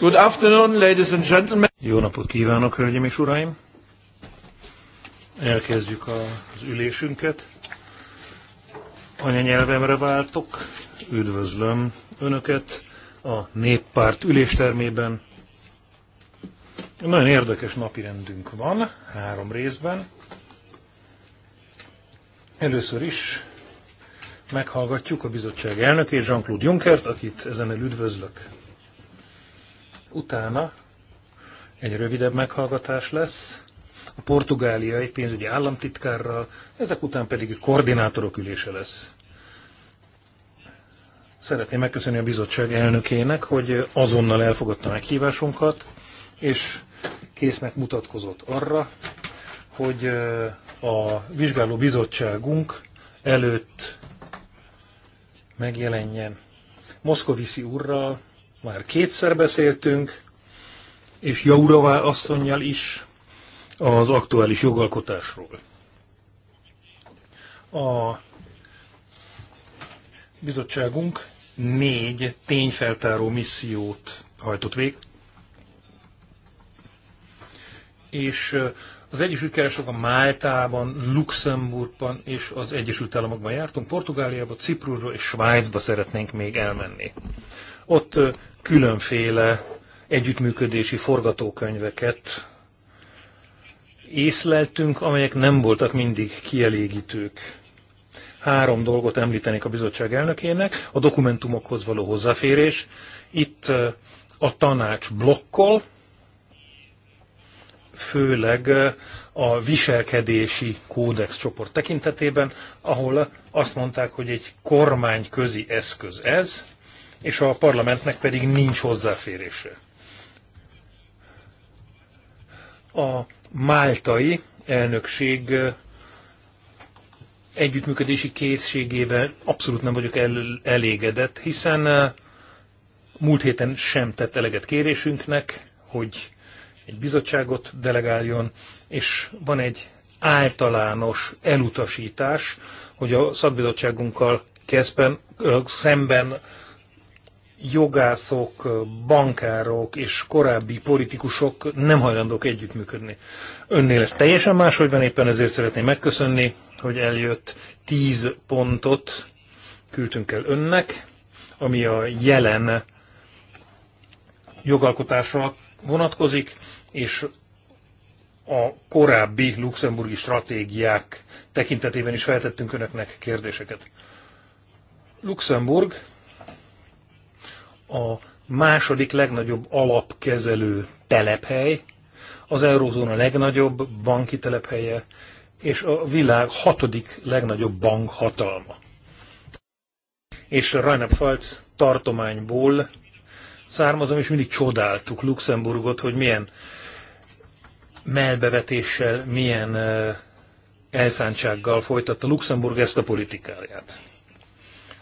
Good afternoon, ladies and gentlemen. Jó napot kívánok, hölgyeim és uraim! Elkezdjük az ülésünket. Anyanyelvemre váltok. Üdvözlöm Önöket a Néppárt üléstermében. Nagyon érdekes napirendünk van, három részben. Először is meghallgatjuk a bizottság elnökét, Jean-Claude Junckert, akit ezen el üdvözlök. Utána egy rövidebb meghallgatás lesz a portugáliai pénzügyi államtitkárral, ezek után pedig a koordinátorok ülése lesz. Szeretném megköszönni a bizottság elnökének, hogy azonnal elfogadta meghívásunkat, és késznek mutatkozott arra, hogy a vizsgáló bizottságunk előtt megjelenjen Moszkoviszi úrral, már kétszer beszéltünk, és Jaurová asszonynal is az aktuális jogalkotásról. A bizottságunk négy tényfeltáró missziót hajtott vég, és az Egyesült a Máltában, Luxemburgban és az Egyesült Államokban jártunk, Portugáliába, Ciprusra és Svájcba szeretnénk még elmenni. Ott különféle együttműködési forgatókönyveket észleltünk, amelyek nem voltak mindig kielégítők. Három dolgot említenék a bizottság elnökének. A dokumentumokhoz való hozzáférés. Itt a tanács blokkol, főleg a viselkedési kódex csoport tekintetében, ahol azt mondták, hogy egy kormányközi eszköz ez, és a parlamentnek pedig nincs hozzáférése. A máltai elnökség együttműködési készségével abszolút nem vagyok el, elégedett, hiszen múlt héten sem tett eleget kérésünknek, hogy egy bizottságot delegáljon, és van egy általános elutasítás, hogy a szakbizottságunkkal kezdben, szemben jogászok, bankárok és korábbi politikusok nem hajlandók együttműködni. Önnél ez teljesen máshogy van, éppen ezért szeretném megköszönni, hogy eljött tíz pontot küldtünk el önnek, ami a jelen jogalkotásra vonatkozik, és a korábbi luxemburgi stratégiák tekintetében is feltettünk önöknek kérdéseket. Luxemburg a második legnagyobb alapkezelő telephely, az Eurózóna legnagyobb banki telephelye, és a világ hatodik legnagyobb bank hatalma. És Rheinland-Pfalz tartományból származom, és mindig csodáltuk Luxemburgot, hogy milyen melbevetéssel, milyen elszántsággal folytatta Luxemburg ezt a politikáját.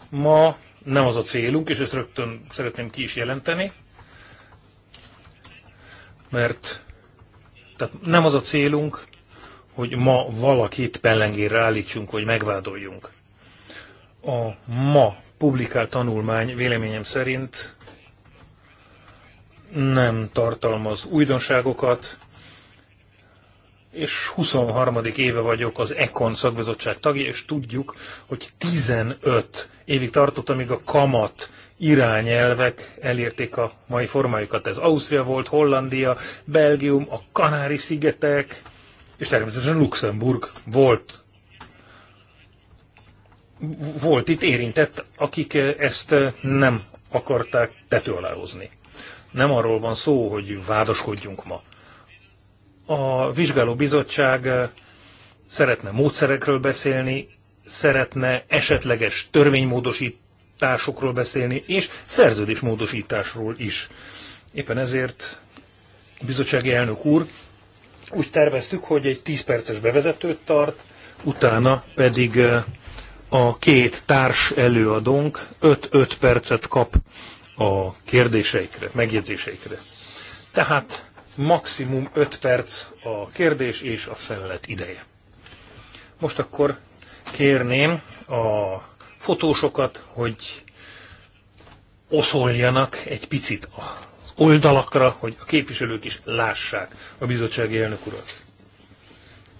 Ma nem az a célunk, és ezt rögtön szeretném ki is jelenteni, mert tehát nem az a célunk, hogy ma valakit pellengére állítsunk, hogy megvádoljunk. A ma publikált tanulmány véleményem szerint nem tartalmaz újdonságokat, és 23. éve vagyok az Econ szakbizottság tagja, és tudjuk, hogy 15 évig tartott, amíg a kamat irányelvek elérték a mai formájukat. Ez Ausztria volt, Hollandia, Belgium, a Kanári-szigetek, és természetesen Luxemburg volt volt itt érintett, akik ezt nem akarták tető alá hozni. Nem arról van szó, hogy vádoskodjunk ma. A vizsgáló bizottság eh, szeretne módszerekről beszélni, szeretne esetleges törvénymódosításokról beszélni, és szerződésmódosításról is. Éppen ezért bizottsági elnök úr, úgy terveztük, hogy egy 10 perces bevezetőt tart, utána pedig eh, a két társ előadónk 5-5 percet kap a kérdéseikre, megjegyzéseikre. Tehát maximum 5 perc a kérdés és a felelet ideje. Most akkor kérném a fotósokat, hogy oszoljanak egy picit az oldalakra, hogy a képviselők is lássák a bizottsági elnök urat.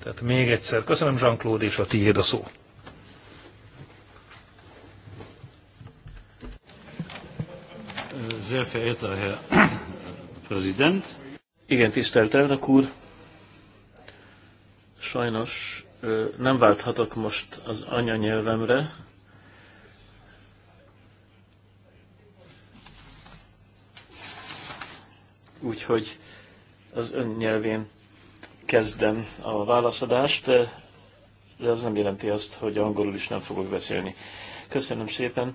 Tehát még egyszer köszönöm Jean-Claude és a tiéd a szó. Sehr verehrter Herr Präsident, igen, tisztelt elnök úr, sajnos nem válthatok most az anyanyelvemre. Úgyhogy az nyelvén kezdem a válaszadást, de az nem jelenti azt, hogy angolul is nem fogok beszélni. Köszönöm szépen,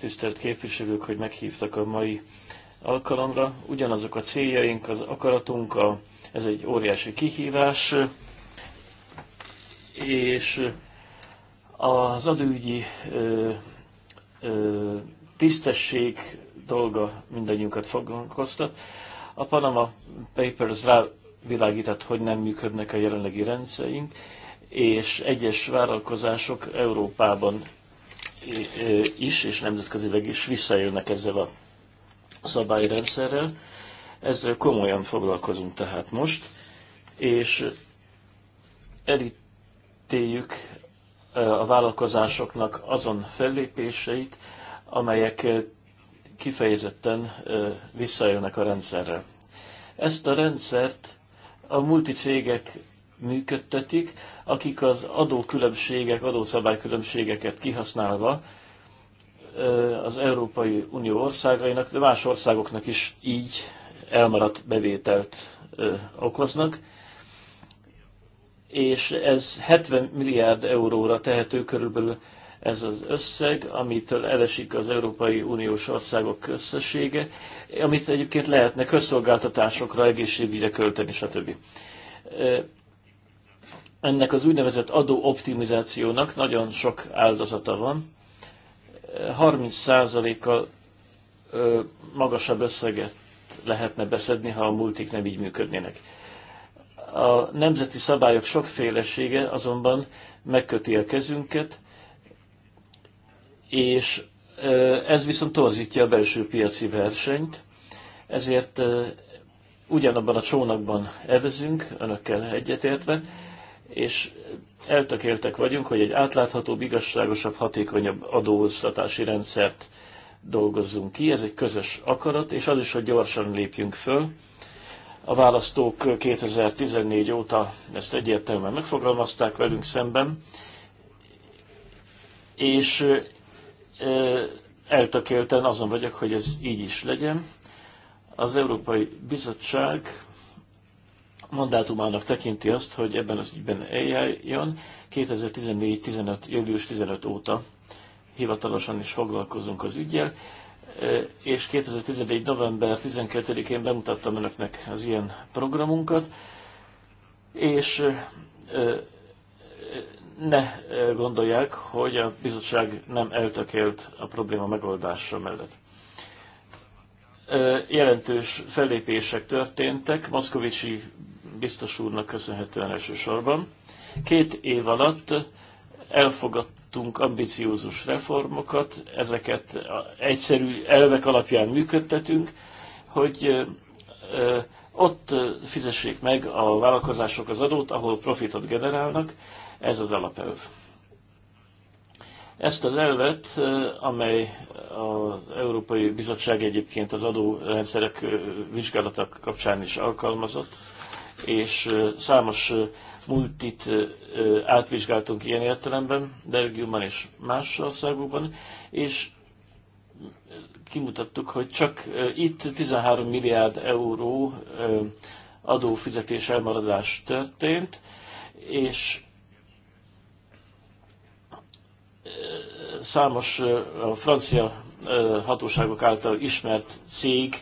tisztelt képviselők, hogy meghívtak a mai alkalomra. Ugyanazok a céljaink, az akaratunk, a, ez egy óriási kihívás, és az adőügyi ö, ö, tisztesség dolga mindannyiunkat foglalkoztat. A Panama Papers rávilágított, hogy nem működnek a jelenlegi rendszerünk, és egyes vállalkozások Európában is, és nemzetközileg is visszajönnek ezzel a szabályrendszerrel. Ezzel komolyan foglalkozunk tehát most, és elítéljük a vállalkozásoknak azon fellépéseit, amelyek kifejezetten visszajönnek a rendszerre. Ezt a rendszert a multicégek működtetik, akik az adókülönbségek, adószabálykülönbségeket kihasználva az Európai Unió országainak, de más országoknak is így elmaradt bevételt okoznak, és ez 70 milliárd euróra tehető körülbelül ez az összeg, amitől elesik az Európai Uniós országok összessége, amit egyébként lehetne közszolgáltatásokra, egészségügyre költeni, stb. Ennek az úgynevezett adóoptimizációnak nagyon sok áldozata van, 30%-kal magasabb összeget lehetne beszedni, ha a multik nem így működnének. A nemzeti szabályok sokfélesége azonban megköti a kezünket, és ez viszont torzítja a belső piaci versenyt, ezért ugyanabban a csónakban evezünk, önökkel egyetértve, és eltökéltek vagyunk, hogy egy átláthatóbb, igazságosabb, hatékonyabb adóztatási rendszert dolgozzunk ki. Ez egy közös akarat, és az is, hogy gyorsan lépjünk föl. A választók 2014 óta ezt egyértelműen megfogalmazták velünk szemben, és eltökélten azon vagyok, hogy ez így is legyen. Az Európai Bizottság mandátumának tekinti azt, hogy ebben az ügyben eljön. 2014-15, július 15 óta hivatalosan is foglalkozunk az ügyjel, és 2014. november 12-én bemutattam önöknek az ilyen programunkat, és ne gondolják, hogy a bizottság nem eltökélt a probléma megoldása mellett. Jelentős fellépések történtek, Moszkovicsi biztos úrnak köszönhetően elsősorban. Két év alatt elfogadtunk ambiciózus reformokat, ezeket egyszerű elvek alapján működtetünk, hogy ott fizessék meg a vállalkozások az adót, ahol profitot generálnak, ez az alapelv. Ezt az elvet, amely az Európai Bizottság egyébként az adórendszerek vizsgálatak kapcsán is alkalmazott, és számos multit átvizsgáltunk ilyen értelemben, Belgiumban és más országokban, és kimutattuk, hogy csak itt 13 milliárd euró adófizetés elmaradás történt, és számos a francia hatóságok által ismert cég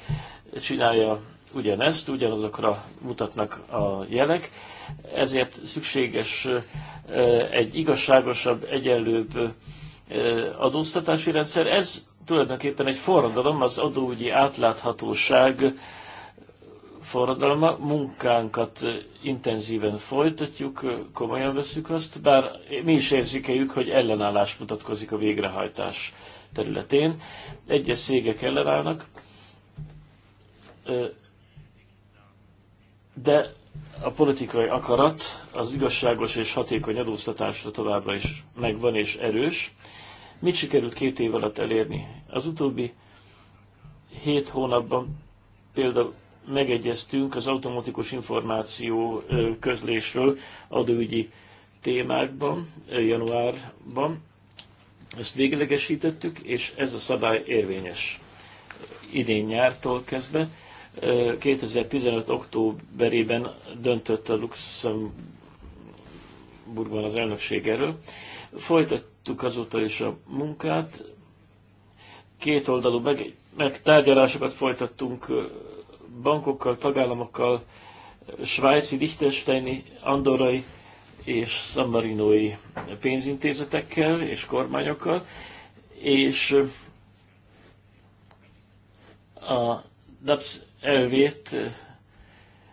csinálja ugyanezt, ugyanazokra mutatnak a jelek, ezért szükséges egy igazságosabb, egyenlőbb adóztatási rendszer. Ez tulajdonképpen egy forradalom, az adóügyi átláthatóság forradalma, munkánkat intenzíven folytatjuk, komolyan veszük azt, bár mi is érzékeljük, hogy ellenállás mutatkozik a végrehajtás területén. Egyes szégek ellenállnak, de a politikai akarat az igazságos és hatékony adóztatásra továbbra is megvan és erős. Mit sikerült két év alatt elérni? Az utóbbi hét hónapban például megegyeztünk az automatikus információ közlésről adóügyi témákban, januárban. Ezt véglegesítettük, és ez a szabály érvényes idén nyártól kezdve 2015. októberében döntött a Luxemburgban az elnökség erről. Folytattuk azóta is a munkát, kétoldalú meg, meg tárgyalásokat folytattunk bankokkal, tagállamokkal, svájci, lichtensteini, andorai és szambarinói pénzintézetekkel és kormányokkal, és a DAPS elvét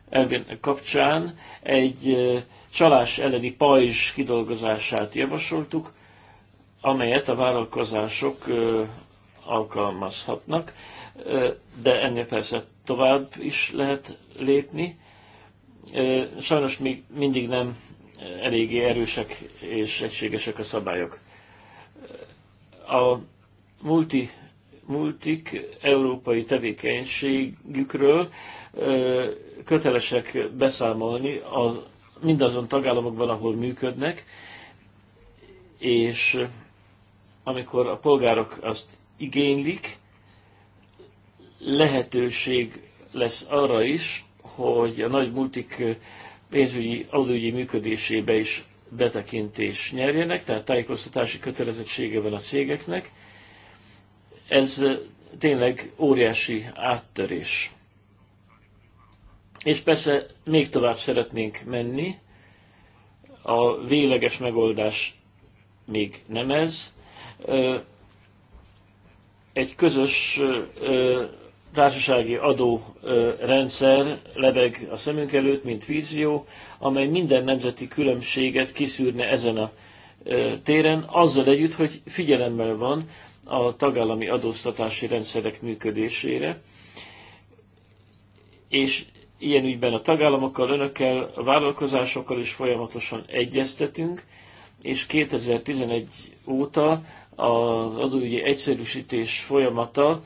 elvének kapcsán egy csalás elleni pajzs kidolgozását javasoltuk, amelyet a vállalkozások alkalmazhatnak, de ennél persze tovább is lehet lépni. Sajnos még mindig nem eléggé erősek és egységesek a szabályok. A multi multik európai tevékenységükről kötelesek beszámolni a, mindazon tagállamokban, ahol működnek, és amikor a polgárok azt igénylik, lehetőség lesz arra is, hogy a nagy multik pénzügyi, adóügyi működésébe is betekintés nyerjenek, tehát tájékoztatási kötelezettsége van a cégeknek, ez tényleg óriási áttörés. És persze még tovább szeretnénk menni, a végleges megoldás még nem ez. Egy közös társasági adórendszer lebeg a szemünk előtt, mint vízió, amely minden nemzeti különbséget kiszűrne ezen a téren, azzal együtt, hogy figyelemmel van a tagállami adóztatási rendszerek működésére, és ilyen ügyben a tagállamokkal, önökkel, a vállalkozásokkal is folyamatosan egyeztetünk, és 2011 óta az adóügyi egyszerűsítés folyamata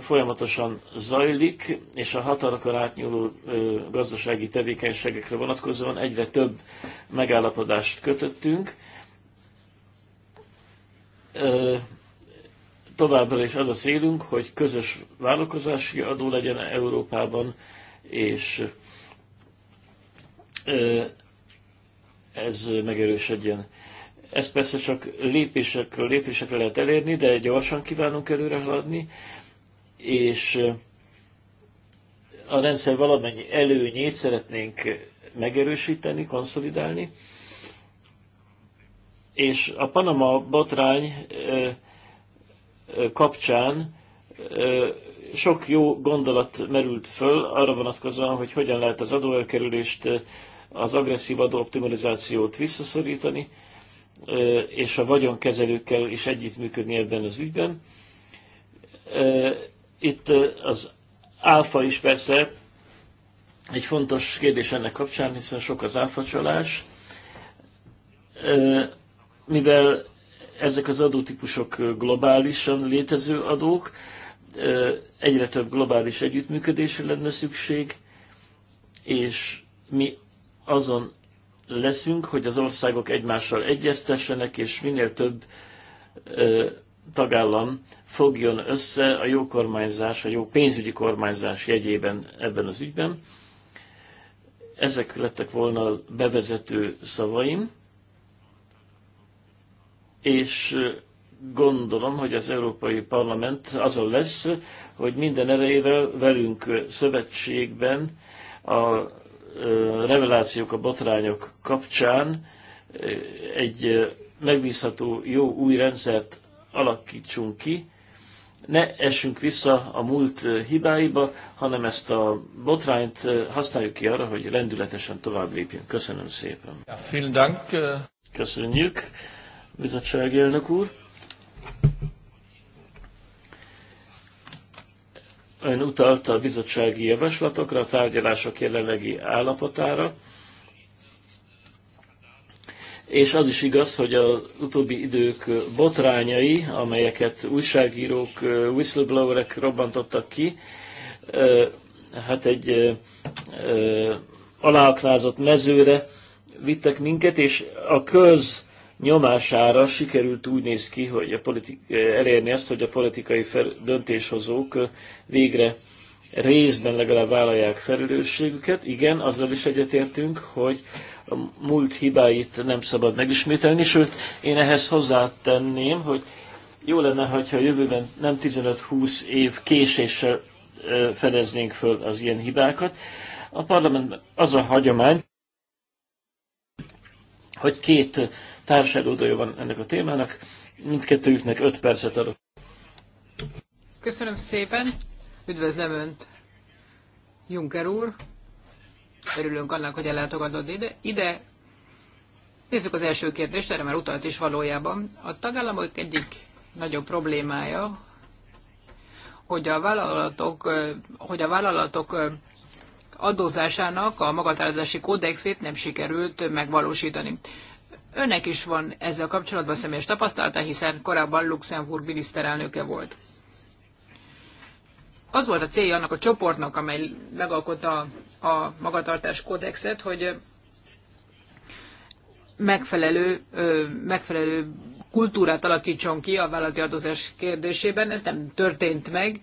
folyamatosan zajlik, és a határokon átnyúló gazdasági tevékenységekre vonatkozóan egyre több megállapodást kötöttünk továbbra is az a célunk, hogy közös vállalkozási adó legyen Európában, és ez megerősödjen. Ezt persze csak lépésekről lépésekre lehet elérni, de gyorsan kívánunk előre haladni, és a rendszer valamennyi előnyét szeretnénk megerősíteni, konszolidálni. És a Panama botrány kapcsán sok jó gondolat merült föl arra vonatkozóan, hogy hogyan lehet az adóelkerülést, az agresszív adóoptimalizációt visszaszorítani, és a vagyonkezelőkkel is együttműködni ebben az ügyben. Itt az álfa is persze egy fontos kérdés ennek kapcsán, hiszen sok az áfacsalás. Mivel ezek az adótípusok globálisan létező adók, egyre több globális együttműködésre lenne szükség, és mi azon leszünk, hogy az országok egymással egyeztessenek, és minél több tagállam fogjon össze a jó kormányzás, a jó pénzügyi kormányzás jegyében ebben az ügyben. Ezek lettek volna a bevezető szavaim és gondolom, hogy az Európai Parlament azon lesz, hogy minden erejével velünk szövetségben a revelációk, a botrányok kapcsán egy megbízható, jó új rendszert alakítsunk ki, ne essünk vissza a múlt hibáiba, hanem ezt a botrányt használjuk ki arra, hogy rendületesen tovább lépjünk. Köszönöm szépen. Ja, vielen Dank. Köszönjük bizottsági elnök úr. Ön utalta a bizottsági javaslatokra, a tárgyalások jelenlegi állapotára, és az is igaz, hogy az utóbbi idők botrányai, amelyeket újságírók, whistleblowerek robbantottak ki, hát egy aláaknázott mezőre vittek minket, és a köz nyomására sikerült úgy néz ki, hogy a politik, elérni azt, hogy a politikai fel, döntéshozók végre részben legalább vállalják felelősségüket. Igen, azzal is egyetértünk, hogy a múlt hibáit nem szabad megismételni, sőt, én ehhez hozzátenném, hogy jó lenne, hogyha a jövőben nem 15-20 év késéssel fedeznénk föl az ilyen hibákat. A parlament az a hagyomány, hogy két társadalója van ennek a témának. Mindkettőjüknek 5 percet adok. Köszönöm szépen, üdvözlöm Önt, Juncker úr. Örülünk annak, hogy ellátogatod ide. ide. Nézzük az első kérdést, erre már utalt is valójában. A tagállamok egyik nagyobb problémája, hogy a vállalatok, hogy a vállalatok adózásának a magatartási kódexét nem sikerült megvalósítani. Önnek is van ezzel kapcsolatban személyes tapasztalata, hiszen korábban Luxemburg miniszterelnöke volt. Az volt a célja annak a csoportnak, amely megalkotta a magatartás kódexet, hogy megfelelő, megfelelő kultúrát alakítson ki a vállalati adózás kérdésében. Ez nem történt meg.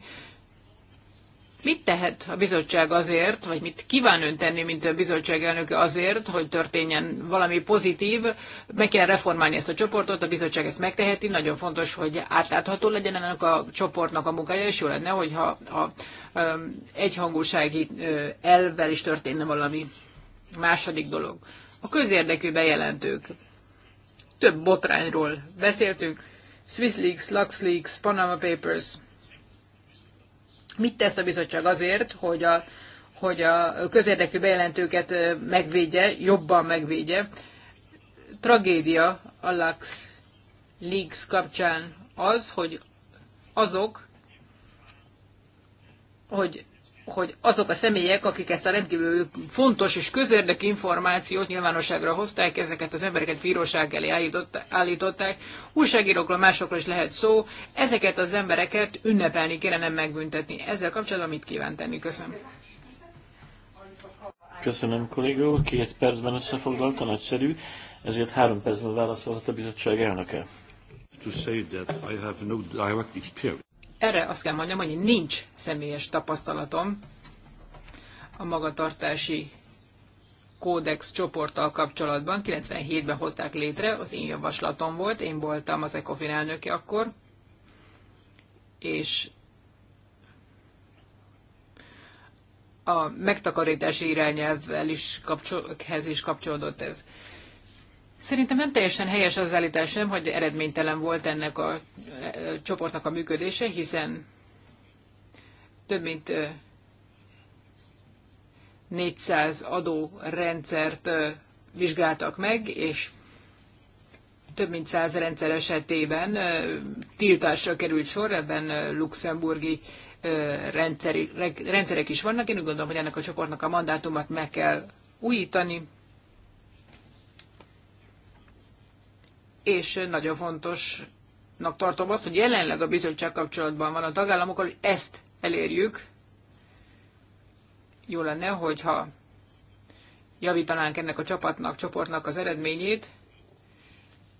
Mit tehet a bizottság azért, vagy mit kíván ön tenni, mint a bizottság elnöke azért, hogy történjen valami pozitív, meg kell reformálni ezt a csoportot, a bizottság ezt megteheti, nagyon fontos, hogy átlátható legyen ennek a csoportnak a munkája, és jó lenne, hogyha a um, egyhangúsági uh, elvvel is történne valami második dolog. A közérdekű bejelentők. Több botrányról beszéltünk, SwissLeaks, LuxLeaks, Panama Papers – Mit tesz a bizottság azért, hogy a, hogy a közérdekű bejelentőket megvédje, jobban megvédje? Tragédia a Lux Leaks kapcsán az, hogy azok, hogy hogy azok a személyek, akik ezt a rendkívül fontos és közérdekű információt nyilvánosságra hozták, ezeket az embereket bíróság elé állították, újságírókról, másokról is lehet szó, ezeket az embereket ünnepelni kéne, nem megbüntetni. Ezzel kapcsolatban mit kíván tenni? Köszönöm. Köszönöm, kollégó. Két percben összefoglalta, nagyszerű. Ezért három percben válaszolhat a bizottság elnöke. To say that I have no direct experience. Erre azt kell mondjam, hogy nincs személyes tapasztalatom a magatartási kódex csoporttal kapcsolatban. 97-ben hozták létre, az én javaslatom volt, én voltam az ECOFIN elnöke akkor, és a megtakarítási irányelvvel is kapcsol- is kapcsolódott ez. Szerintem nem teljesen helyes az állítás nem, hogy eredménytelen volt ennek a e, csoportnak a működése, hiszen több mint 400 adórendszert vizsgáltak meg, és több mint 100 rendszer esetében tiltásra került sor, ebben luxemburgi rendszerek is vannak. Én úgy gondolom, hogy ennek a csoportnak a mandátumát meg kell újítani, és nagyon fontosnak tartom azt, hogy jelenleg a bizottság kapcsolatban van a tagállamokkal, hogy ezt elérjük. Jó lenne, hogyha javítanánk ennek a csapatnak, csoportnak az eredményét,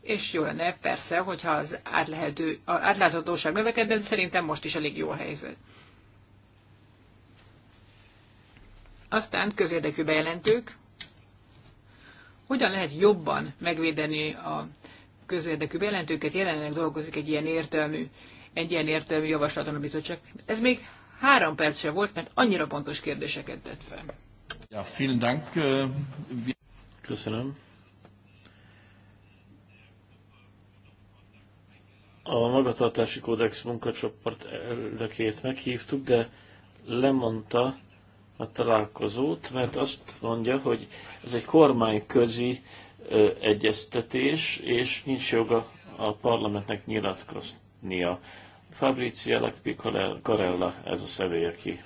és jó lenne persze, hogyha az átlehető, az átláthatóság növeked, de szerintem most is elég jó a helyzet. Aztán közérdekű bejelentők. Hogyan lehet jobban megvédeni a közérdekű bejelentőket jelenleg dolgozik egy ilyen értelmű, egy ilyen értelmű javaslaton a bizottság. Ez még három perc se volt, mert annyira pontos kérdéseket tett fel. Ja, vielen Dank. Äh, Köszönöm. A magatartási kódex munkacsoport elnökét meghívtuk, de lemondta a találkozót, mert azt mondja, hogy ez egy kormányközi egyeztetés, és nincs joga a parlamentnek nyilatkoznia. Fabrizia Carella, ez a személy, aki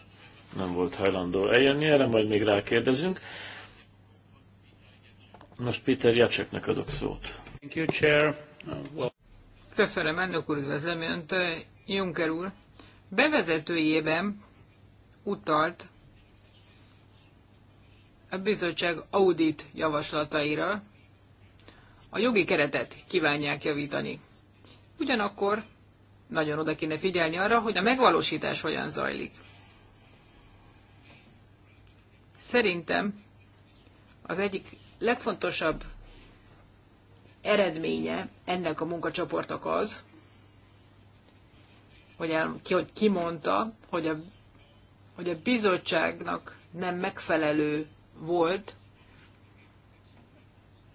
nem volt hajlandó eljönni, erre majd még rákérdezünk. Most Peter Jacseknek adok szót. Thank you, Chair. Köszönöm, elnök úr, üdvözlöm Önt, Juncker úr. Bevezetőjében utalt a bizottság audit javaslataira, a jogi keretet kívánják javítani. Ugyanakkor nagyon oda kéne figyelni arra, hogy a megvalósítás hogyan zajlik. Szerintem az egyik legfontosabb eredménye ennek a munkacsoportnak az, hogy, el, ki, hogy kimondta, hogy a, hogy a bizottságnak nem megfelelő volt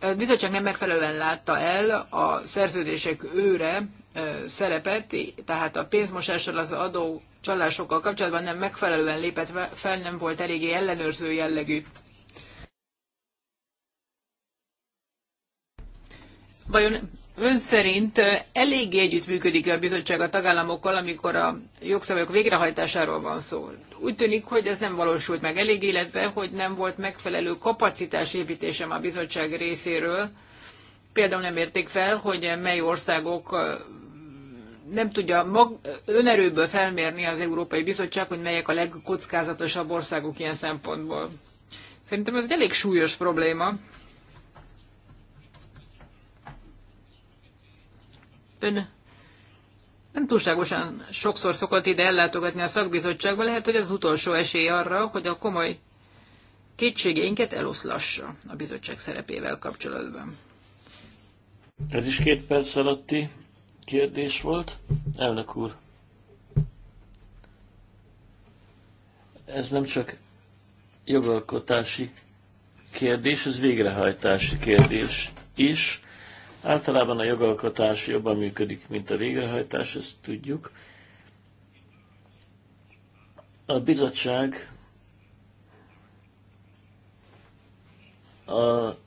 a bizottság nem megfelelően látta el a szerződések őre szerepet, tehát a pénzmosással az adó csalásokkal kapcsolatban nem megfelelően lépett fel, nem volt eléggé ellenőrző jellegű. Vajon ön szerint eléggé együttműködik a bizottság a tagállamokkal, amikor a jogszabályok végrehajtásáról van szó. Úgy tűnik, hogy ez nem valósult meg elég, illetve hogy nem volt megfelelő kapacitás építésem a bizottság részéről. Például nem érték fel, hogy mely országok nem tudja mag, önerőből felmérni az Európai Bizottság, hogy melyek a legkockázatosabb országok ilyen szempontból. Szerintem ez egy elég súlyos probléma. ön nem túlságosan sokszor szokott ide ellátogatni a szakbizottságba, lehet, hogy az utolsó esély arra, hogy a komoly kétségeinket eloszlassa a bizottság szerepével kapcsolatban. Ez is két perc alatti kérdés volt. Elnök úr, ez nem csak jogalkotási kérdés, ez végrehajtási kérdés is. Általában a jogalkotás jobban működik, mint a végrehajtás, ezt tudjuk. A bizottság a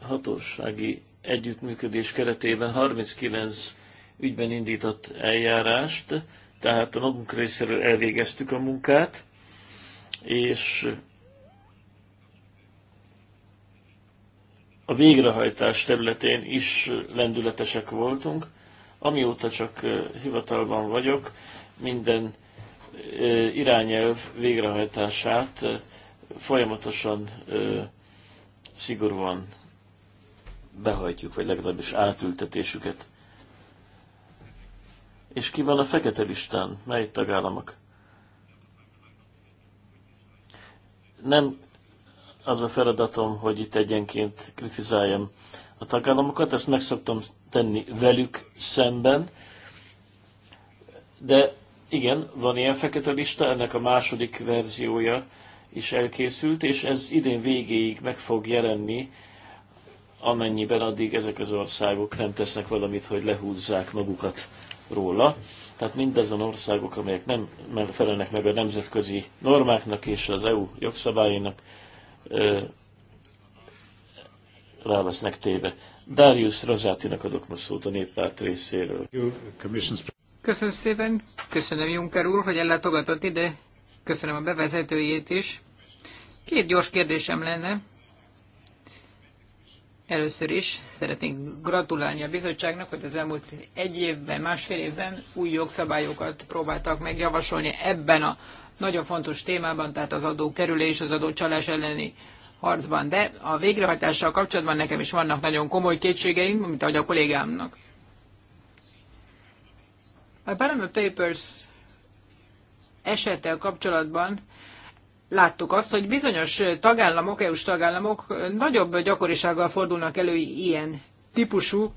hatósági együttműködés keretében 39 ügyben indított eljárást, tehát a magunk részéről elvégeztük a munkát, és a végrehajtás területén is lendületesek voltunk. Amióta csak hivatalban vagyok, minden irányelv végrehajtását folyamatosan szigorúan behajtjuk, vagy legalábbis átültetésüket. És ki van a fekete listán? Mely tagállamok? Nem az a feladatom, hogy itt egyenként kritizáljam a tagállamokat, ezt meg szoktam tenni velük szemben, de igen, van ilyen fekete lista, ennek a második verziója is elkészült, és ez idén végéig meg fog jelenni, amennyiben addig ezek az országok nem tesznek valamit, hogy lehúzzák magukat róla. Tehát mindazon országok, amelyek nem felelnek meg a nemzetközi normáknak és az EU jogszabályainak, ö, válasznak téve. Darius Rozátinak adok most szót a néppárt részéről. Köszönöm szépen, köszönöm Juncker úr, hogy ellátogatott ide, köszönöm a bevezetőjét is. Két gyors kérdésem lenne. Először is szeretnék gratulálni a bizottságnak, hogy az elmúlt egy évben, másfél évben új jogszabályokat próbáltak megjavasolni ebben a nagyon fontos témában, tehát az adókerülés, az adócsalás elleni harcban. De a végrehajtással kapcsolatban nekem is vannak nagyon komoly kétségeim, mint ahogy a kollégámnak. A Panama Papers esettel kapcsolatban láttuk azt, hogy bizonyos tagállamok, EU-s tagállamok nagyobb gyakorisággal fordulnak elő ilyen típusú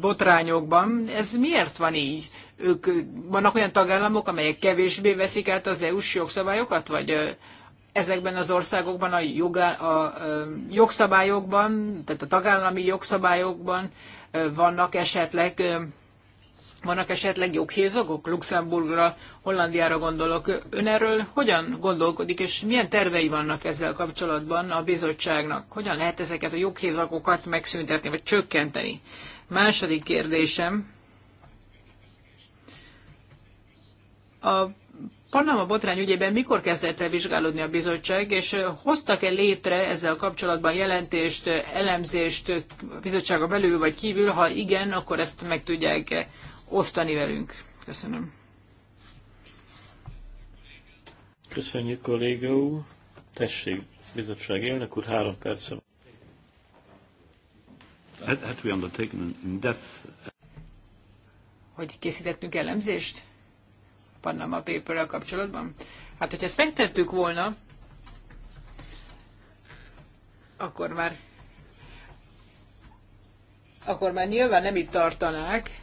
botrányokban. Ez miért van így? ők vannak olyan tagállamok, amelyek kevésbé veszik át az EU-s jogszabályokat, vagy ezekben az országokban a, joga a jogszabályokban, tehát a tagállami jogszabályokban vannak esetleg vannak esetleg joghézogok? Luxemburgra, Hollandiára gondolok. Ön erről hogyan gondolkodik, és milyen tervei vannak ezzel kapcsolatban a bizottságnak? Hogyan lehet ezeket a joghézagokat megszüntetni, vagy csökkenteni? Második kérdésem, A Panama botrány ügyében mikor kezdett el vizsgálódni a bizottság, és hoztak-e létre ezzel kapcsolatban jelentést, elemzést a bizottsága belül vagy kívül? Ha igen, akkor ezt meg tudják -e osztani velünk. Köszönöm. Köszönjük, kolléga úr. Tessék, bizottság élnek úr, három perc. Had, had we undertaken in depth... Hogy készítettünk elemzést? Panama paper kapcsolatban? Hát, hogyha ezt megtettük volna, akkor már akkor már nyilván nem itt tartanák.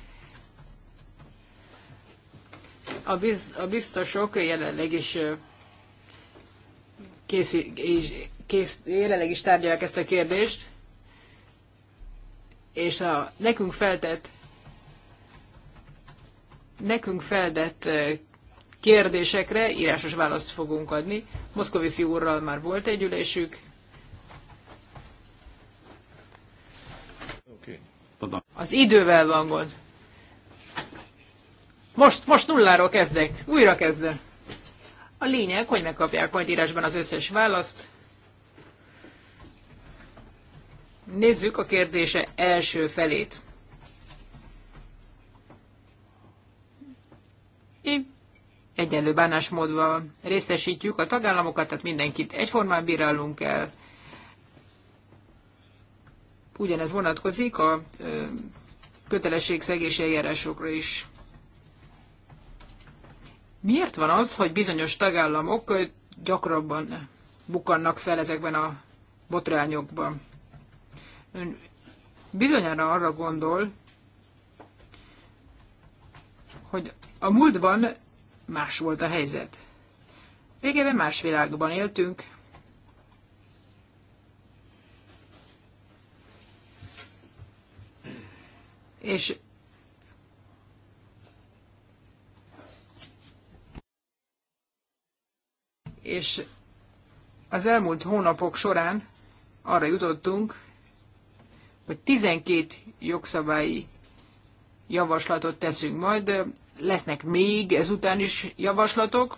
A, biz, a biztosok jelenleg is kész, kész, jelenleg is tárgyalják ezt a kérdést, és a nekünk feltett nekünk feltett kérdésekre írásos választ fogunk adni. Moszkoviszi úrral már volt egy ülésük. Az idővel van gond. Most, most nulláról kezdek, újra kezdem. A lényeg, hogy megkapják majd írásban az összes választ. Nézzük a kérdése első felét. Én egyenlő bánásmódban részesítjük a tagállamokat, tehát mindenkit egyformán bírálunk el. Ugyanez vonatkozik a kötelességszegési eljárásokra is. Miért van az, hogy bizonyos tagállamok gyakrabban bukannak fel ezekben a botrányokban? Ön bizonyára arra gondol, hogy a múltban más volt a helyzet. Végében más világban éltünk, és és az elmúlt hónapok során arra jutottunk, hogy 12 jogszabályi javaslatot teszünk majd, lesznek még ezután is javaslatok,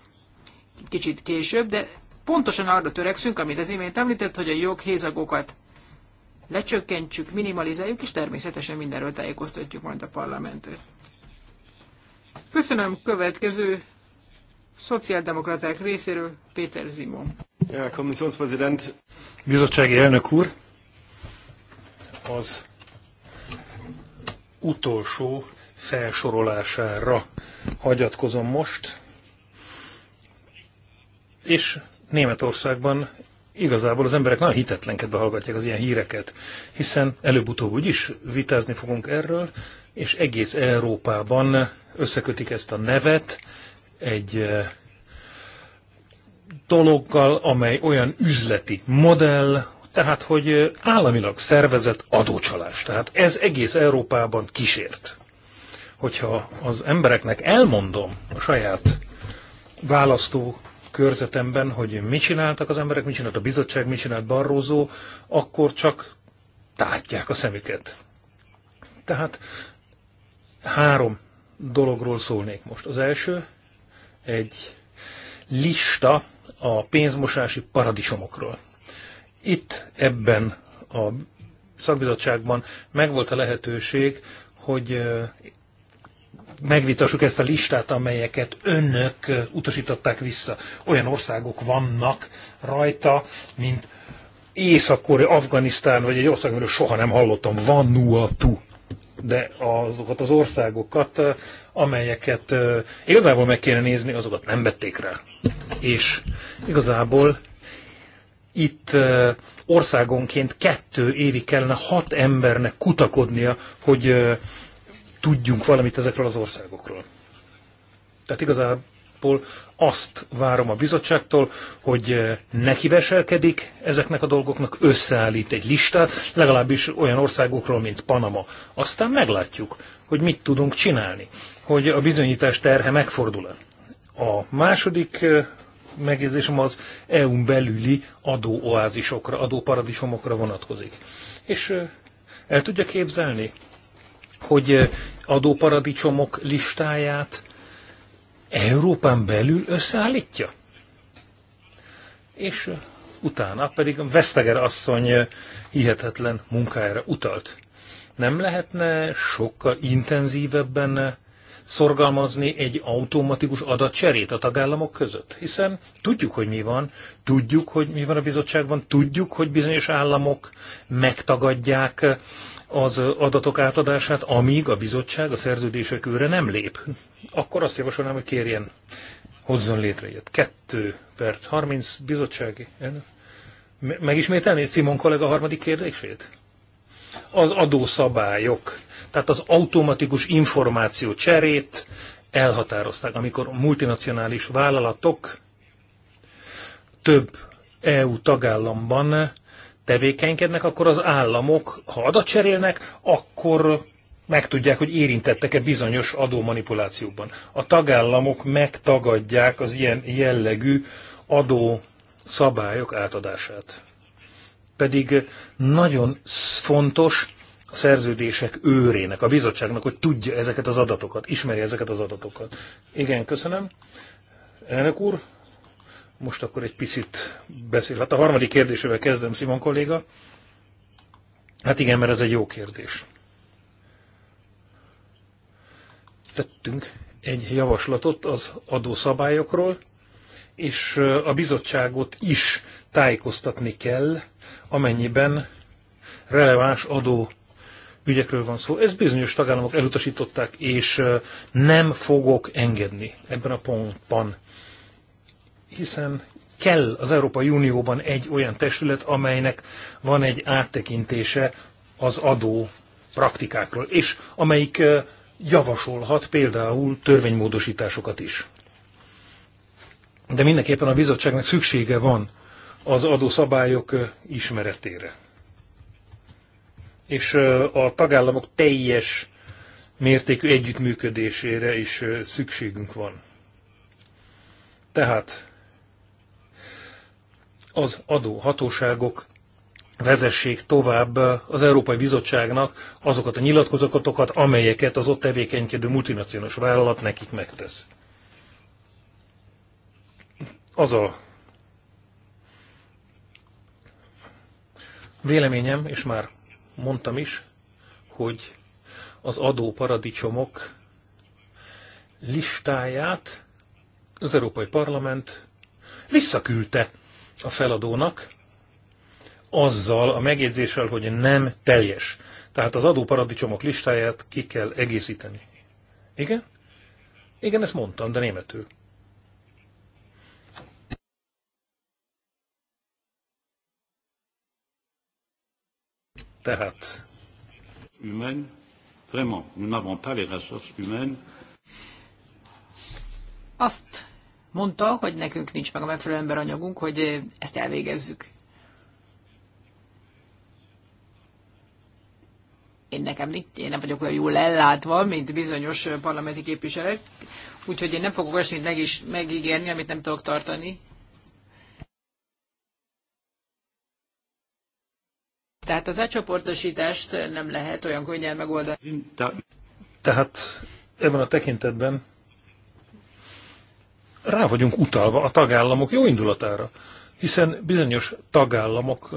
kicsit később, de pontosan arra törekszünk, amit az imént említett, hogy a joghézagokat lecsökkentsük, minimalizáljuk, és természetesen mindenről tájékoztatjuk majd a parlamentet. Köszönöm következő szociáldemokraták részéről Péter Zimon. Ja, Kommissionspräsident. Bizottsági elnök úr, az utolsó felsorolására hagyatkozom most. És Németországban igazából az emberek nagyon hitetlenkedve hallgatják az ilyen híreket, hiszen előbb-utóbb úgyis vitázni fogunk erről, és egész Európában összekötik ezt a nevet egy eh, dologgal, amely olyan üzleti modell, tehát hogy eh, államilag szervezett adócsalás. Tehát ez egész Európában kísért hogyha az embereknek elmondom a saját választó körzetemben, hogy mit csináltak az emberek, mit csinált a bizottság, mit csinált Barrózó, akkor csak tátják a szemüket. Tehát három dologról szólnék most. Az első egy lista a pénzmosási paradicsomokról. Itt ebben a szakbizottságban megvolt a lehetőség, hogy megvitassuk ezt a listát, amelyeket önök utasították vissza. Olyan országok vannak rajta, mint Észak-Korea, Afganisztán, vagy egy ország, amiről soha nem hallottam, Vanuatu. De azokat az országokat, amelyeket igazából meg kéne nézni, azokat nem vették rá. És igazából itt országonként kettő évig kellene hat embernek kutakodnia, hogy tudjunk valamit ezekről az országokról. Tehát igazából azt várom a bizottságtól, hogy eh, nekiveselkedik ezeknek a dolgoknak, összeállít egy listát, legalábbis olyan országokról, mint Panama. Aztán meglátjuk, hogy mit tudunk csinálni, hogy a bizonyítás terhe megfordul-e. A második eh, megjegyzésem az EU-n belüli adóoázisokra, adóparadisomokra vonatkozik. És eh, el tudja képzelni, hogy eh, adóparadicsomok listáját Európán belül összeállítja? És eh, utána pedig Veszteger asszony eh, hihetetlen munkájára utalt. Nem lehetne sokkal intenzívebben szorgalmazni egy automatikus adatcserét a tagállamok között? Hiszen tudjuk, hogy mi van, tudjuk, hogy mi van a bizottságban, tudjuk, hogy bizonyos államok megtagadják az adatok átadását, amíg a bizottság a szerződések őre nem lép. Akkor azt javasolnám, hogy kérjen, hozzon létre ilyet. 2 perc, 30 bizottsági. Megismételni Simon kollega harmadik kérdését? Az adószabályok, tehát az automatikus információ cserét elhatározták, amikor multinacionális vállalatok több EU tagállamban tevékenykednek, akkor az államok, ha adat cserélnek, akkor megtudják, hogy érintettek-e bizonyos adómanipulációban. A tagállamok megtagadják az ilyen jellegű adó szabályok átadását. Pedig nagyon fontos a szerződések őrének, a bizottságnak, hogy tudja ezeket az adatokat, ismeri ezeket az adatokat. Igen, köszönöm. Elnök úr, most akkor egy picit beszél. Hát a harmadik kérdésével kezdem, Simon kolléga. Hát igen, mert ez egy jó kérdés. Tettünk egy javaslatot az adószabályokról, és a bizottságot is tájékoztatni kell, amennyiben releváns adó ügyekről van szó. Ez bizonyos tagállamok elutasították, és nem fogok engedni ebben a pontban hiszen kell az Európai Unióban egy olyan testület, amelynek van egy áttekintése az adó praktikákról, és amelyik javasolhat például törvénymódosításokat is. De mindenképpen a bizottságnak szüksége van az adószabályok ismeretére. És a tagállamok teljes mértékű együttműködésére is szükségünk van. Tehát az adóhatóságok vezessék tovább az Európai Bizottságnak azokat a nyilatkozatokat, amelyeket az ott tevékenykedő multinacionális vállalat nekik megtesz. Az a véleményem, és már mondtam is, hogy az adóparadicsomok listáját az Európai Parlament visszaküldte a feladónak azzal a megjegyzéssel, hogy nem teljes. Tehát az adóparadicsomok listáját ki kell egészíteni. Igen? Igen, ezt mondtam, de németül. Tehát. Humaine, vraiment, nous n'avons pas les ressources humaines. Azt mondta, hogy nekünk nincs meg a megfelelő emberanyagunk, hogy eh, ezt elvégezzük. Én nekem én nem vagyok olyan jól ellátva, mint bizonyos parlamenti képviselők, úgyhogy én nem fogok olyasmit meg is megígérni, amit nem tudok tartani. Tehát az átcsoportosítást nem lehet olyan könnyen megoldani. Tehát ebben a tekintetben rá vagyunk utalva a tagállamok jó indulatára, hiszen bizonyos tagállamok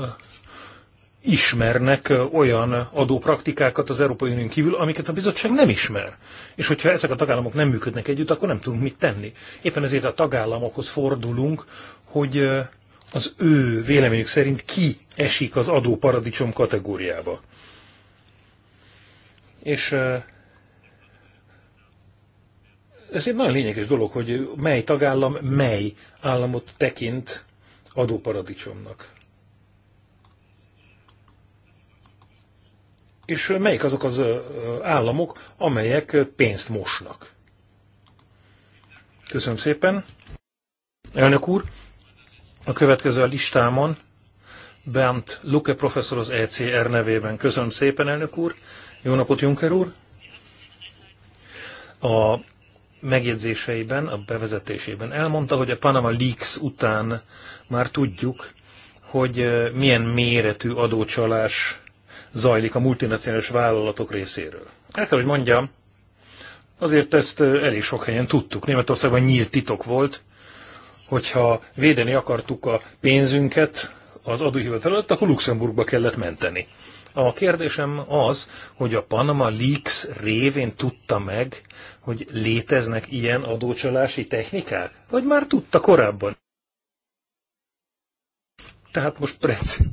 ismernek olyan adópraktikákat az Európai Unión kívül, amiket a bizottság nem ismer. És hogyha ezek a tagállamok nem működnek együtt, akkor nem tudunk mit tenni. Éppen ezért a tagállamokhoz fordulunk, hogy az ő véleményük szerint ki esik az adóparadicsom kategóriába. És ez egy nagyon lényeges dolog, hogy mely tagállam mely államot tekint adóparadicsomnak. És melyik azok az államok, amelyek pénzt mosnak? Köszönöm szépen. Elnök úr, a következő a listámon Bent Luke professzor az ECR nevében. Köszönöm szépen, elnök úr. Jó napot, Juncker úr. A megjegyzéseiben, a bevezetésében elmondta, hogy a Panama Leaks után már tudjuk, hogy milyen méretű adócsalás zajlik a multinacionális vállalatok részéről. El kell, hogy mondjam, azért ezt elég sok helyen tudtuk. Németországban nyílt titok volt, hogyha védeni akartuk a pénzünket az adóhivatal előtt, akkor Luxemburgba kellett menteni. A kérdésem az, hogy a Panama Leaks révén tudta meg, hogy léteznek ilyen adócsalási technikák? Vagy már tudta korábban? Tehát most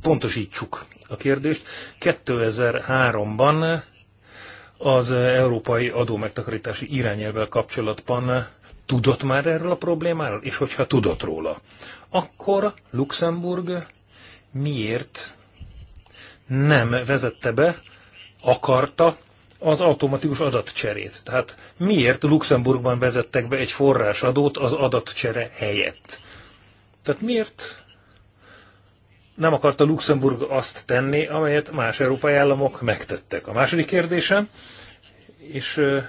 pontosítsuk a kérdést. 2003-ban az európai adómegtakarítási irányelvvel kapcsolatban tudott már erről a problémáról? És hogyha tudott róla, akkor Luxemburg miért nem vezette be, akarta az automatikus adatcserét. Tehát miért Luxemburgban vezettek be egy forrásadót az adatcsere helyett? Tehát miért nem akarta Luxemburg azt tenni, amelyet más európai államok megtettek? A második kérdésem, és uh,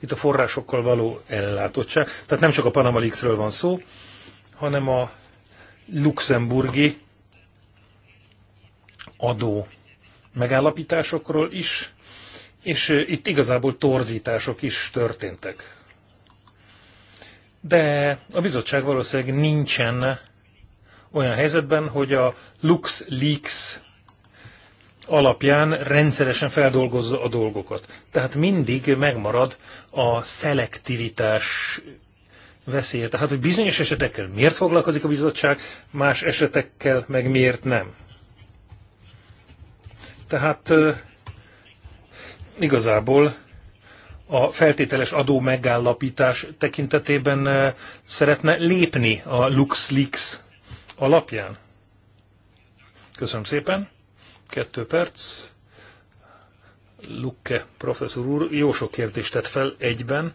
itt a forrásokkal való ellátottság, tehát nem csak a Panama Leaks-ről van szó, hanem a luxemburgi adó megállapításokról is, és itt igazából torzítások is történtek. De a bizottság valószínűleg nincsen olyan helyzetben, hogy a LuxLeaks alapján rendszeresen feldolgozza a dolgokat. Tehát mindig megmarad a szelektivitás veszélye. Tehát, hogy bizonyos esetekkel miért foglalkozik a bizottság, más esetekkel meg miért nem. Tehát igazából a feltételes adó megállapítás tekintetében szeretne lépni a LuxLeaks alapján? Köszönöm szépen. Kettő perc. Lukke professzor úr jó sok kérdést tett fel egyben,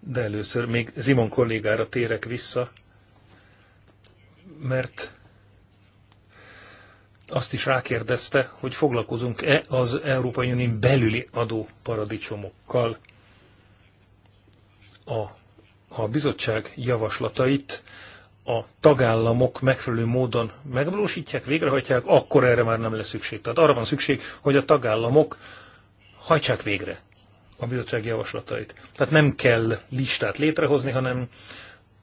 de először még Zimon kollégára térek vissza, mert azt is rákérdezte, hogy foglalkozunk-e az Európai Unión belüli adóparadicsomokkal. A, a bizottság javaslatait a tagállamok megfelelő módon megvalósítják, végrehajtják, akkor erre már nem lesz szükség. Tehát arra van szükség, hogy a tagállamok hajtsák végre a bizottság javaslatait. Tehát nem kell listát létrehozni, hanem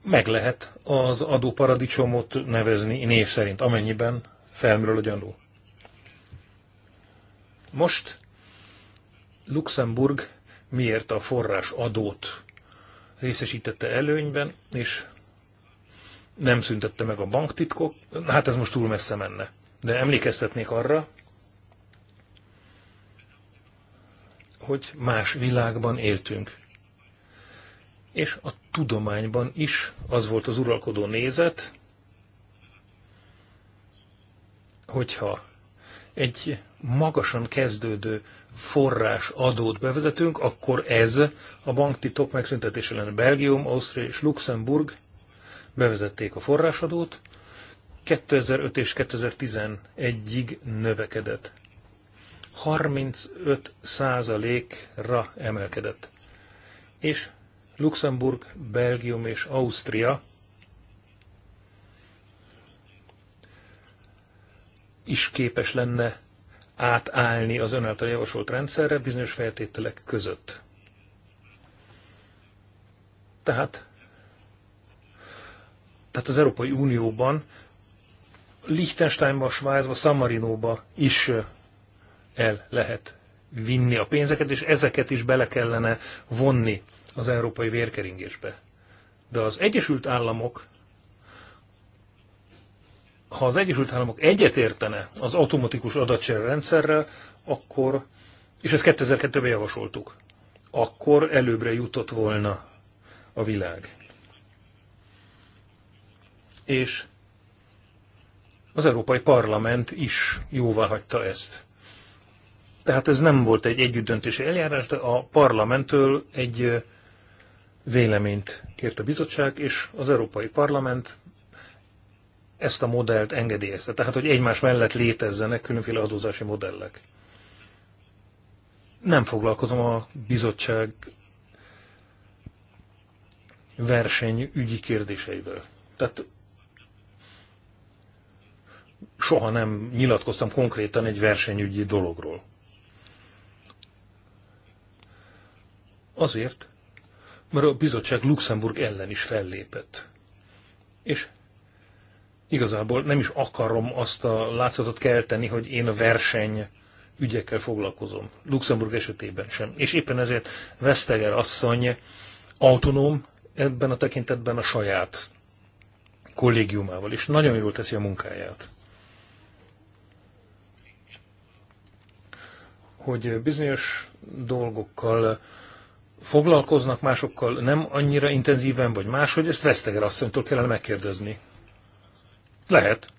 meg lehet az adóparadicsomot nevezni név szerint, amennyiben felmről a gyanú. Most Luxemburg miért a forrás adót részesítette előnyben, és nem szüntette meg a banktitkok, hát ez most túl messze menne. De emlékeztetnék arra, hogy más világban éltünk. És a tudományban is az volt az uralkodó nézet, hogyha egy magasan kezdődő forrás adót bevezetünk, akkor ez a banktitok megszüntetése lenne. Belgium, Ausztria és Luxemburg bevezették a forrásadót, 2005 és 2011-ig növekedett. 35 százalékra emelkedett. És Luxemburg, Belgium és Ausztria is képes lenne átállni az ön által javasolt rendszerre bizonyos feltételek között. Tehát, tehát az Európai Unióban, Liechtensteinban, Svájcban, San Marinóba is el lehet vinni a pénzeket, és ezeket is bele kellene vonni az európai vérkeringésbe. De az Egyesült Államok ha az Egyesült Államok egyetértene az automatikus adatcsere rendszerrel, akkor, és ezt 2002-ben javasoltuk, akkor előbbre jutott volna a világ. És az Európai Parlament is jóvá hagyta ezt. Tehát ez nem volt egy együttdöntési eljárás, de a parlamenttől egy véleményt kért a bizottság, és az Európai Parlament ezt a modellt engedélyezte. Tehát, hogy egymás mellett létezzenek különféle adózási modellek. Nem foglalkozom a bizottság versenyügyi kérdéseivel. Tehát soha nem nyilatkoztam konkrétan egy versenyügyi dologról. Azért, mert a bizottság Luxemburg ellen is fellépett. És igazából nem is akarom azt a látszatot kelteni, hogy én a verseny ügyekkel foglalkozom. Luxemburg esetében sem. És éppen ezért Vesteger asszony autonóm ebben a tekintetben a saját kollégiumával, és nagyon jól teszi a munkáját. Hogy bizonyos dolgokkal foglalkoznak, másokkal nem annyira intenzíven, vagy máshogy, ezt Veszteger asszonytól kellene megkérdezni. Lehet.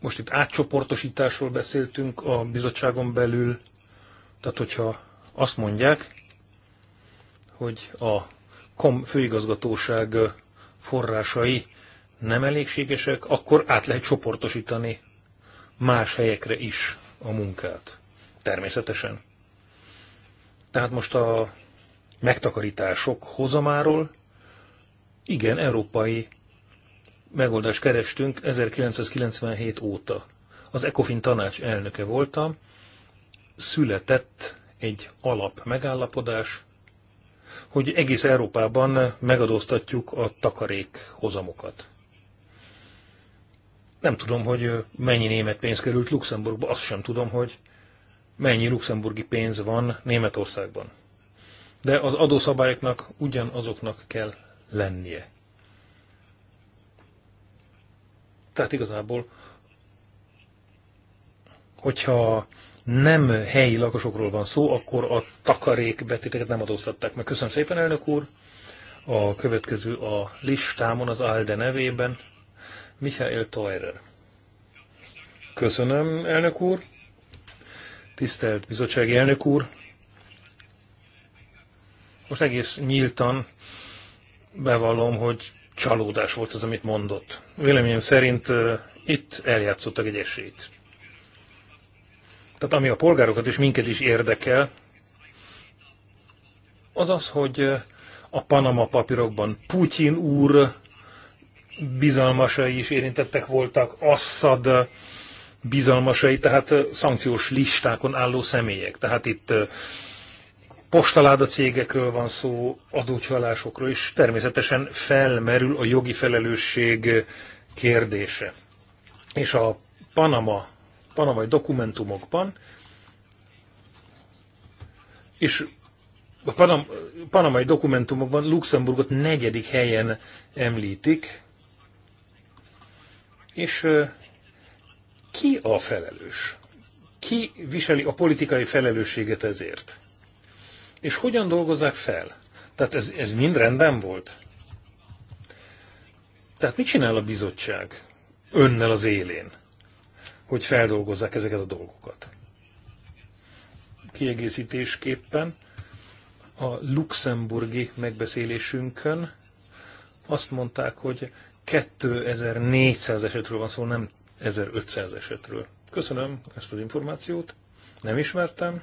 Most itt átcsoportosításról beszéltünk a bizottságon belül, tehát hogyha azt mondják, hogy a KOM főigazgatóság forrásai nem elégségesek, akkor át lehet csoportosítani más helyekre is a munkát. Természetesen. Tehát most a megtakarítások hozamáról, igen, európai megoldást kerestünk 1997 óta. Az ECOFIN tanács elnöke voltam, született egy alap megállapodás, hogy egész Európában megadóztatjuk a takarék hozamokat. Nem tudom, hogy mennyi német pénz került Luxemburgba, azt sem tudom, hogy mennyi luxemburgi pénz van Németországban. De az adószabályoknak ugyanazoknak kell lennie. Tehát igazából, hogyha nem helyi lakosokról van szó, akkor a takarék betéteket nem adóztatták meg. Köszönöm szépen, elnök úr! A következő a listámon az ALDE nevében Michael Teurer. Köszönöm, elnök úr! Tisztelt bizottsági elnök úr! Most egész nyíltan bevallom, hogy csalódás volt az, amit mondott. Véleményem szerint itt eljátszottak egy esélyt. Tehát ami a polgárokat és minket is érdekel, az az, hogy a Panama papírokban Putyin úr bizalmasai is érintettek voltak, Assad bizalmasai, tehát szankciós listákon álló személyek. Tehát itt postaláda cégekről van szó, adócsalásokról, és természetesen felmerül a jogi felelősség kérdése. És a Panama, panamai dokumentumokban, és a panam, panamai dokumentumokban Luxemburgot negyedik helyen említik, és ki a felelős? Ki viseli a politikai felelősséget ezért? És hogyan dolgozzák fel? Tehát ez, ez mind rendben volt? Tehát mit csinál a bizottság önnel az élén, hogy feldolgozzák ezeket a dolgokat? Kiegészítésképpen a luxemburgi megbeszélésünkön azt mondták, hogy 2400 esetről van szó, nem 1500 esetről. Köszönöm ezt az információt, nem ismertem.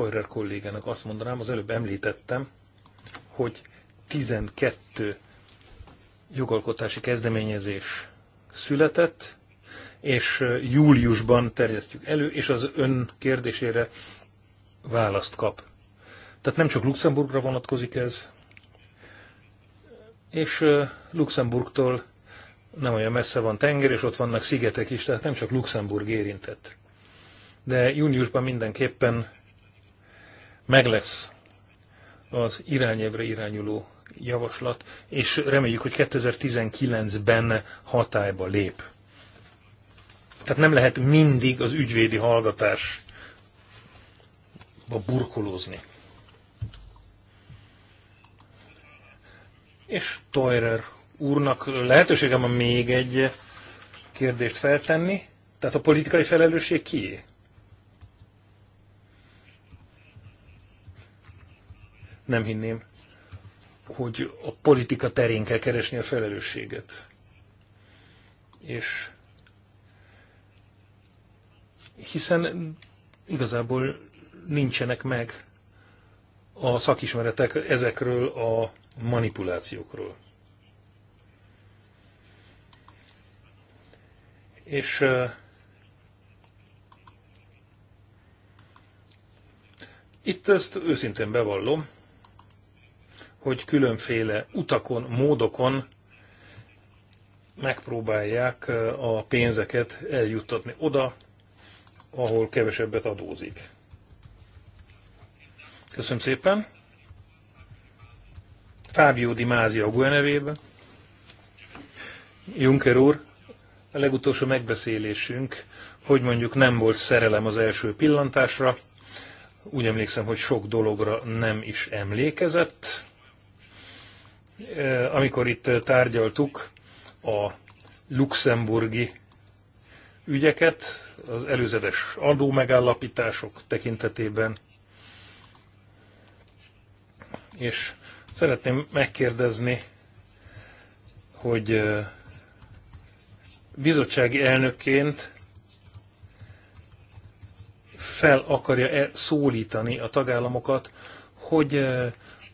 Toirer kollégának azt mondanám, az előbb említettem, hogy 12 jogalkotási kezdeményezés született, és júliusban terjesztjük elő, és az ön kérdésére választ kap. Tehát nem csak Luxemburgra vonatkozik ez, és Luxemburgtól nem olyan messze van tenger, és ott vannak szigetek is, tehát nem csak Luxemburg érintett. De júniusban mindenképpen meg lesz az irányelvre irányuló javaslat, és reméljük, hogy 2019-ben hatályba lép. Tehát nem lehet mindig az ügyvédi hallgatásba burkolózni. És Toyrer úrnak lehetőségem van még egy kérdést feltenni. Tehát a politikai felelősség kié? nem hinném, hogy a politika terén kell keresni a felelősséget. És hiszen igazából nincsenek meg a szakismeretek ezekről a manipulációkról. És uh, itt ezt őszintén bevallom, hogy különféle utakon, módokon megpróbálják a pénzeket eljuttatni oda, ahol kevesebbet adózik. Köszönöm szépen. Fábio Di Mázi a nevében. Juncker úr, a legutolsó megbeszélésünk, hogy mondjuk nem volt szerelem az első pillantásra, úgy emlékszem, hogy sok dologra nem is emlékezett, Eh, amikor itt eh, tárgyaltuk a luxemburgi ügyeket, az előzetes adó megállapítások tekintetében, és szeretném megkérdezni, hogy eh, bizottsági elnökként fel akarja-e szólítani a tagállamokat, hogy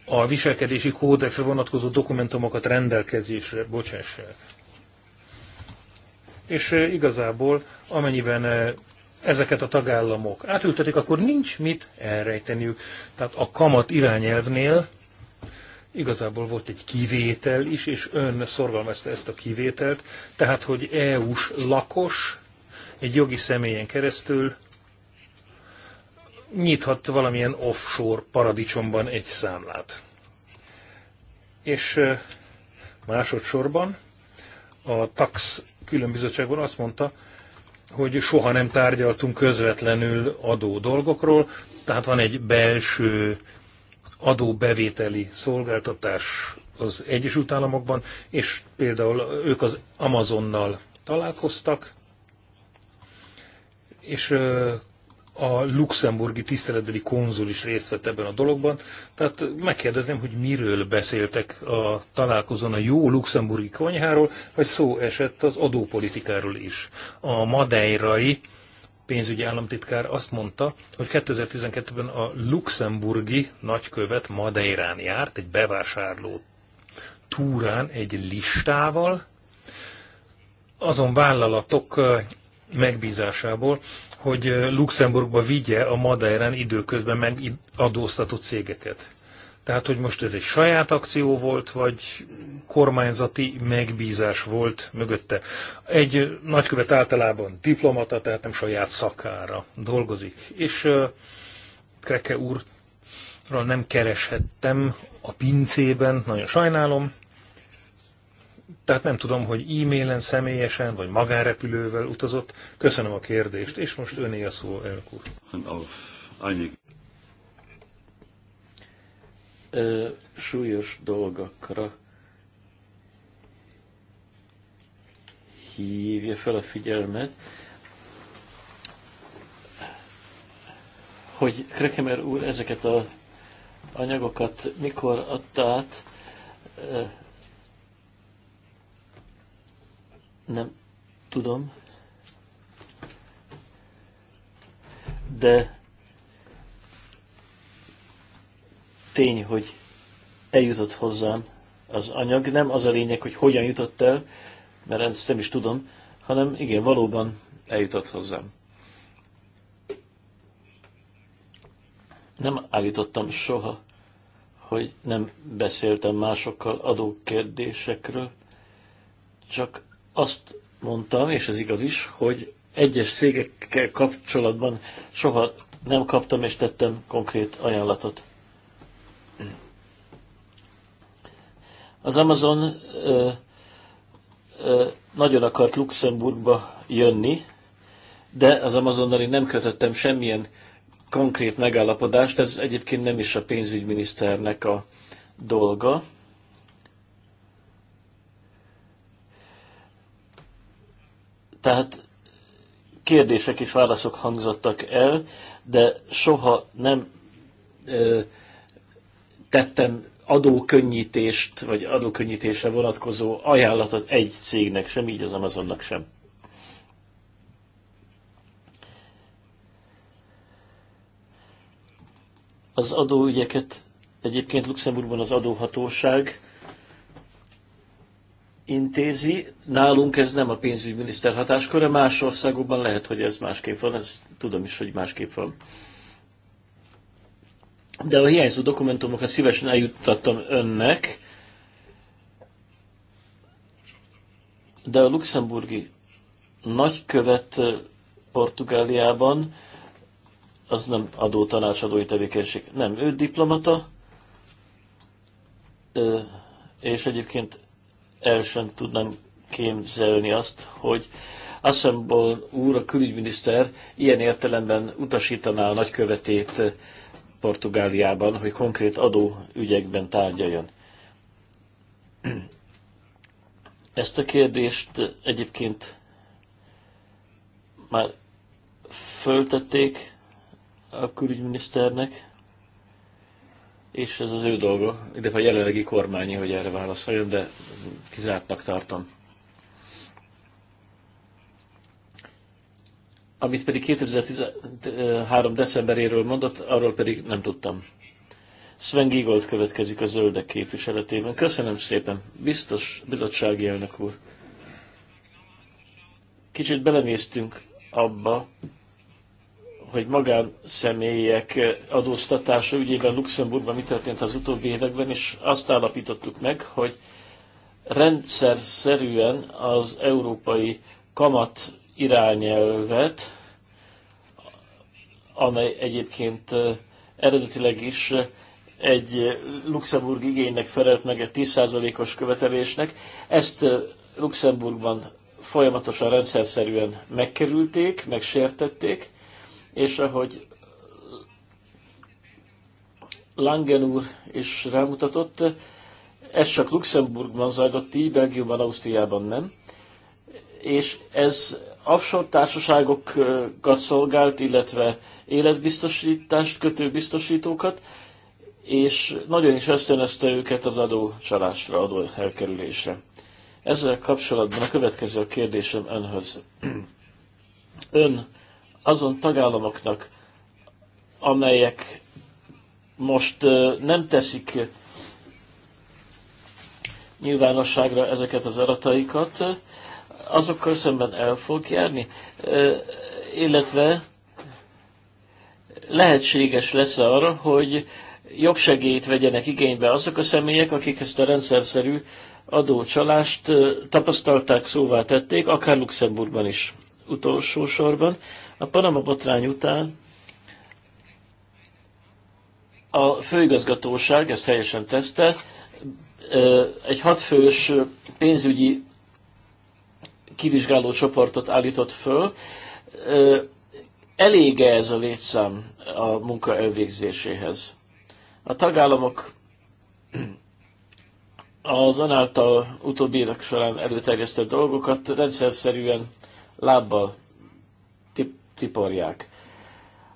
a viselkedési kódexre vonatkozó dokumentumokat rendelkezésre bocsássák. És eh, igazából, amennyiben eh, ezeket a tagállamok átültetik, akkor nincs mit elrejteniük. Tehát a kamat irányelvnél igazából volt egy kivétel is, és ön szorgalmazta ezt a kivételt, tehát hogy EU-s lakos egy jogi személyen keresztül nyithat valamilyen offshore paradicsomban egy számlát. És másodszorban a TAX különbizottságban azt mondta, hogy soha nem tárgyaltunk közvetlenül adó dolgokról, tehát van egy belső adóbevételi szolgáltatás az Egyesült Államokban, és például ők az Amazonnal találkoztak, és a luxemburgi tiszteletbeli konzul is részt vett ebben a dologban. Tehát megkérdezném, hogy miről beszéltek a találkozón a jó luxemburgi konyháról, vagy szó esett az adópolitikáról is. A madeirai pénzügyi államtitkár azt mondta, hogy 2012-ben a luxemburgi nagykövet Madeirán járt egy bevásárló túrán egy listával, azon vállalatok eh, megbízásából, hogy Luxemburgba vigye a Madeiren időközben megadóztatott cégeket. Tehát, hogy most ez egy saját akció volt, vagy kormányzati megbízás volt mögötte. Egy nagykövet általában diplomata, tehát nem saját szakára dolgozik. És uh, Kreke úrral nem kereshettem a pincében, nagyon sajnálom, tehát nem tudom, hogy e-mailen, személyesen, vagy magánrepülővel utazott. Köszönöm a kérdést, és most öné a szó, elnök úr. súlyos dolgokra hívja fel a figyelmet, hogy Krekemer úr ezeket a anyagokat mikor adta át, Nem tudom. De tény, hogy eljutott hozzám az anyag, nem az a lényeg, hogy hogyan jutott el, mert ezt nem is tudom, hanem igen, valóban eljutott hozzám. Nem állítottam soha, hogy nem beszéltem másokkal adókérdésekről, csak azt mondtam, és ez igaz is, hogy egyes cégekkel kapcsolatban soha nem kaptam és tettem konkrét ajánlatot. Az Amazon ö, ö, nagyon akart Luxemburgba jönni, de az Amazonnal én nem kötöttem semmilyen konkrét megállapodást, ez egyébként nem is a pénzügyminiszternek a dolga. Tehát kérdések és válaszok hangzottak el, de soha nem ö, tettem adókönnyítést, vagy adókönnyítésre vonatkozó ajánlatot egy cégnek sem, így az Amazonnak sem. Az adóügyeket egyébként Luxemburgban az adóhatóság intézi. Nálunk ez nem a pénzügyminiszter hatásköre, más országokban lehet, hogy ez másképp van, ez tudom is, hogy másképp van. De a hiányzó dokumentumokat szívesen eljuttattam önnek, de a luxemburgi nagykövet Portugáliában az nem adó tanácsadói tevékenység. Nem, ő diplomata, és egyébként el sem tudnám képzelni azt, hogy Assemble úr, a külügyminiszter ilyen értelemben utasítaná a nagykövetét eh, Portugáliában, hogy konkrét adóügyekben tárgyaljon. Ezt a kérdést eh, egyébként már föltették a külügyminiszternek, és ez az ő dolga, illetve a jelenlegi kormányi, hogy erre válaszoljon, de kizártnak tartom. Amit pedig 2013. decemberéről mondott, arról pedig nem tudtam. Sven Giegold következik a zöldek képviseletében. Köszönöm szépen, biztos bizottsági elnök úr. Kicsit belenéztünk abba, hogy magánszemélyek adóztatása ügyében Luxemburgban mi történt az utóbbi években, és azt állapítottuk meg, hogy rendszer szerűen az európai kamat irányelvet, amely egyébként eredetileg is egy Luxemburg igénynek felelt meg egy 10%-os követelésnek. Ezt Luxemburgban folyamatosan rendszer szerűen megkerülték, megsértették, és ahogy Langen úr is rámutatott, ez csak Luxemburgban zajlott így, Belgiumban, Ausztriában nem, és ez offshore társaságokat szolgált, illetve életbiztosítást kötő biztosítókat, és nagyon is ösztönözte őket az adócsalásra, adó elkerülésre. Ezzel kapcsolatban a következő a kérdésem önhöz. Ön azon tagállamoknak, amelyek most nem teszik nyilvánosságra ezeket az arataikat, azokkal szemben el fog járni, illetve lehetséges lesz arra, hogy jogsegélyt vegyenek igénybe azok a személyek, akik ezt a rendszerszerű adócsalást tapasztalták, szóvá tették, akár Luxemburgban is utolsó sorban. A Panama botrány után a főigazgatóság, ezt helyesen teszte, egy hatfős pénzügyi kivizsgáló csoportot állított föl. Elége ez a létszám a munka elvégzéséhez. A tagállamok az önáltal utóbbi évek során előterjesztett dolgokat rendszer szerűen lábbal tiporják.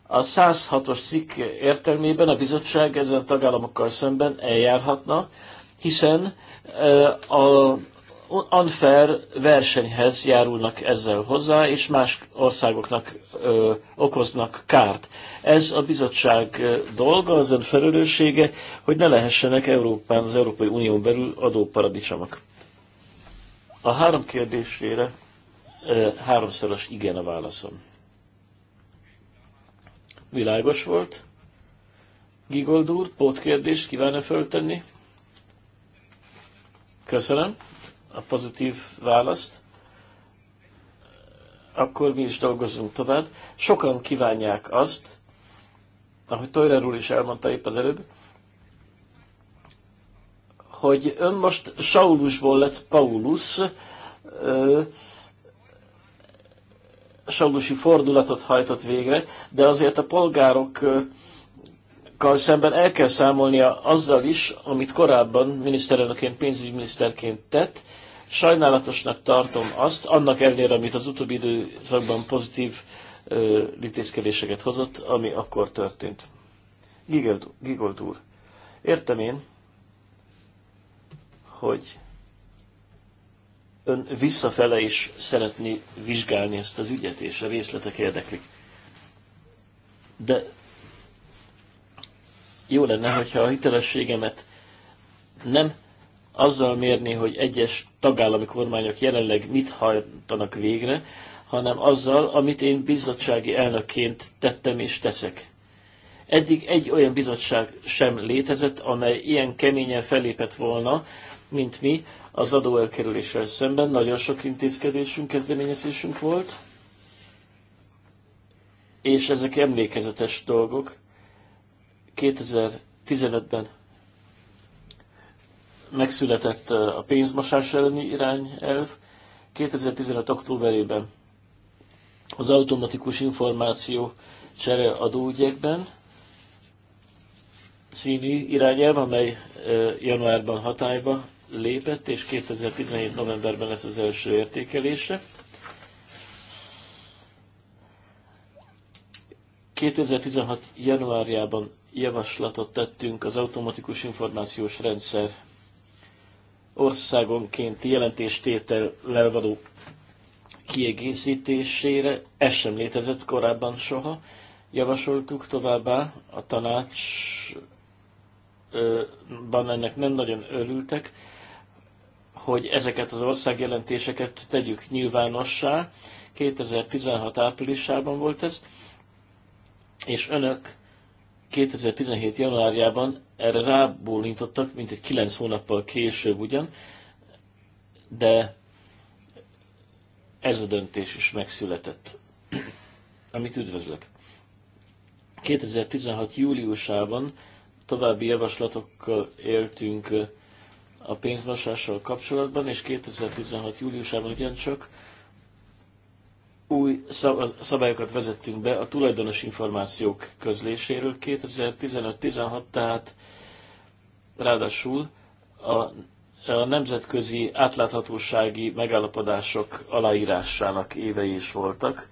A 106-os cikk értelmében a bizottság ezen tagállamokkal szemben eljárhatna, hiszen a unfair versenyhez járulnak ezzel hozzá, és más országoknak ö, okoznak kárt. Ez a bizottság dolga, az ön felelőssége, hogy ne lehessenek Európán, az Európai Unión belül adóparadicsomok. A három kérdésére ö, háromszoros igen a válaszom. Világos volt. Gigold úr, pótkérdést kívánja föltenni? Köszönöm a pozitív választ. Akkor mi is dolgozunk tovább. Sokan kívánják azt, ahogy Toyrer úr is elmondta épp az előbb, hogy ön most Saulusból lett Paulus, saugusi fordulatot hajtott végre, de azért a polgárokkal szemben el kell számolnia azzal is, amit korábban miniszterelnöként, pénzügyminiszterként tett. Sajnálatosnak tartom azt, annak ellenére, amit az utóbbi időszakban pozitív ö, hozott, ami akkor történt. Gigold, Gigolt úr, értem én, hogy ön visszafele is szeretné vizsgálni ezt az ügyet, és a részletek érdeklik. De jó lenne, hogyha a hitelességemet nem azzal mérni, hogy egyes tagállami kormányok jelenleg mit hajtanak végre, hanem azzal, amit én bizottsági elnökként tettem és teszek. Eddig egy olyan bizottság sem létezett, amely ilyen keményen felépett volna, mint mi az adóelkerüléssel szemben. Nagyon sok intézkedésünk, kezdeményezésünk volt, és ezek emlékezetes dolgok. 2015-ben megszületett a pénzmosás elleni irányelv, 2015. októberében az automatikus információ csere adóügyekben színű irányelv, amely januárban hatályba lépett, és 2017. novemberben lesz az első értékelése. 2016. januárjában javaslatot tettünk az automatikus információs rendszer országonkénti jelentéstétellel való kiegészítésére, ez sem létezett korábban soha. Javasoltuk továbbá, a tanácsban ennek nem nagyon örültek, hogy ezeket az országjelentéseket tegyük nyilvánossá. 2016 áprilisában volt ez, és önök 2017 januárjában erre rábólintottak, mint egy 9 hónappal később ugyan, de ez a döntés is megszületett, amit üdvözlök. 2016 júliusában további javaslatokkal éltünk a pénzmosással kapcsolatban, és 2016. júliusában ugyancsak új szabályokat vezettünk be a tulajdonos információk közléséről 2015-16, tehát ráadásul a, a nemzetközi átláthatósági megállapodások aláírásának évei is voltak.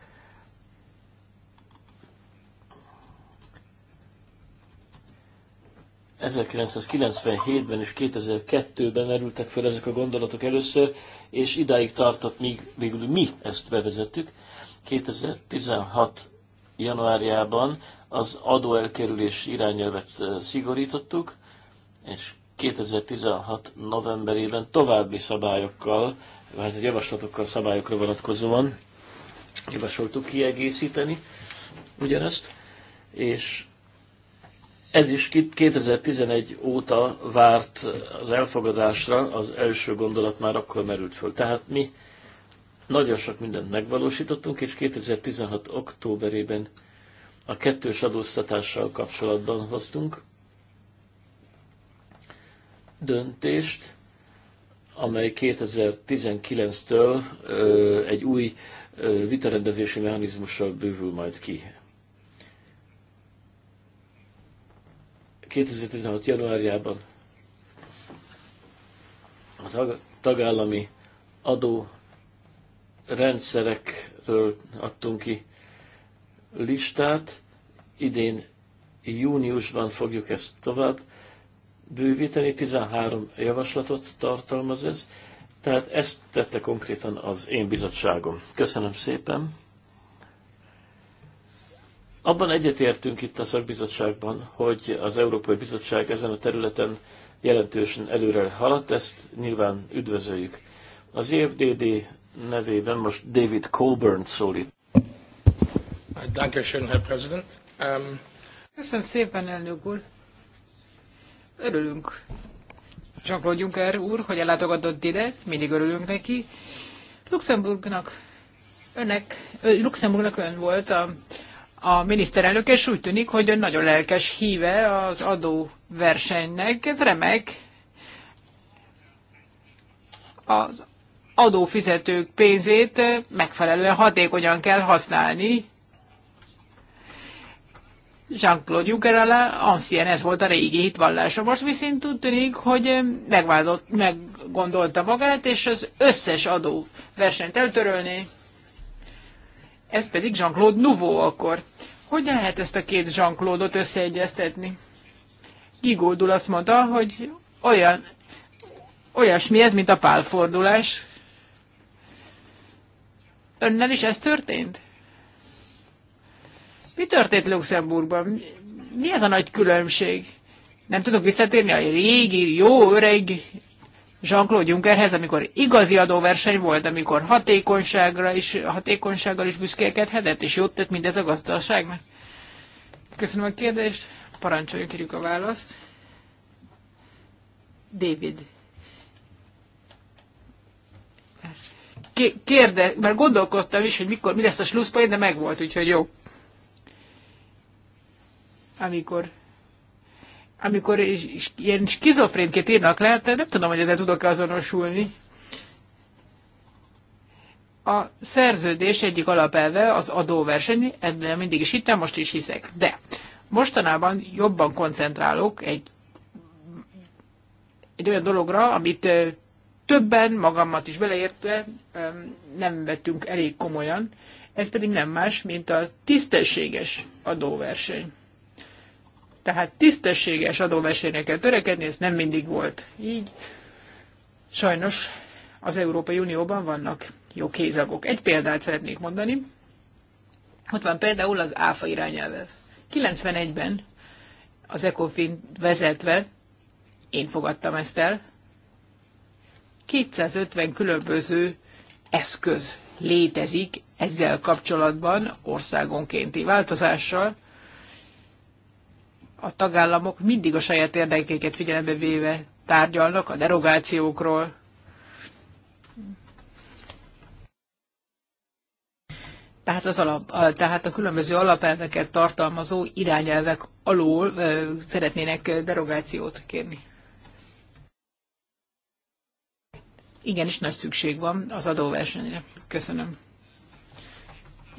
1997-ben és 2002-ben erültek fel ezek a gondolatok először, és idáig tartott, míg végül mi ezt bevezettük. 2016 januárjában az adóelkerülés irányelvet szigorítottuk, és 2016 novemberében további szabályokkal, vagy javaslatokkal szabályokra vonatkozóan javasoltuk kiegészíteni ugyanezt, és ez is 2011 óta várt az elfogadásra, az első gondolat már akkor merült föl. Tehát mi nagyon sok mindent megvalósítottunk, és 2016. októberében a kettős adóztatással kapcsolatban hoztunk döntést, amely 2019-től egy új vitarendezési mechanizmussal bővül majd ki. 2016. januárjában a tagállami adó rendszerekről adtunk ki listát. Idén júniusban fogjuk ezt tovább bővíteni, 13 javaslatot tartalmaz ez, tehát ezt tette konkrétan az én bizottságom. Köszönöm szépen! Abban egyetértünk itt a szakbizottságban, hogy az Európai Bizottság ezen a területen jelentősen előre haladt, ezt nyilván üdvözöljük. Az EFDD nevében most David Coburn szólít. Ähm, Köszönöm szépen, elnök úr. Örülünk Jean-Claude Juncker úr, hogy ellátogatott ide, mindig örülünk neki. Luxemburgnak önnek, Luxemburgnak ön volt a a miniszterelnök, és úgy tűnik, hogy ön nagyon lelkes híve az adóversenynek. Ez remek. Az adófizetők pénzét megfelelően hatékonyan kell használni. Jean-Claude Juncker ancien ez volt a régi hitvallása. Most viszont úgy tűnik, hogy megvádott, meggondolta magát, és az összes adó versenyt eltörölni, ez pedig Jean-Claude Nouveau akkor. Hogyan lehet ezt a két Jean-Claude-ot összeegyeztetni? Gigoldul azt mondta, hogy olyan, olyasmi ez, mint a pálfordulás. Önnel is ez történt? Mi történt Luxemburgban? Mi ez a nagy különbség? Nem tudok visszatérni a régi, jó, öreg Jean-Claude Junckerhez, amikor igazi adóverseny volt, amikor hatékonyságra is, hatékonysággal is büszkélkedhetett, és jót tett mindez a gazdaságnak. Köszönöm a kérdést, parancsoljon kérjük a választ. David. Kérde, mert gondolkoztam is, hogy mikor, mi lesz a slusszpoint, de megvolt, úgyhogy jó. Amikor amikor ilyen skizofrénként írnak le, de hát nem tudom, hogy ezzel tudok-e azonosulni. A szerződés egyik alapelve az adóverseny, ebben mindig is hittem, most is hiszek. De mostanában jobban koncentrálok egy, egy olyan dologra, amit többen, magammat is beleértve nem vettünk elég komolyan. Ez pedig nem más, mint a tisztességes adóverseny tehát tisztességes adóversenyre kell törekedni, ez nem mindig volt így. Sajnos az Európai Unióban vannak jó kézagok. Egy példát szeretnék mondani. Ott van például az ÁFA irányelve. 91-ben az ECOFIN vezetve, én fogadtam ezt el, 250 különböző eszköz létezik ezzel kapcsolatban országonkénti változással, a tagállamok mindig a saját érdekeiket figyelembe véve tárgyalnak a derogációkról. Tehát, az alap, tehát a különböző alapelveket tartalmazó irányelvek alól ö, szeretnének derogációt kérni. Igenis nagy szükség van az adóversenyre. Köszönöm.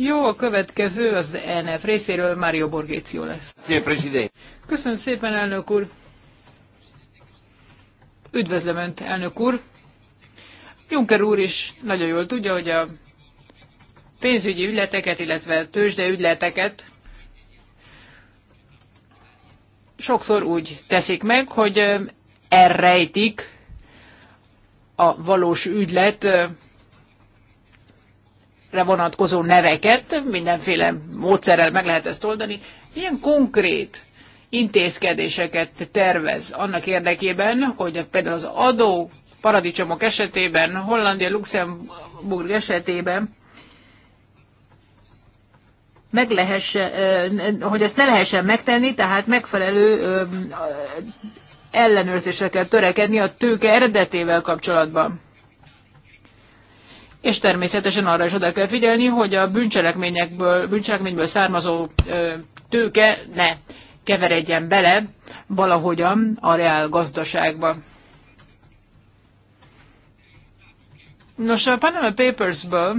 Jó, a következő az ENF részéről Mário Borgéció lesz. Köszönöm szépen, elnök úr. Üdvözlöm Önt, elnök úr. Juncker úr is nagyon jól tudja, hogy a pénzügyi ügyleteket, illetve ügyleteket sokszor úgy teszik meg, hogy elrejtik a valós ügylet vonatkozó neveket, mindenféle módszerrel meg lehet ezt oldani. Milyen konkrét intézkedéseket tervez annak érdekében, hogy például az adó paradicsomok esetében, Hollandia, Luxemburg esetében meg lehesse, hogy ezt ne lehessen megtenni, tehát megfelelő ellenőrzésre kell törekedni a tőke eredetével kapcsolatban és természetesen arra is oda kell figyelni, hogy a bűncselekményekből, bűncselekményből származó tőke ne keveredjen bele valahogyan a reál gazdaságba. Nos, a Panama Papers-ből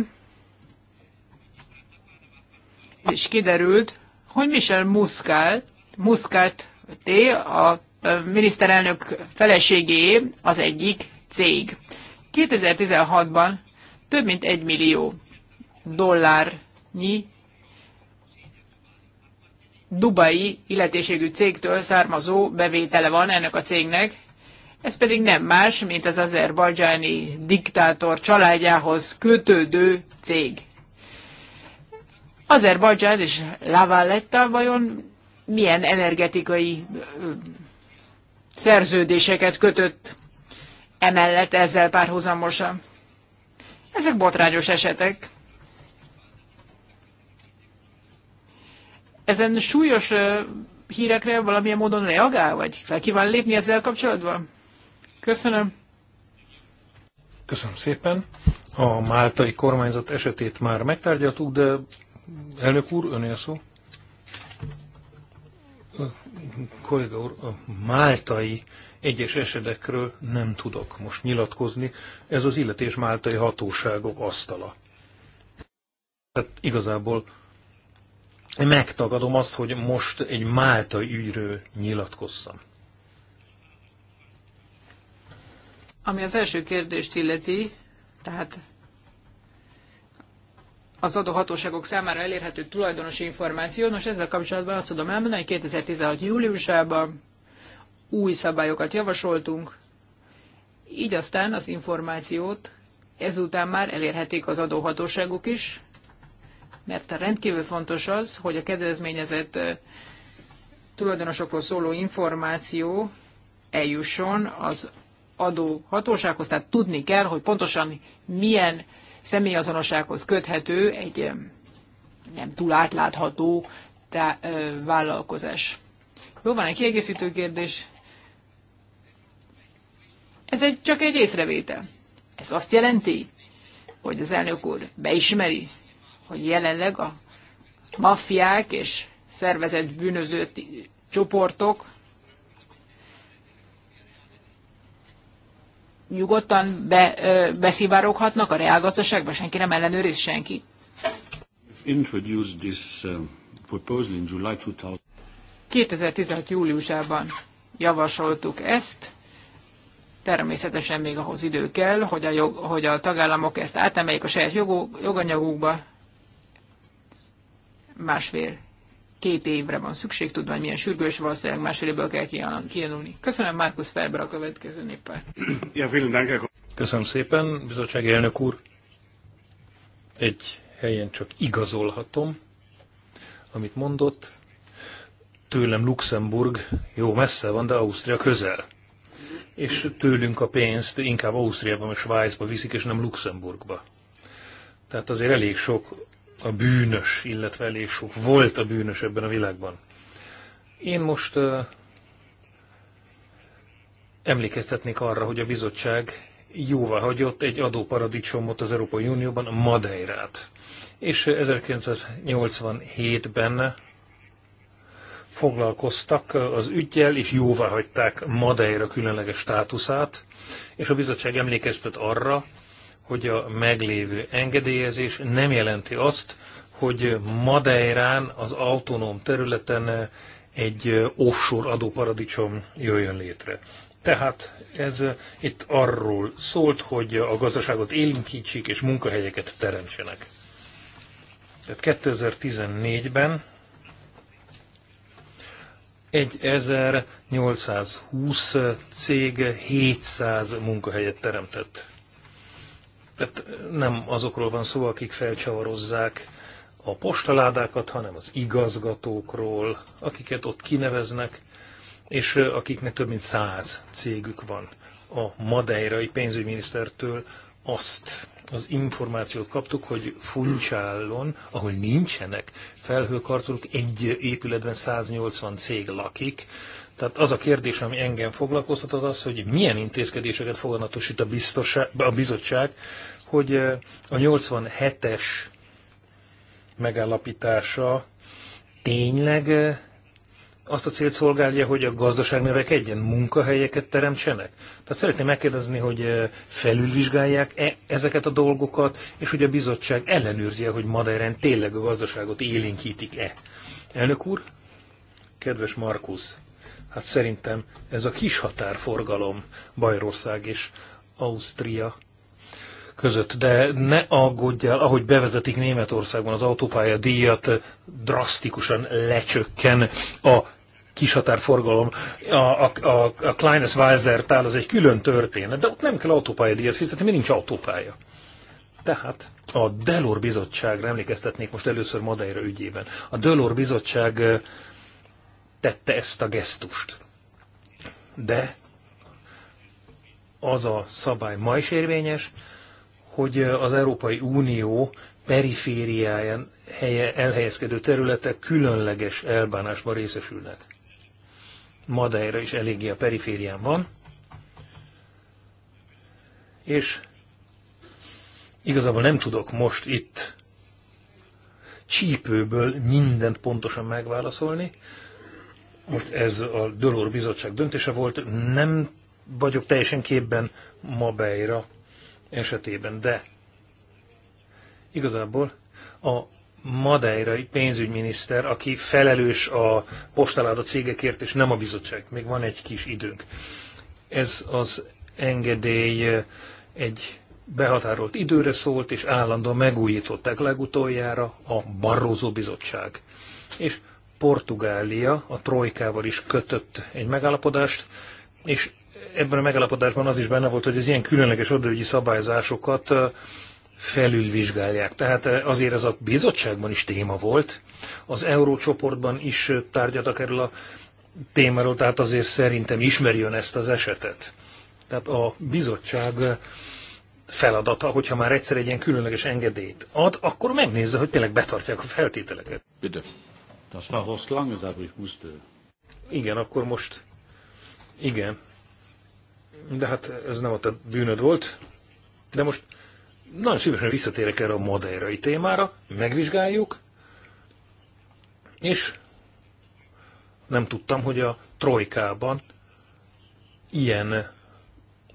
is kiderült, hogy Michel Muscat, Muscat T, a miniszterelnök feleségé az egyik cég. 2016-ban több mint egy millió dollárnyi dubai illetéségű cégtől származó bevétele van ennek a cégnek, ez pedig nem más, mint az azerbajdzsáni diktátor családjához kötődő cég. Azerbajdzsán és Lavaletta vajon milyen energetikai szerződéseket kötött emellett ezzel párhuzamosan? Ezek botrányos esetek. Ezen súlyos hírekre valamilyen módon reagál, vagy fel kíván lépni ezzel kapcsolatban? Köszönöm. Köszönöm szépen. A máltai kormányzat esetét már megtárgyaltuk, de elnök úr, önél szó koridor a máltai egyes esetekről nem tudok most nyilatkozni. Ez az illetés máltai hatóságok asztala. Tehát igazából megtagadom azt, hogy most egy máltai ügyről nyilatkozzam. Ami az első kérdést illeti, tehát az adóhatóságok számára elérhető tulajdonosi információ. Nos, ezzel kapcsolatban azt tudom elmondani, hogy 2016. júliusában új szabályokat javasoltunk, így aztán az információt ezután már elérhetik az adóhatóságok is, mert rendkívül fontos az, hogy a kedvezményezett tulajdonosokról szóló információ eljusson az adóhatósághoz, tehát tudni kell, hogy pontosan milyen személyazonossághoz köthető egy nem túl átlátható tá- vállalkozás. Jó, van egy kiegészítő kérdés. Ez egy, csak egy észrevétel. Ez azt jelenti, hogy az elnök úr beismeri, hogy jelenleg a maffiák és szervezett bűnöző csoportok nyugodtan be, beszivároghatnak a reálgazdaságba, senki nem ellenőriz senki. this uh, in July 2016 júliusában javasoltuk ezt. Természetesen még ahhoz idő kell, hogy a, jog, hogy a tagállamok ezt átemeljék a saját joganyagukba. Másfél két évre van szükség, tudva, hogy milyen sürgős, valószínűleg másféléből kell kijelölni. Köszönöm, Markus Ferber a következő néppel. Ja, Köszönöm szépen, bizottsági elnök úr. Egy helyen csak igazolhatom, amit mondott. Tőlem Luxemburg jó messze van, de Ausztria közel. És tőlünk a pénzt inkább Ausztriában vagy Svájcba viszik, és nem Luxemburgba. Tehát azért elég sok a bűnös, illetve elég sok volt a bűnös ebben a világban. Én most uh, emlékeztetnék arra, hogy a bizottság jóvá hagyott egy adóparadicsomot az Európai Unióban, a Madeirát. És 1987-ben foglalkoztak az ügyjel, és jóvá hagyták Madeira különleges státuszát, és a bizottság emlékeztet arra, hogy a meglévő engedélyezés nem jelenti azt, hogy Madeirán, az autonóm területen egy offshore adóparadicsom jöjjön létre. Tehát ez itt arról szólt, hogy a gazdaságot élinkítsék és munkahelyeket teremtsenek. Tehát 2014-ben 1820 cég 700 munkahelyet teremtett. Tehát nem azokról van szó, akik felcsavarozzák a postaládákat, hanem az igazgatókról, akiket ott kineveznek, és akiknek több mint száz cégük van. A madeirai pénzügyminisztertől azt az információt kaptuk, hogy Funcsállon, ahol nincsenek felhőkarcolók, egy épületben 180 cég lakik, tehát az a kérdés, ami engem foglalkoztat, az az, hogy milyen intézkedéseket foganatosít a, a bizottság, hogy a 87-es megállapítása tényleg azt a célt szolgálja, hogy a gazdaság növekedjen, munkahelyeket teremtsenek? Tehát szeretném megkérdezni, hogy felülvizsgálják -e ezeket a dolgokat, és hogy a bizottság ellenőrzi -e, hogy Madeiren tényleg a gazdaságot élénkítik-e. Elnök úr, kedves Markusz, Hát szerintem ez a kis határforgalom Bajorország és Ausztria között. De ne aggódjál, ahogy bevezetik Németországban az autópálya díjat, drasztikusan lecsökken a kishatárforgalom. A, a, a, a Kleines tál az egy külön történet, de ott nem kell autópálya díjat fizetni, mert nincs autópálya. Tehát a Delor bizottságra emlékeztetnék most először Madeira ügyében. A Delor bizottság tette ezt a gesztust. De az a szabály ma is érvényes, hogy az Európai Unió perifériáján helye, elhelyezkedő területek különleges elbánásba részesülnek. Madeira is eléggé a periférián van, és igazából nem tudok most itt csípőből mindent pontosan megválaszolni, most ez a Dölor bizottság döntése volt, nem vagyok teljesen képben Mabeira esetében, de igazából a madeirai pénzügyminiszter, aki felelős a postaláda cégekért, és nem a bizottság. Még van egy kis időnk. Ez az engedély egy behatárolt időre szólt, és állandóan megújították legutoljára a Barroso bizottság. És Portugália a trojkával is kötött egy megállapodást, és ebben a megállapodásban az is benne volt, hogy az ilyen különleges adóügyi szabályzásokat felülvizsgálják. Tehát azért ez a bizottságban is téma volt, az eurócsoportban is tárgyaltak erről a témáról, tehát azért szerintem ismerjön ezt az esetet. Tehát a bizottság feladata, hogyha már egyszer egy ilyen különleges engedélyt ad, akkor megnézze, hogy tényleg betartják a feltételeket. Üdv. Das war Horst Lange, aber ich musste. Igen, akkor most... Igen. De hát ez nem a te bűnöd volt. De most nagyon szívesen visszatérek erre a madeirai témára, megvizsgáljuk, és nem tudtam, hogy a trojkában ilyen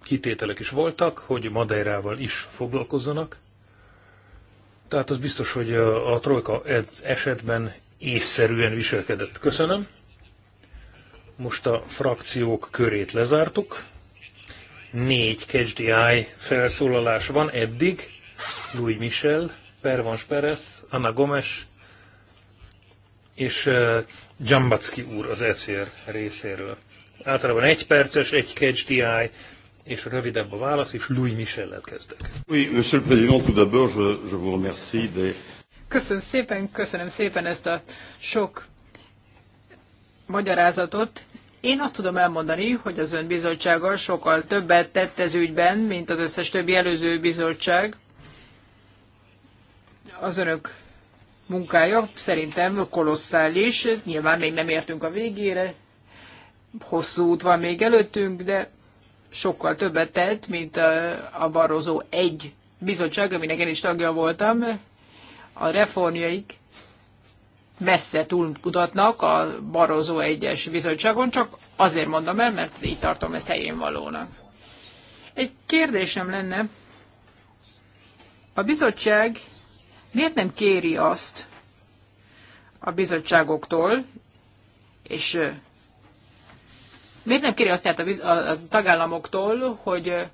kitételek is voltak, hogy Madeirával is foglalkozzanak. Tehát az biztos, hogy a trojka esetben észszerűen viselkedett. Köszönöm. Most a frakciók körét lezártuk. Négy KDI felszólalás van eddig. Louis Michel, Pervans Perez, Anna Gomes és eh, Dzsambacki úr az ECR részéről. Általában egy perces, egy KDI, és rövidebb a válasz, és Louis Michellel kezdek. Oui, monsieur le président, tout d'abord, je, je vous remercie des Köszönöm szépen, köszönöm szépen ezt a sok magyarázatot. Én azt tudom elmondani, hogy az ön bizottsága sokkal többet tett ez ügyben, mint az összes többi előző bizottság. Az önök munkája szerintem kolosszális, nyilván még nem értünk a végére, hosszú út van még előttünk, de sokkal többet tett, mint a, a Barrozó egy bizottság, aminek én is tagja voltam a reformjaik messze túlmutatnak a Barozó egyes bizottságon, csak azért mondom el, mert így tartom ezt helyén valónak. Egy kérdésem lenne, a bizottság miért nem kéri azt a bizottságoktól, és miért nem kéri azt tehát a, tagállamoktól, hogy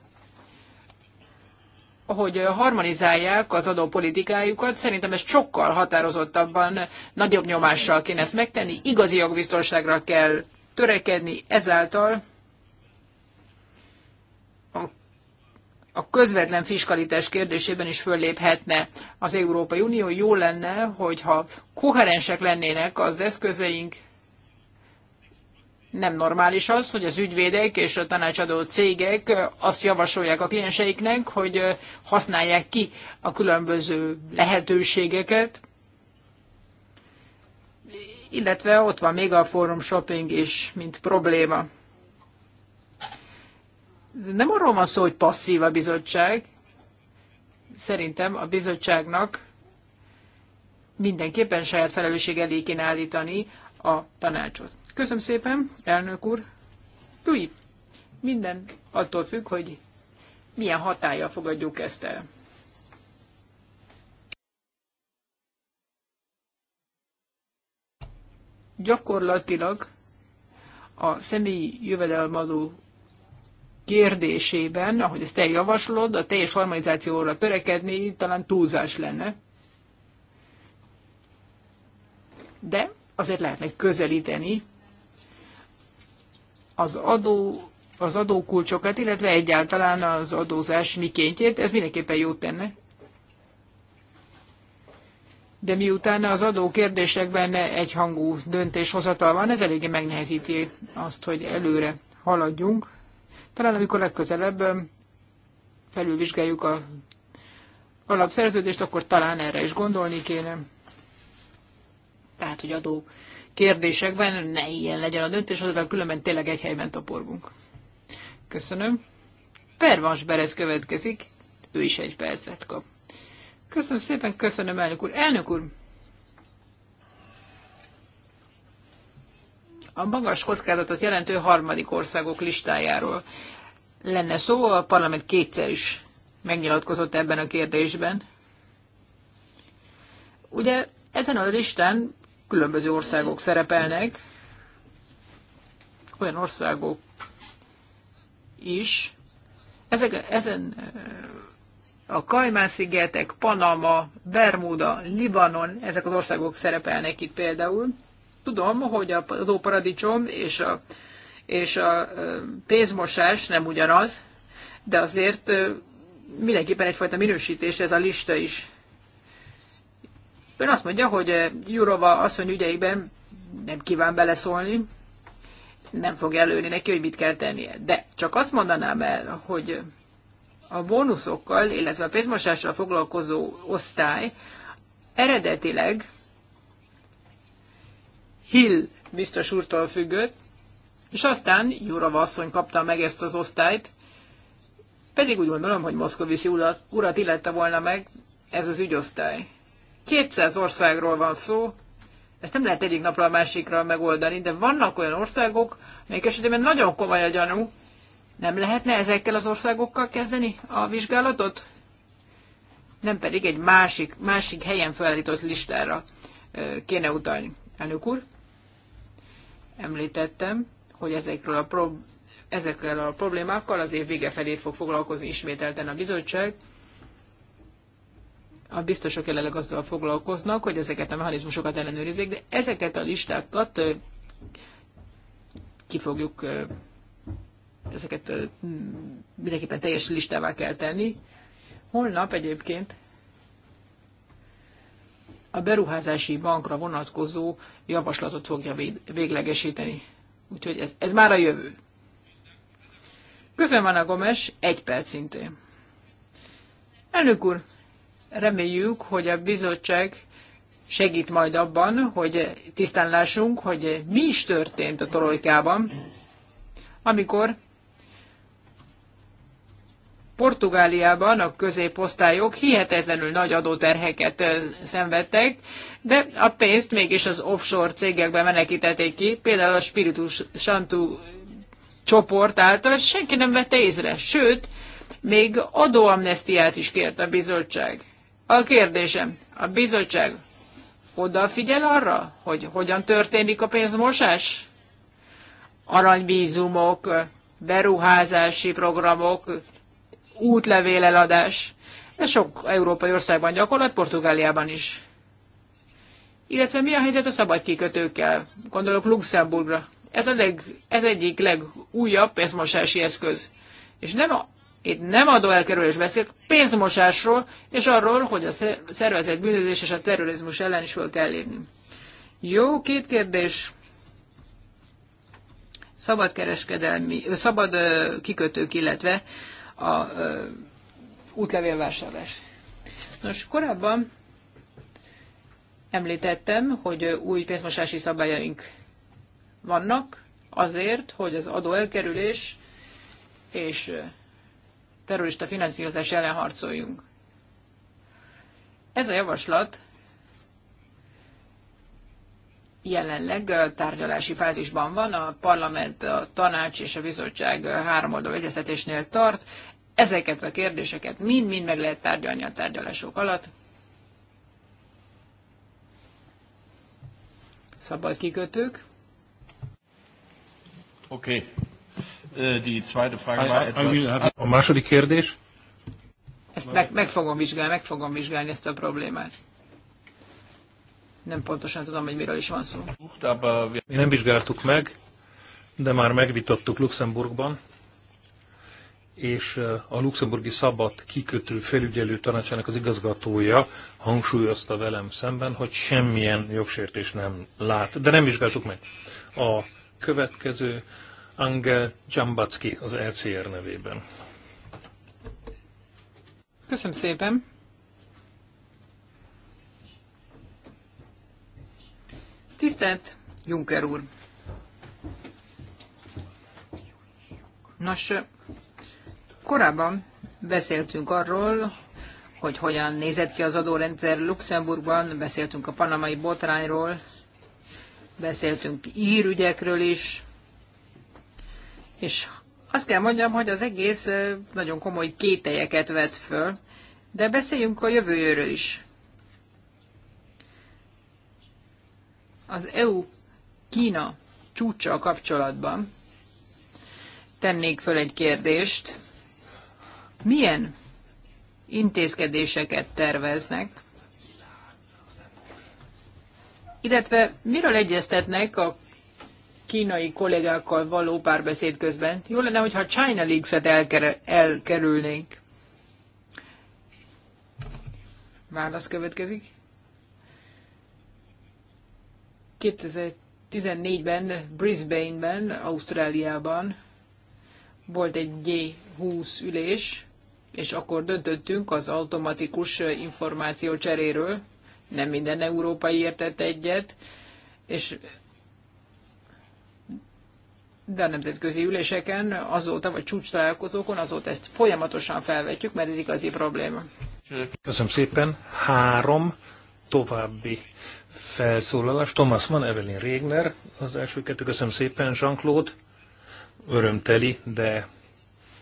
hogy harmonizálják az adópolitikájukat. Szerintem ez sokkal határozottabban, nagyobb nyomással kéne ezt megtenni. Igazi jogbiztonságra kell törekedni, ezáltal a, közvetlen fiskalitás kérdésében is fölléphetne az Európai Unió. Jó lenne, hogyha koherensek lennének az eszközeink, nem normális az, hogy az ügyvédek és a tanácsadó cégek azt javasolják a klienseiknek, hogy használják ki a különböző lehetőségeket, illetve ott van még a forum shopping is, mint probléma. Nem arról van szó, hogy passzív a bizottság. Szerintem a bizottságnak mindenképpen saját felelősség elé kéne állítani a tanácsot. Köszönöm szépen, elnök úr. Tui, minden attól függ, hogy milyen hatája fogadjuk ezt el. Gyakorlatilag a személyi jövedelmadó kérdésében, ahogy ezt te javaslod, a teljes harmonizációra törekedni talán túlzás lenne. De azért lehetne közelíteni az adó az adókulcsokat, illetve egyáltalán az adózás mikéntjét, ez mindenképpen jót tenne. De miután az adó kérdésekben egyhangú döntéshozatal van, ez eléggé megnehezíti azt, hogy előre haladjunk. Talán amikor legközelebb um, felülvizsgáljuk a alapszerződést, akkor talán erre is gondolni kéne. Tehát, hogy adó kérdésekben ne ilyen legyen a döntés, a különben tényleg egy helyben toporgunk. Köszönöm. Pervans Berez következik, ő is egy percet kap. Köszönöm szépen, köszönöm elnök úr. Elnök úr, a magas kockázatot jelentő harmadik országok listájáról lenne szó, a parlament kétszer is megnyilatkozott ebben a kérdésben. Ugye ezen a listán különböző országok szerepelnek, olyan országok is. Ezek, ezen a Kajmán-szigetek, Panama, Bermuda, Libanon, ezek az országok szerepelnek itt például. Tudom, hogy a óparadicsom és a, és a pénzmosás nem ugyanaz, de azért mindenképpen egyfajta minősítés ez a lista is. Ön azt mondja, hogy eh, Jurova asszony ügyeiben nem kíván beleszólni, nem fog előni neki, hogy mit kell tennie. De csak azt mondanám el, hogy a bónuszokkal, illetve a pénzmosással foglalkozó osztály eredetileg Hill biztos úrtól függött, és aztán Jurava asszony kapta meg ezt az osztályt, pedig úgy gondolom, hogy Moszkoviszi urat illette volna meg ez az ügyosztály. 200 országról van szó, ezt nem lehet egyik napra a másikra megoldani, de vannak olyan országok, amelyek esetében nagyon komoly a gyanú. Nem lehetne ezekkel az országokkal kezdeni a vizsgálatot? Nem pedig egy másik, másik helyen felállított listára kéne utalni. Elnök úr, említettem, hogy ezekről a, prob- ezekről a problémákkal az év vége felé fog foglalkozni ismételten a bizottság, a biztosok jelenleg azzal foglalkoznak, hogy ezeket a mechanizmusokat ellenőrizzék, de ezeket a listákat ki fogjuk, ezeket mindenképpen teljes listává kell tenni. Holnap egyébként a beruházási bankra vonatkozó javaslatot fogja véglegesíteni. Úgyhogy ez, ez már a jövő. Köszönöm, Anna Gomes, egy perc szintén. Elnök úr, Reméljük, hogy a bizottság segít majd abban, hogy tisztán lássunk, hogy mi is történt a Torolykában, amikor Portugáliában a középosztályok hihetetlenül nagy adóterheket szenvedtek, de a pénzt mégis az offshore cégekbe menekítették ki, például a Spiritus Santu csoport által, senki nem vette észre, sőt, még adóamnestiát is kért a bizottság. A kérdésem, a bizottság odafigyel arra, hogy hogyan történik a pénzmosás? Aranyvízumok, beruházási programok, útlevéleladás. Ez sok európai országban gyakorlat, Portugáliában is. Illetve mi a helyzet a szabad kikötőkkel? Gondolok Luxemburgra. Ez, a leg, ez egyik legújabb pénzmosási eszköz. És nem a itt nem adóelkerülés beszél, pénzmosásról, és arról, hogy a szervezett bűnözés és a terrorizmus ellen is föl kell lépni. Jó, két kérdés. Szabad kereskedelmi, szabad kikötők, illetve a útlevélvásárlás. Nos, korábban említettem, hogy új pénzmosási szabályaink vannak azért, hogy az adóelkerülés és terrorista finanszírozás ellen harcoljunk. Ez a javaslat jelenleg tárgyalási fázisban van, a parlament, a tanács és a bizottság háromoldalú egyeztetésnél tart. Ezeket a kérdéseket mind-mind meg lehet tárgyalni a tárgyalások alatt. Szabad kikötők. Oké. Okay. A második kérdés? Ezt meg, meg fogom vizsgálni, meg fogom vizsgálni ezt a problémát. Nem pontosan tudom, hogy miről is van szó. Mi nem vizsgáltuk meg, de már megvitattuk Luxemburgban, és a luxemburgi szabad kikötő felügyelő tanácsának az igazgatója hangsúlyozta velem szemben, hogy semmilyen jogsértés nem lát, de nem vizsgáltuk meg. A következő Angel Dzsambacki az ECR nevében. Köszönöm szépen! Tisztelt Juncker úr! Nos, korábban beszéltünk arról, hogy hogyan nézett ki az adórendszer Luxemburgban, beszéltünk a panamai botrányról, beszéltünk írügyekről is, és azt kell mondjam, hogy az egész nagyon komoly kételyeket vet föl, de beszéljünk a jövőjéről is. Az EU-Kína csúcsa kapcsolatban tennék föl egy kérdést. Milyen intézkedéseket terveznek, illetve miről egyeztetnek a kínai kollégákkal való párbeszéd közben. Jó lenne, hogyha a China Leaks-et elker- elkerülnénk. Válasz következik. 2014-ben Brisbane-ben, Ausztráliában volt egy G20 ülés, és akkor döntöttünk az automatikus információ cseréről. Nem minden európai értett egyet, és de a nemzetközi üléseken azóta, vagy csúcs találkozókon azóta ezt folyamatosan felvetjük, mert ez igazi probléma. Köszönöm szépen. Három további felszólalás. Thomas Mann, Evelyn Régner, az első kettő. Köszönöm szépen, Jean-Claude. Örömteli, de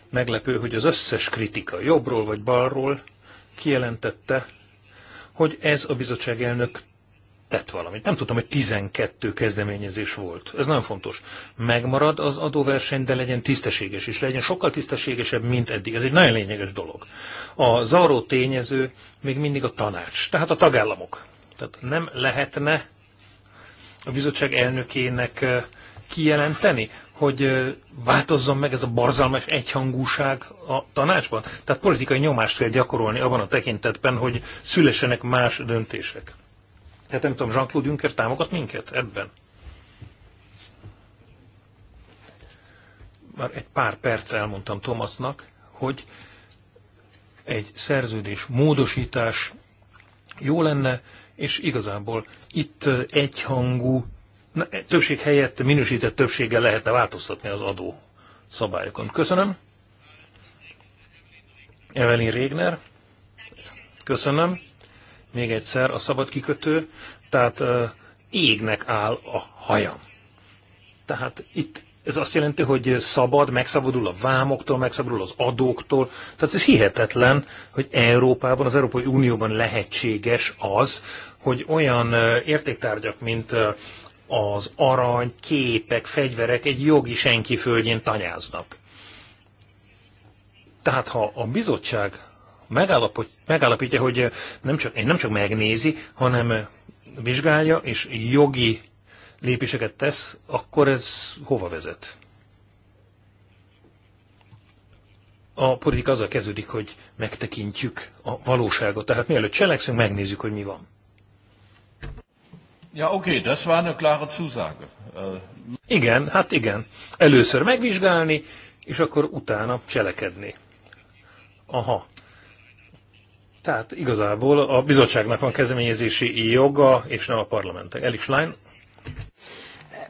meglepő, hogy az összes kritika jobbról vagy balról kijelentette, hogy ez a bizottság elnök tett valamit. Nem tudtam, hogy 12 kezdeményezés volt. Ez nagyon fontos. Megmarad az adóverseny, de legyen tisztességes is. Legyen sokkal tisztességesebb, mint eddig. Ez egy nagyon lényeges dolog. A zavaró tényező még mindig a tanács, tehát a tagállamok. Tehát nem lehetne a bizottság elnökének kijelenteni, hogy változzon meg ez a barzalmas egyhangúság a tanácsban? Tehát politikai nyomást kell gyakorolni abban a tekintetben, hogy szülessenek más döntések. Hát nem tudom, Jean-Claude Juncker támogat minket ebben? Már egy pár perc elmondtam Thomasnak, hogy egy szerződés módosítás jó lenne, és igazából itt egyhangú, többség helyett minősített többséggel lehetne változtatni az adó szabályokon. Köszönöm. Evelyn Régner. Köszönöm még egyszer, a szabad kikötő, tehát uh, égnek áll a hajam. Tehát itt ez azt jelenti, hogy szabad, megszabadul a vámoktól, megszabadul az adóktól. Tehát ez hihetetlen, hogy Európában, az Európai Unióban lehetséges az, hogy olyan értéktárgyak, mint az arany, képek, fegyverek egy jogi senki földjén tanyáznak. Tehát ha a bizottság megállapítja, hogy eh, nem csak, nem csak megnézi, hanem eh, vizsgálja és jogi lépéseket tesz, akkor ez hova vezet? A politika azzal kezdődik, hogy megtekintjük a valóságot. Tehát mielőtt cselekszünk, megnézzük, hogy mi van. Ja, oké, okay, das war eine klare Zusage. Igen, hát igen. Először megvizsgálni, és akkor utána cselekedni. Aha, tehát igazából a bizottságnak van kezdeményezési joga, és nem a parlament. Elis Lein.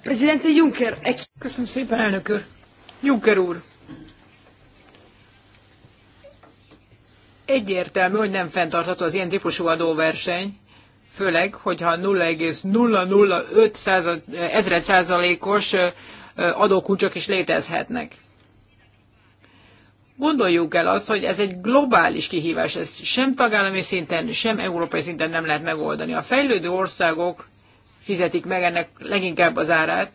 Presidente Juncker. Köszönöm szépen, elnök úr. Juncker úr. Egyértelmű, hogy nem fenntartható az ilyen típusú adóverseny, főleg, hogyha 0,005 ezred százalékos adókulcsok is létezhetnek. Gondoljuk el azt, hogy ez egy globális kihívás, ezt sem tagállami szinten, sem európai szinten nem lehet megoldani. A fejlődő országok fizetik meg ennek leginkább az árát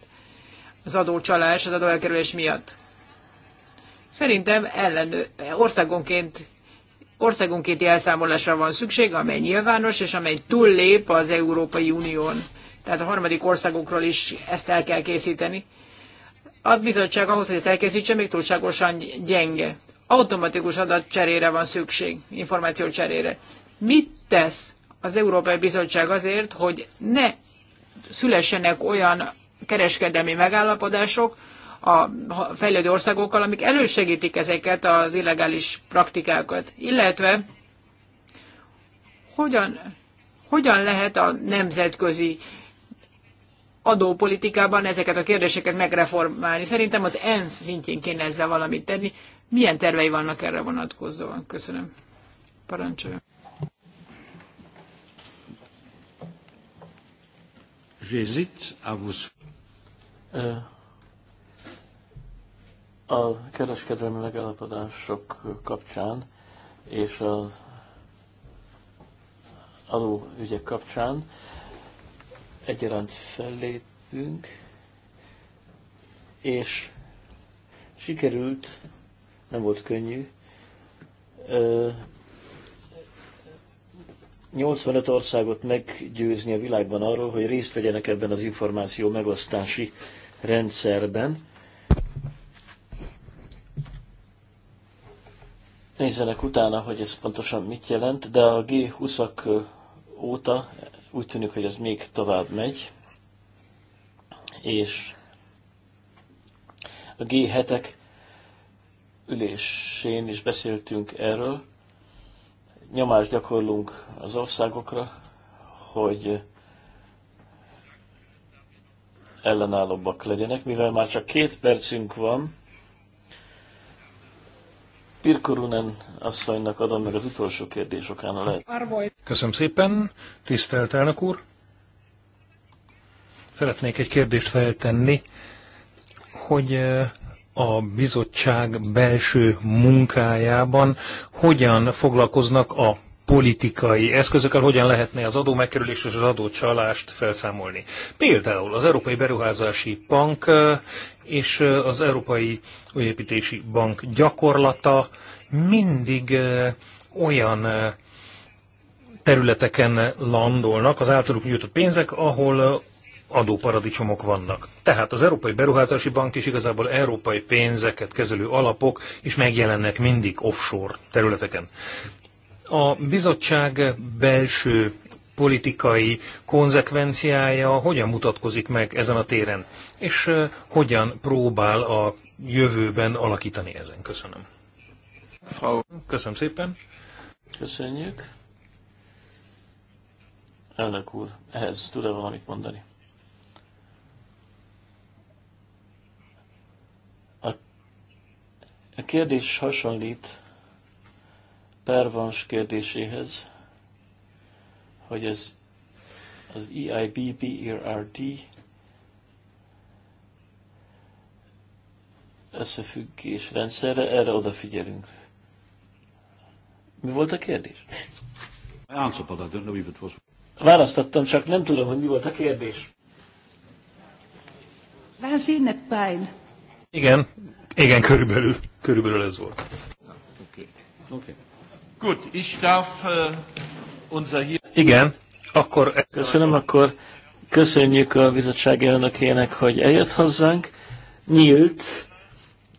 az adócsalás, az adóelkerülés miatt. Szerintem ellenő, országonként országonkénti elszámolásra van szükség, amely nyilvános, és amely túllép az Európai Unión. Tehát a harmadik országokról is ezt el kell készíteni. A bizottság ahhoz, hogy ezt elkészítse, még túlságosan gyenge automatikus adatcserére van szükség, információ cserére. Mit tesz az Európai Bizottság azért, hogy ne szülessenek olyan kereskedelmi megállapodások a fejlődő országokkal, amik elősegítik ezeket az illegális praktikákat, illetve hogyan, hogyan lehet a nemzetközi adópolitikában ezeket a kérdéseket megreformálni. Szerintem az ENSZ szintjén kéne ezzel valamit tenni. Milyen tervei vannak erre vonatkozóan? Köszönöm. Parancsoljon. A kereskedelmi megállapodások kapcsán és az adóügyek kapcsán egyaránt fellépünk, és sikerült nem volt könnyű. 85 országot meggyőzni a világban arról, hogy részt vegyenek ebben az információ megosztási rendszerben. Nézzenek utána, hogy ez pontosan mit jelent, de a G20-ak óta úgy tűnik, hogy ez még tovább megy, és a G7-ek ülésén is beszéltünk erről. Nyomást gyakorlunk az országokra, hogy ellenállóbbak legyenek, mivel már csak két percünk van. Pirkorunen asszonynak adom meg az utolsó kérdés okán a lehet. Köszönöm szépen, tisztelt elnök úr. Szeretnék egy kérdést feltenni, hogy eh, a bizottság belső munkájában hogyan foglalkoznak a politikai eszközökkel, hogyan lehetne az adó megkerülés és az adócsalást felszámolni. Például az Európai Beruházási Bank eh, és eh, az Európai Újépítési Bank gyakorlata mindig eh, olyan területeken landolnak az általuk nyújtott pénzek, ahol adóparadicsomok vannak. Tehát az Európai Beruházási Bank is igazából európai pénzeket kezelő alapok is megjelennek mindig offshore területeken. A bizottság belső politikai konzekvenciája hogyan mutatkozik meg ezen a téren, és hogyan próbál a jövőben alakítani ezen. Köszönöm. Köszönöm szépen. Köszönjük. Elnök úr, ehhez tud-e valamit mondani? A kérdés hasonlít Pervans kérdéséhez, hogy ez az EIB, BERD összefüggés rendszerre, erre odafigyelünk. Mi volt a kérdés? Választottam, csak nem tudom, hogy mi volt a kérdés. Válaszírnek pijn. Igen, igen, körülbelül. Körülbelül ez volt. Oké. Okay. Gut, ich darf äh, unser hier... Igen, akkor... Köszönöm, akkor köszönjük a bizottság elnökének, hogy eljött hozzánk. Nyílt,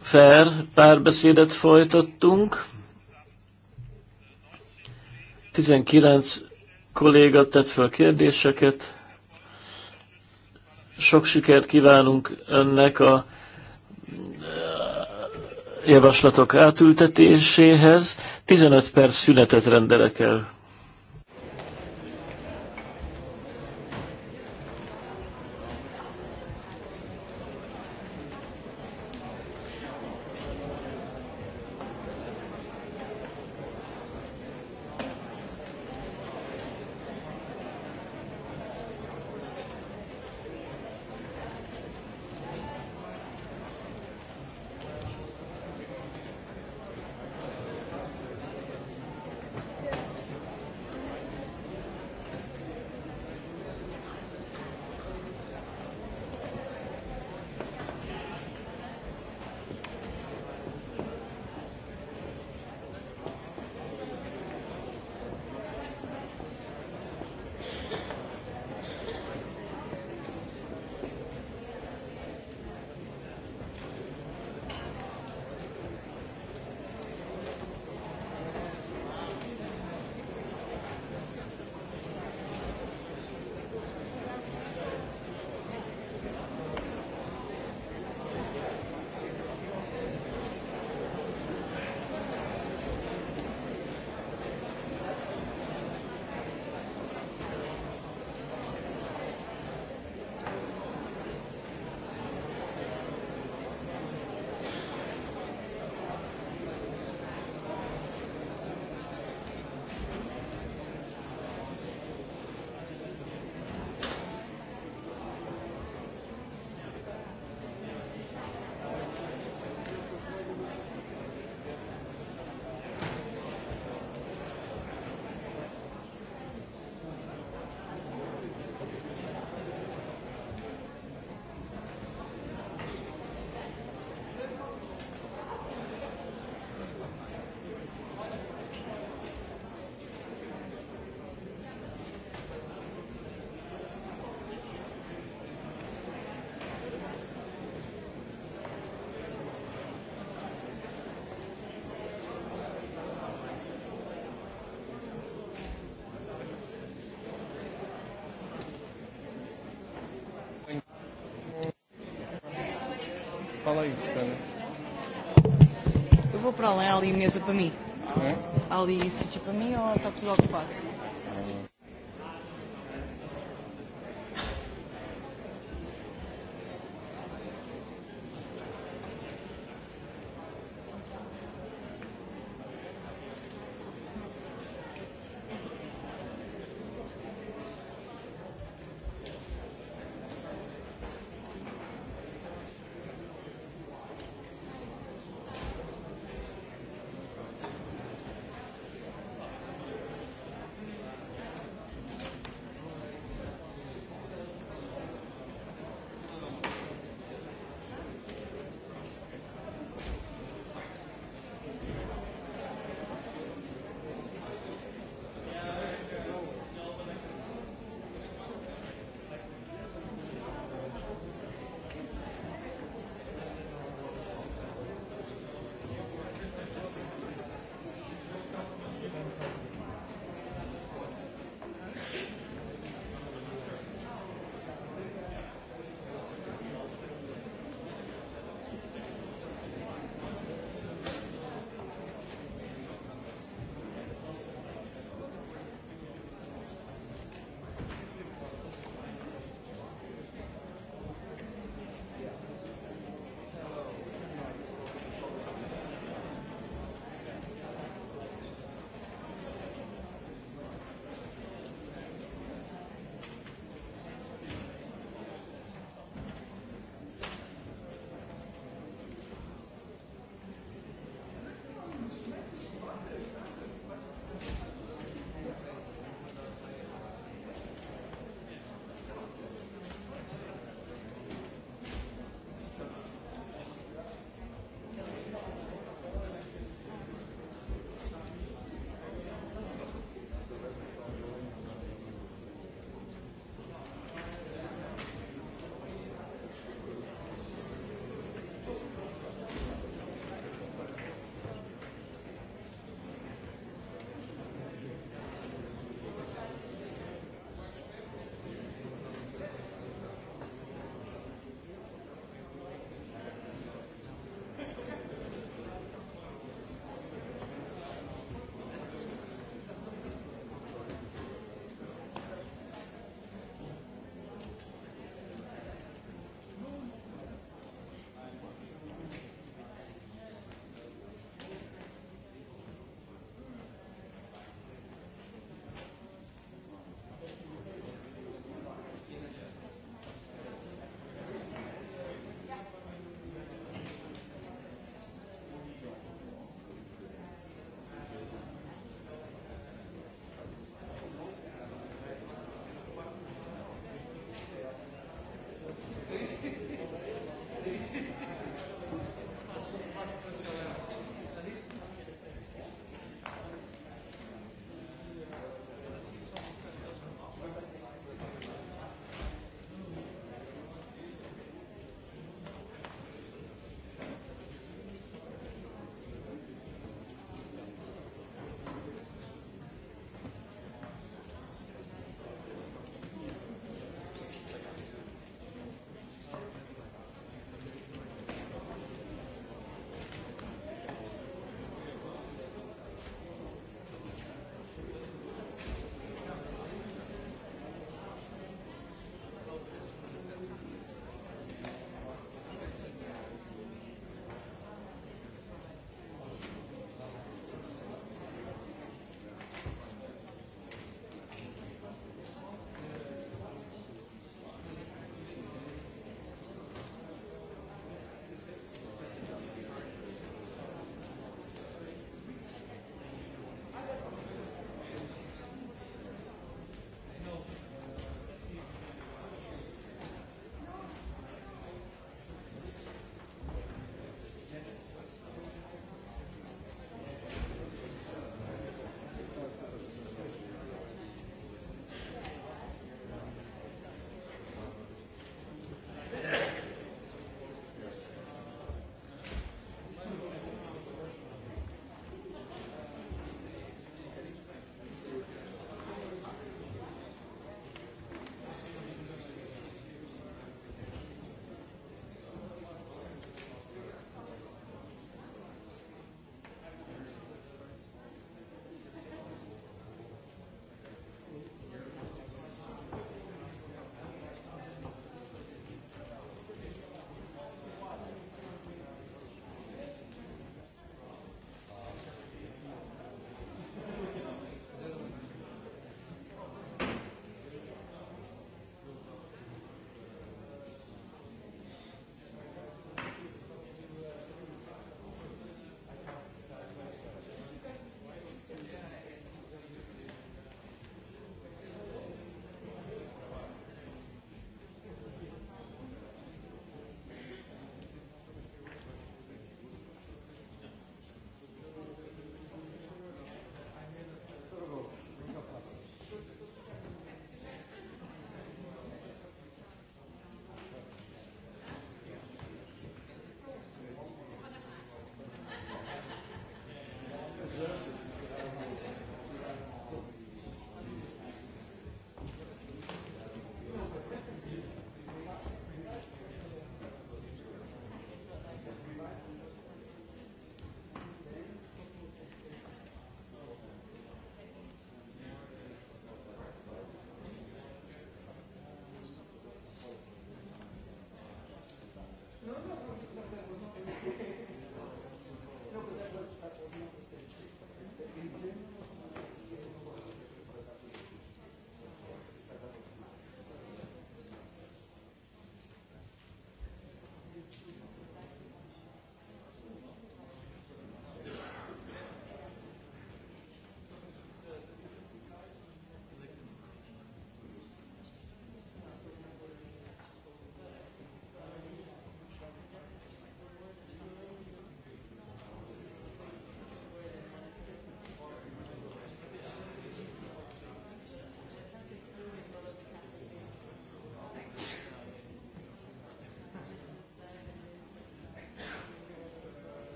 fair párbeszédet folytattunk. 19 kolléga tett fel kérdéseket. Sok sikert kívánunk önnek a javaslatok átültetéséhez. 15 perc szünetet rendelek el. Portugal, é ali mesa para mim. É? Há ali sítio para mim ou está tudo ocupado?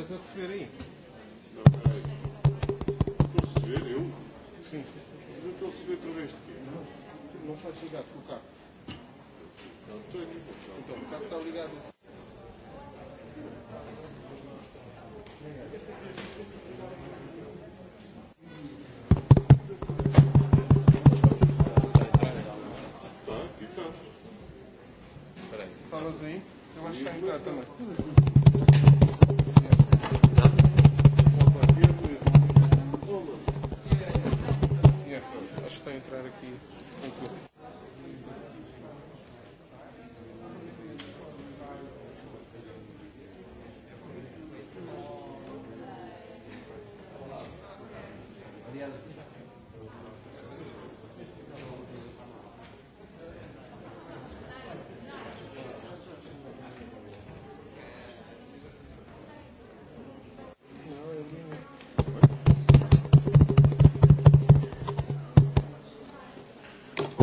does it Fleury? Conselheiro? Sim. Eu estou a receber através de quê? Não, não faz ligado com o carro. Não, estou aqui com o carro. Eu acho que está também.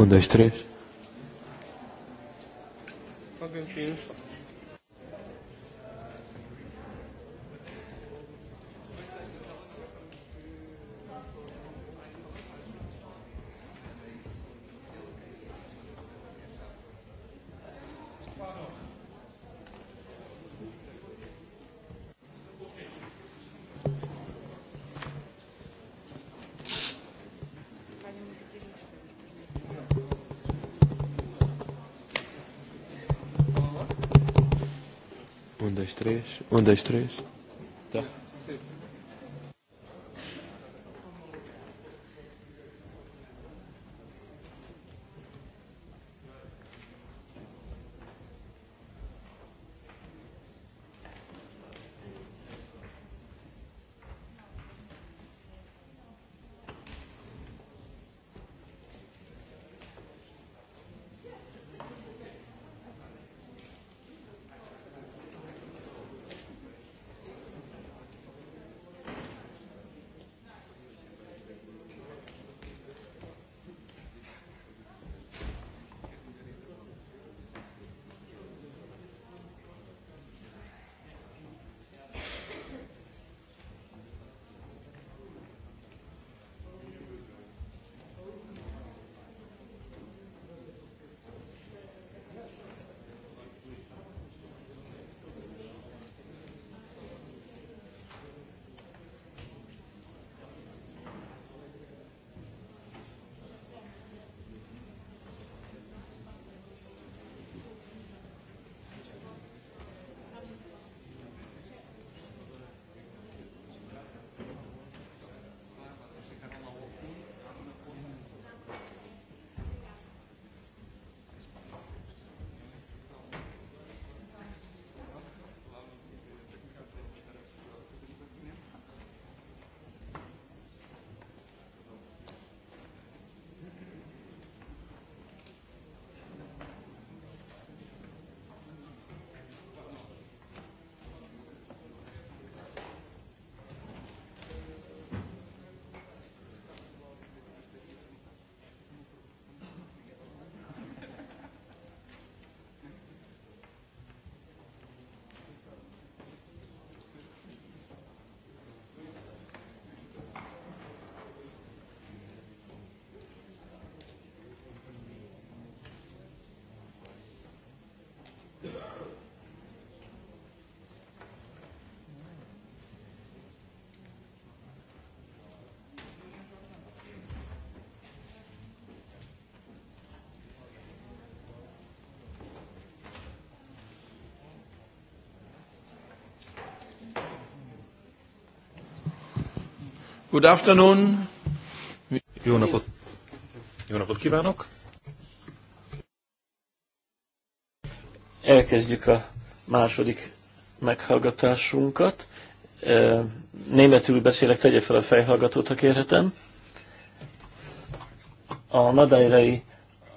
Un, dos, Um, dois, três. Good afternoon. Jó napot, jó napot kívánok. Elkezdjük a második meghallgatásunkat. Németül beszélek, tegye fel a fejhallgatót, ha kérhetem. A madairai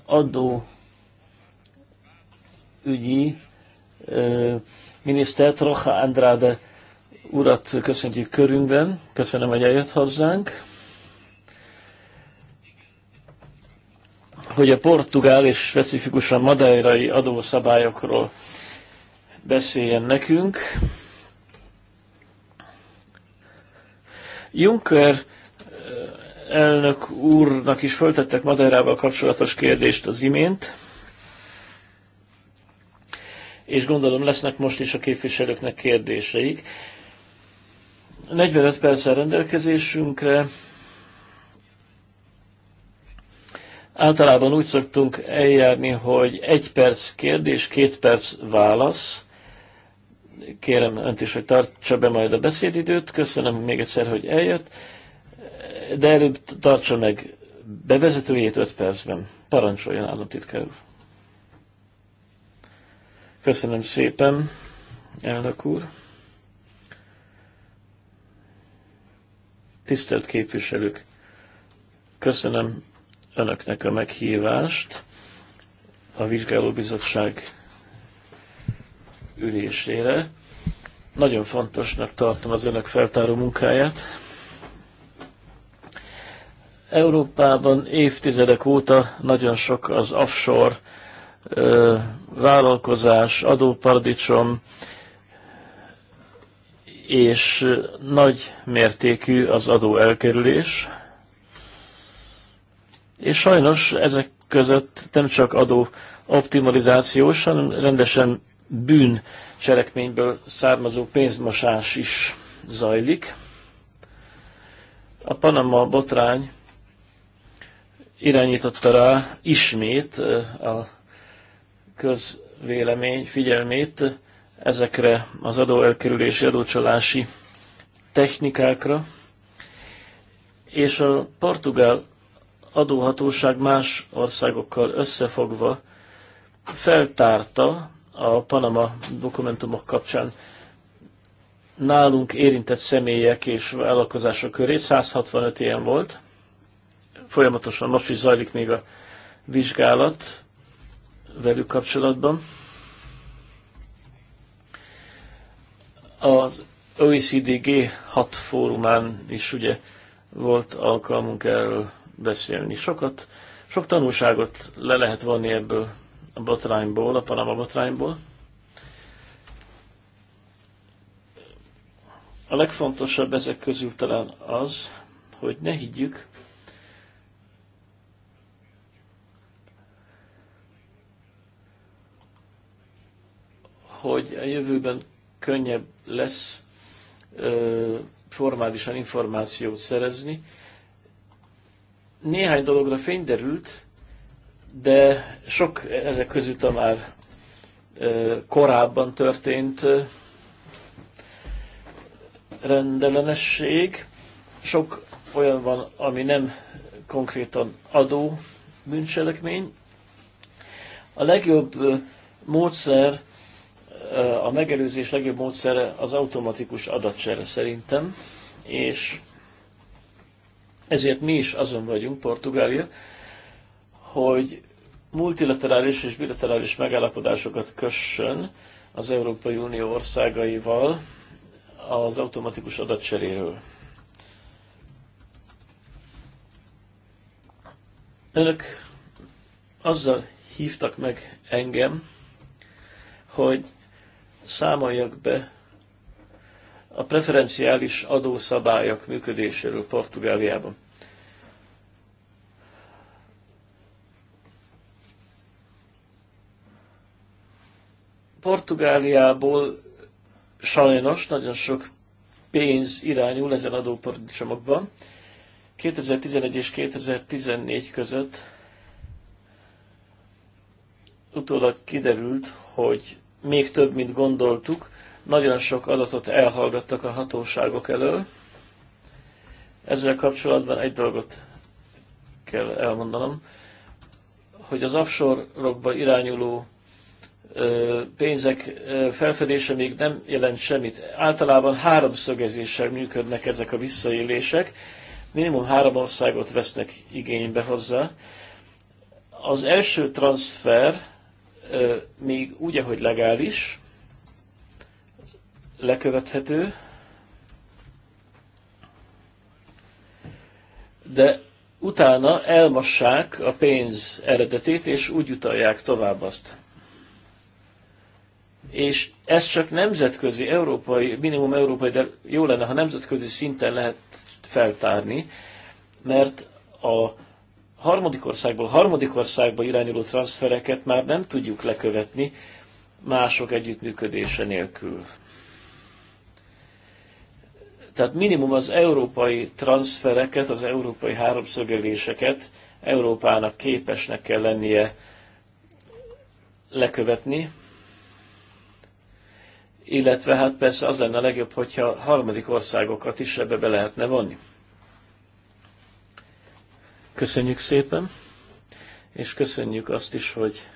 adó ügyi miniszter Trocha Andrade urat köszöntjük körünkben. Köszönöm, hogy eljött hozzánk. Hogy a portugál és specifikusan madeirai adószabályokról beszéljen nekünk. Juncker eh, elnök úrnak is föltettek Madeirával kapcsolatos kérdést az imént, és gondolom lesznek most is a képviselőknek kérdéseik. 45 a rendelkezésünkre. Általában úgy szoktunk eljárni, hogy egy perc kérdés, két perc válasz. Kérem önt is, hogy tartsa be majd a beszédidőt. Köszönöm még egyszer, hogy eljött. De előbb tartsa meg bevezetőjét 5 percben. Parancsoljon, államtitkár úr. Köszönöm szépen, elnök úr. Tisztelt képviselők, köszönöm Önöknek a meghívást a vizsgálóbizottság ülésére. Nagyon fontosnak tartom az Önök feltáró munkáját. Európában évtizedek óta nagyon sok az offshore vállalkozás, adóparadicsom, és nagy mértékű az adó elkerülés, és sajnos ezek között nem csak adó optimalizációs, hanem rendesen bűn cselekményből származó pénzmosás is zajlik. A Panama botrány irányította rá ismét a közvélemény figyelmét ezekre az adóelkerülési, adócsalási technikákra, és a portugál adóhatóság más országokkal összefogva feltárta a Panama dokumentumok kapcsán nálunk érintett személyek és vállalkozások körét, 165 ilyen volt, folyamatosan most is zajlik még a vizsgálat velük kapcsolatban. Az OECD G6 fórumán is ugye volt alkalmunk erről beszélni sokat. Sok tanulságot le lehet vonni ebből a botrányból, a Panama botrányból. A legfontosabb ezek közül talán az, hogy ne higgyük, hogy a jövőben könnyebb lesz ö, formálisan információt szerezni. Néhány dologra fény derült, de sok ezek közül a már ö, korábban történt ö, rendellenesség. Sok olyan van, ami nem konkrétan adó bűncselekmény. A legjobb módszer a megelőzés legjobb módszere az automatikus adatcsere szerintem, és ezért mi is azon vagyunk, Portugália, hogy multilaterális és bilaterális megállapodásokat kössön az Európai Unió országaival az automatikus adatcseréről. Önök azzal hívtak meg engem, hogy számoljak be a preferenciális adószabályok működéséről Portugáliában. Portugáliából sajnos nagyon sok pénz irányul ezen adóparadicsomokban. 2011 és 2014 között utólag kiderült, hogy még több, mint gondoltuk. Nagyon sok adatot elhallgattak a hatóságok elől. Ezzel kapcsolatban egy dolgot kell elmondanom, hogy az offshore-okba irányuló pénzek felfedése még nem jelent semmit. Általában háromszögezéssel működnek ezek a visszaélések, minimum három országot vesznek igénybe hozzá. Az első transfer még úgy, ahogy legális, lekövethető, de utána elmassák a pénz eredetét, és úgy utalják tovább azt. És ez csak nemzetközi, európai, minimum európai, de jó lenne, ha nemzetközi szinten lehet feltárni, mert a harmadik országból harmadik országba irányuló transfereket már nem tudjuk lekövetni mások együttműködése nélkül. Tehát minimum az európai transfereket, az európai háromszögeléseket Európának képesnek kell lennie lekövetni, illetve hát persze az lenne a legjobb, hogyha harmadik országokat is ebbe be lehetne vonni. Köszönjük szépen, és köszönjük azt is, hogy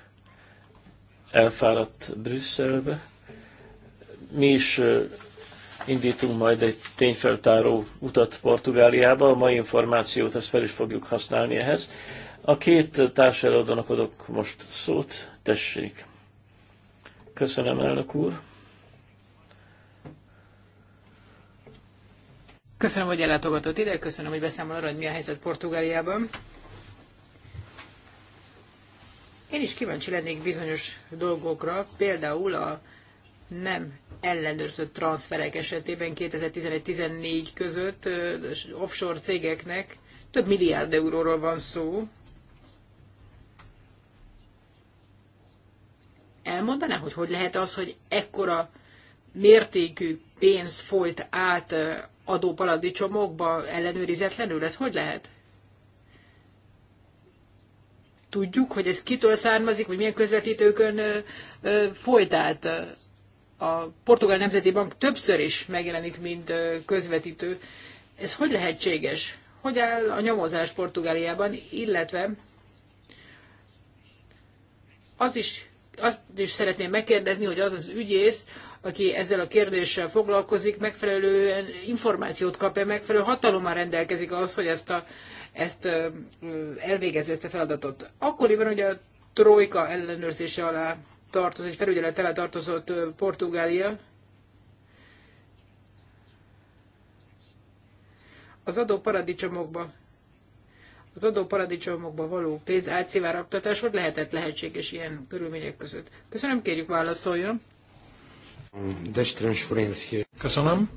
elfáradt Brüsszelbe. Mi is indítunk majd egy tényfeltáró utat Portugáliába, a mai információt ezt fel is fogjuk használni ehhez. A két társadalmadónak adok most szót, tessék. Köszönöm, elnök úr. Köszönöm, hogy ellátogatott ide, köszönöm, hogy beszámol arra, hogy mi a helyzet Portugáliában. Én is kíváncsi lennék bizonyos dolgokra, például a nem ellenőrzött transferek esetében 2011-14 között offshore cégeknek több milliárd euróról van szó. Elmondaná, hogy hogy lehet az, hogy ekkora mértékű pénz folyt át adóparadicsomokba ellenőrizetlenül? Ez hogy lehet? Tudjuk, hogy ez kitől származik, vagy milyen közvetítőkön folyt át. A Portugál Nemzeti Bank többször is megjelenik, mint közvetítő. Ez hogy lehetséges? Hogy áll a nyomozás Portugáliában, illetve az is, azt is szeretném megkérdezni, hogy az az ügyész, aki ezzel a kérdéssel foglalkozik, megfelelően információt kap-e, megfelelő hatalommal rendelkezik ahhoz, hogy ezt, a, ezt elvégezze ezt a feladatot. Akkoriban, ugye a trojka ellenőrzése alá tartozott, egy felügyelet alá tartozott Portugália, az paradicsomokba az paradicsomokba való pénz átszivárogtatás, hogy lehetett lehetséges ilyen körülmények között? Köszönöm, kérjük válaszoljon. Köszönöm.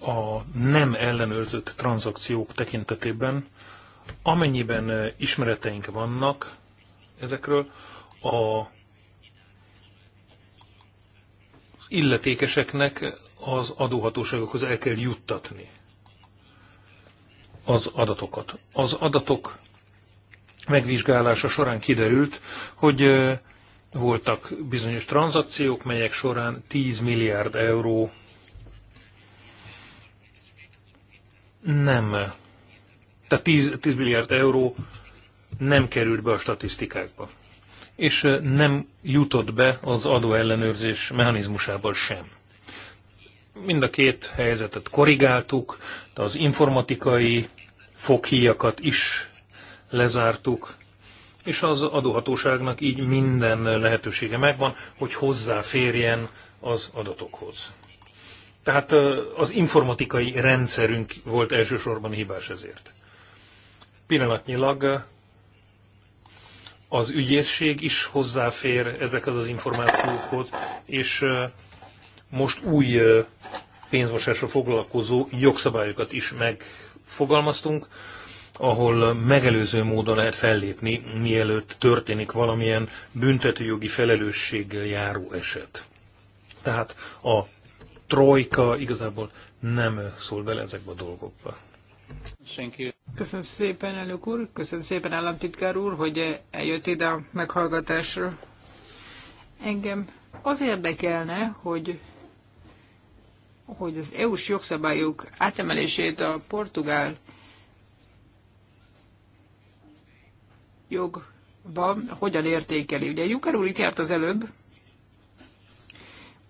A nem ellenőrzött tranzakciók tekintetében, amennyiben eh, ismereteink vannak ezekről, a illetékeseknek az adóhatóságokhoz el kell juttatni az adatokat. Az adatok megvizsgálása során kiderült, hogy eh, voltak bizonyos tranzakciók, melyek során 10 milliárd euró nem, tehát 10, 10 milliárd euró nem került be a statisztikákba, és nem jutott be az adóellenőrzés mechanizmusával sem. Mind a két helyzetet korrigáltuk, de az informatikai foghíjakat is lezártuk, és az adóhatóságnak így minden lehetősége megvan, hogy hozzáférjen az adatokhoz. Tehát az informatikai rendszerünk volt elsősorban hibás ezért. Pillanatnyilag az ügyészség is hozzáfér ezekhez az információkhoz, és most új pénzmosásra foglalkozó jogszabályokat is megfogalmaztunk, ahol megelőző módon lehet fellépni, mielőtt történik valamilyen büntetőjogi felelősséggel járó eset. Tehát a trojka igazából nem szól bele ezekbe a dolgokba. Köszönöm szépen, elnök úr, köszönöm szépen, államtitkár úr, hogy eljött ide a meghallgatásra. Engem az érdekelne, hogy hogy az EU-s jogszabályok átemelését a portugál jogban hogyan értékeli. Ugye Juker úr itt járt az előbb,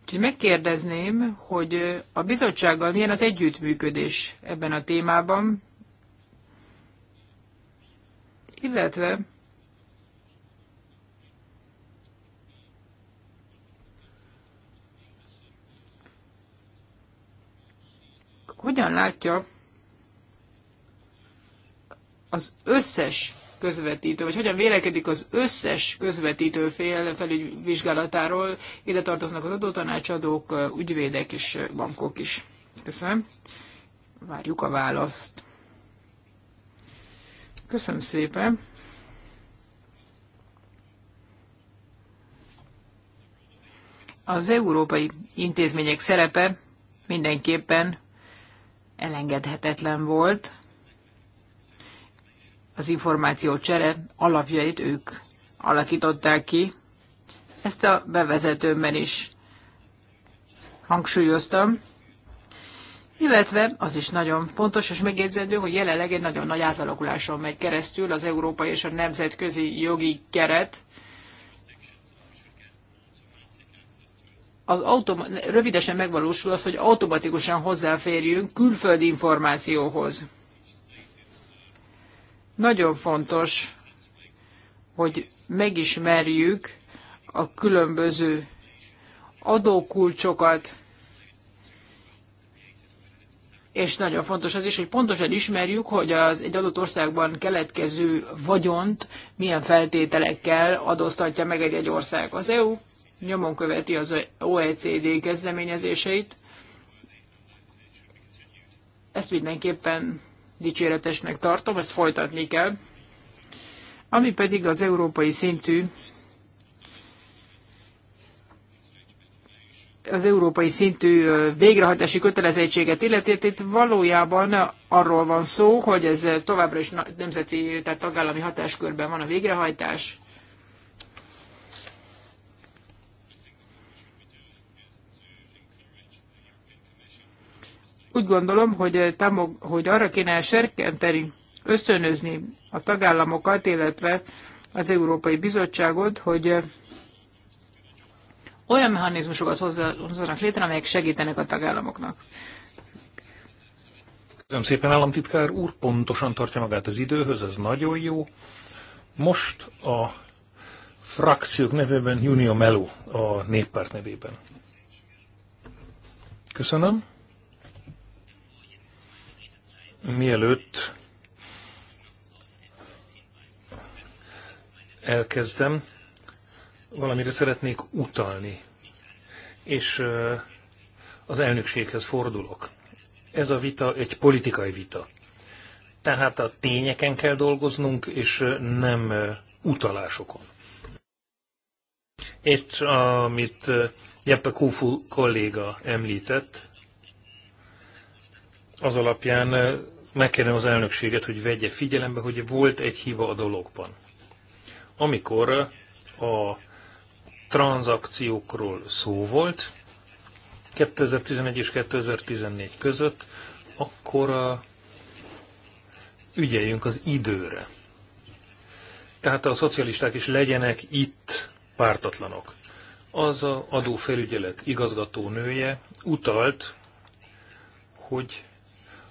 úgyhogy megkérdezném, hogy a bizottsággal milyen az együttműködés ebben a témában, illetve hogyan látja az összes közvetítő, vagy hogyan vélekedik az összes közvetítő fél felügyvizsgálatáról, ide tartoznak az adótanácsadók, ügyvédek és bankok is. Köszönöm. Várjuk a választ. Köszönöm szépen. Az európai intézmények szerepe mindenképpen elengedhetetlen volt az információ csere alapjait ők alakították ki. Ezt a bevezetőmben is hangsúlyoztam. Illetve az is nagyon fontos és megjegyzendő, hogy jelenleg egy nagyon nagy átalakuláson megy keresztül az európai és a nemzetközi jogi keret. Az autom- rövidesen megvalósul az, hogy automatikusan hozzáférjünk külföldi információhoz. Nagyon fontos, hogy megismerjük a különböző adókulcsokat, és nagyon fontos az is, hogy pontosan ismerjük, hogy az egy adott országban keletkező vagyont milyen feltételekkel adóztatja meg egy-egy ország. Az EU nyomon követi az OECD kezdeményezéseit. Ezt mindenképpen dicséretesnek tartom, ezt folytatni kell. Ami pedig az európai szintű az európai szintű végrehajtási kötelezettséget illeti, hát itt valójában arról van szó, hogy ez továbbra is nemzeti, tehát tagállami hatáskörben van a végrehajtás, Úgy gondolom, hogy, eh, támog, hogy arra kéne serkenteni, összönözni a tagállamokat, illetve az Európai Bizottságot, hogy eh, olyan mechanizmusokat hozzanak létre, amelyek segítenek a tagállamoknak. Köszönöm szépen, államtitkár úr, pontosan tartja magát az időhöz, ez nagyon jó. Most a frakciók nevében Junior Melo a néppárt nevében. Köszönöm. Mielőtt elkezdem, valamire szeretnék utalni, és az elnökséghez fordulok. Ez a vita egy politikai vita. Tehát a tényeken kell dolgoznunk, és nem utalásokon. És amit Jeppe Kufu kolléga említett, az alapján Megkérném az elnökséget, hogy vegye figyelembe, hogy volt egy hiba a dologban. Amikor a tranzakciókról szó volt, 2011 és 2014 között, akkor a ügyeljünk az időre. Tehát a szocialisták is legyenek itt pártatlanok. Az a adófelügyelet igazgató nője utalt, hogy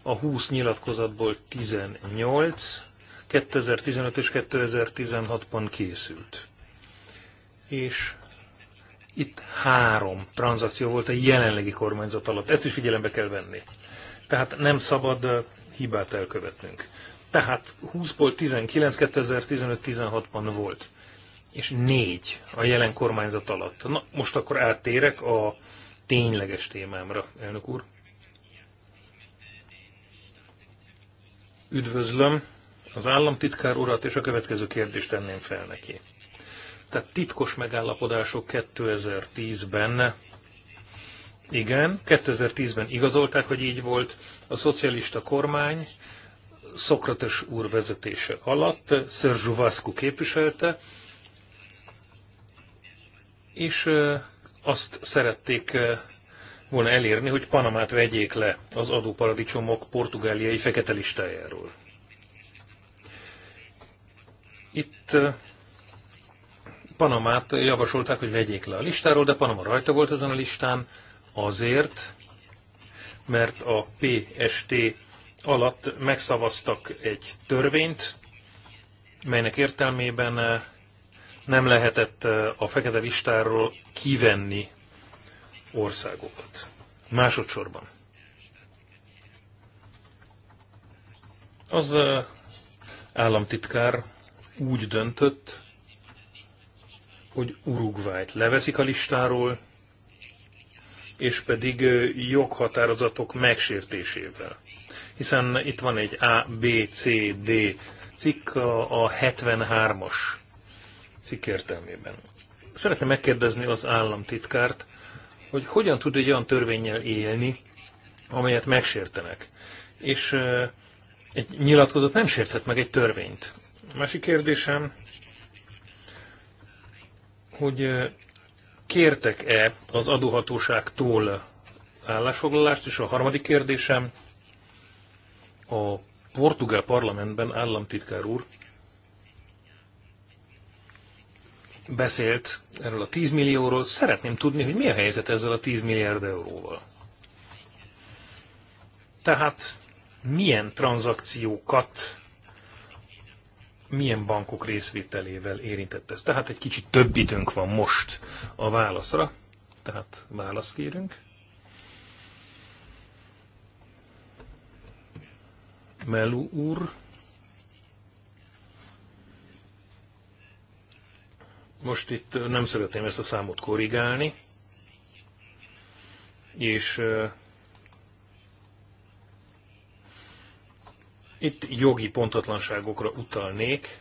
a 20 nyilatkozatból 18 2015 és 2016-ban készült. És itt három tranzakció volt a jelenlegi kormányzat alatt. Ezt is figyelembe kell venni. Tehát nem szabad hibát elkövetnünk. Tehát 20-ból 19 2015-16-ban volt, és négy a jelen kormányzat alatt. Na, most akkor áttérek a tényleges témámra, elnök úr. Üdvözlöm az államtitkár urat, és a következő kérdést tenném fel neki. Tehát titkos megállapodások 2010-ben, igen, 2010-ben igazolták, hogy így volt, a szocialista kormány Szokrates úr vezetése alatt Szerzsú Vaszku képviselte, és azt szerették volna elérni, hogy Panamát vegyék le az adóparadicsomok portugáliai fekete listájáról. Itt eh, Panamát javasolták, hogy vegyék le a listáról, de Panama rajta volt ezen a listán azért, mert a PST alatt megszavaztak egy törvényt, melynek értelmében eh, nem lehetett eh, a fekete listáról kivenni országokat. Másodszorban. Az államtitkár úgy döntött, hogy Uruguayt leveszik a listáról, és pedig joghatározatok megsértésével. Hiszen itt van egy A, B, C, D cikk a 73-as cikk értelmében. Szeretném megkérdezni az államtitkárt, hogy hogyan tud egy olyan törvényel élni, amelyet megsértenek. És egy nyilatkozat nem sérthet meg egy törvényt. A másik kérdésem, hogy kértek-e az adóhatóságtól állásfoglalást, és a harmadik kérdésem, a portugál parlamentben államtitkár úr beszélt erről a 10 millióról. Szeretném tudni, hogy mi a helyzet ezzel a 10 milliárd euróval. Tehát milyen tranzakciókat, milyen bankok részvételével érintett ez. Tehát egy kicsit több időnk van most a válaszra, tehát választ kérünk. Melu úr. Most itt nem szeretném ezt a számot korrigálni, és itt jogi pontatlanságokra utalnék,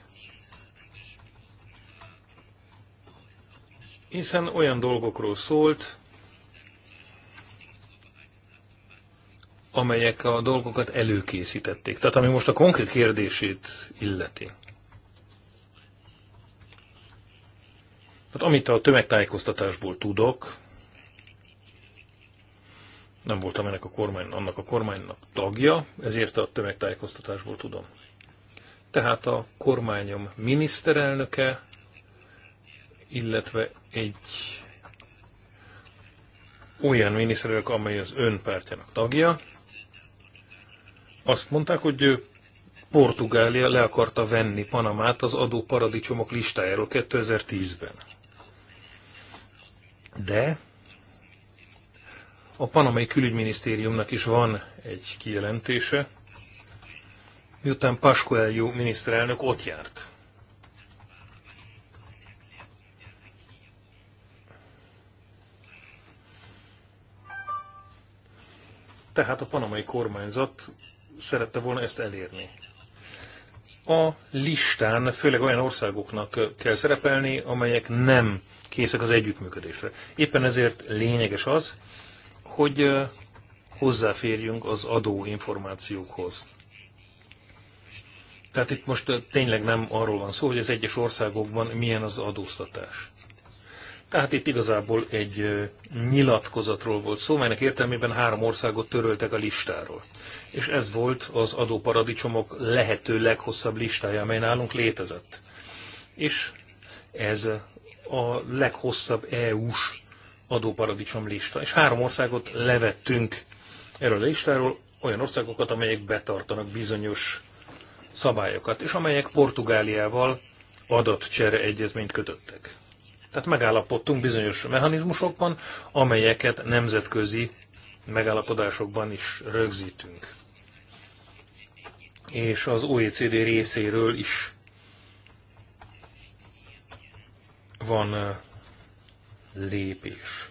hiszen olyan dolgokról szólt, amelyek a dolgokat előkészítették. Tehát ami most a konkrét kérdését illeti. Hát amit a tömegtájékoztatásból tudok, nem voltam ennek a kormány, annak a kormánynak tagja, ezért a tömegtájékoztatásból tudom. Tehát a kormányom miniszterelnöke, illetve egy olyan miniszterelnök, amely az ön pártjának tagja, azt mondták, hogy Portugália le akarta venni Panamát az adóparadicsomok listájáról 2010-ben. De a panamai külügyminisztériumnak is van egy kijelentése, miután Pascuello miniszterelnök ott járt. Tehát a panamai kormányzat szerette volna ezt elérni. A listán főleg olyan országoknak kell szerepelni, amelyek nem készek az együttműködésre. Éppen ezért lényeges az, hogy hozzáférjünk az adó információkhoz. Tehát itt most tényleg nem arról van szó, hogy az egyes országokban milyen az adóztatás. Tehát itt igazából egy nyilatkozatról volt szó, melynek értelmében három országot töröltek a listáról. És ez volt az adóparadicsomok lehető leghosszabb listája, amely nálunk létezett. És ez a leghosszabb EU-s adóparadicsom lista. És három országot levettünk erről a listáról, olyan országokat, amelyek betartanak bizonyos szabályokat, és amelyek Portugáliával adatcsere egyezményt kötöttek. Tehát megállapodtunk bizonyos mechanizmusokban, amelyeket nemzetközi megállapodásokban is rögzítünk. És az OECD részéről is van lépés.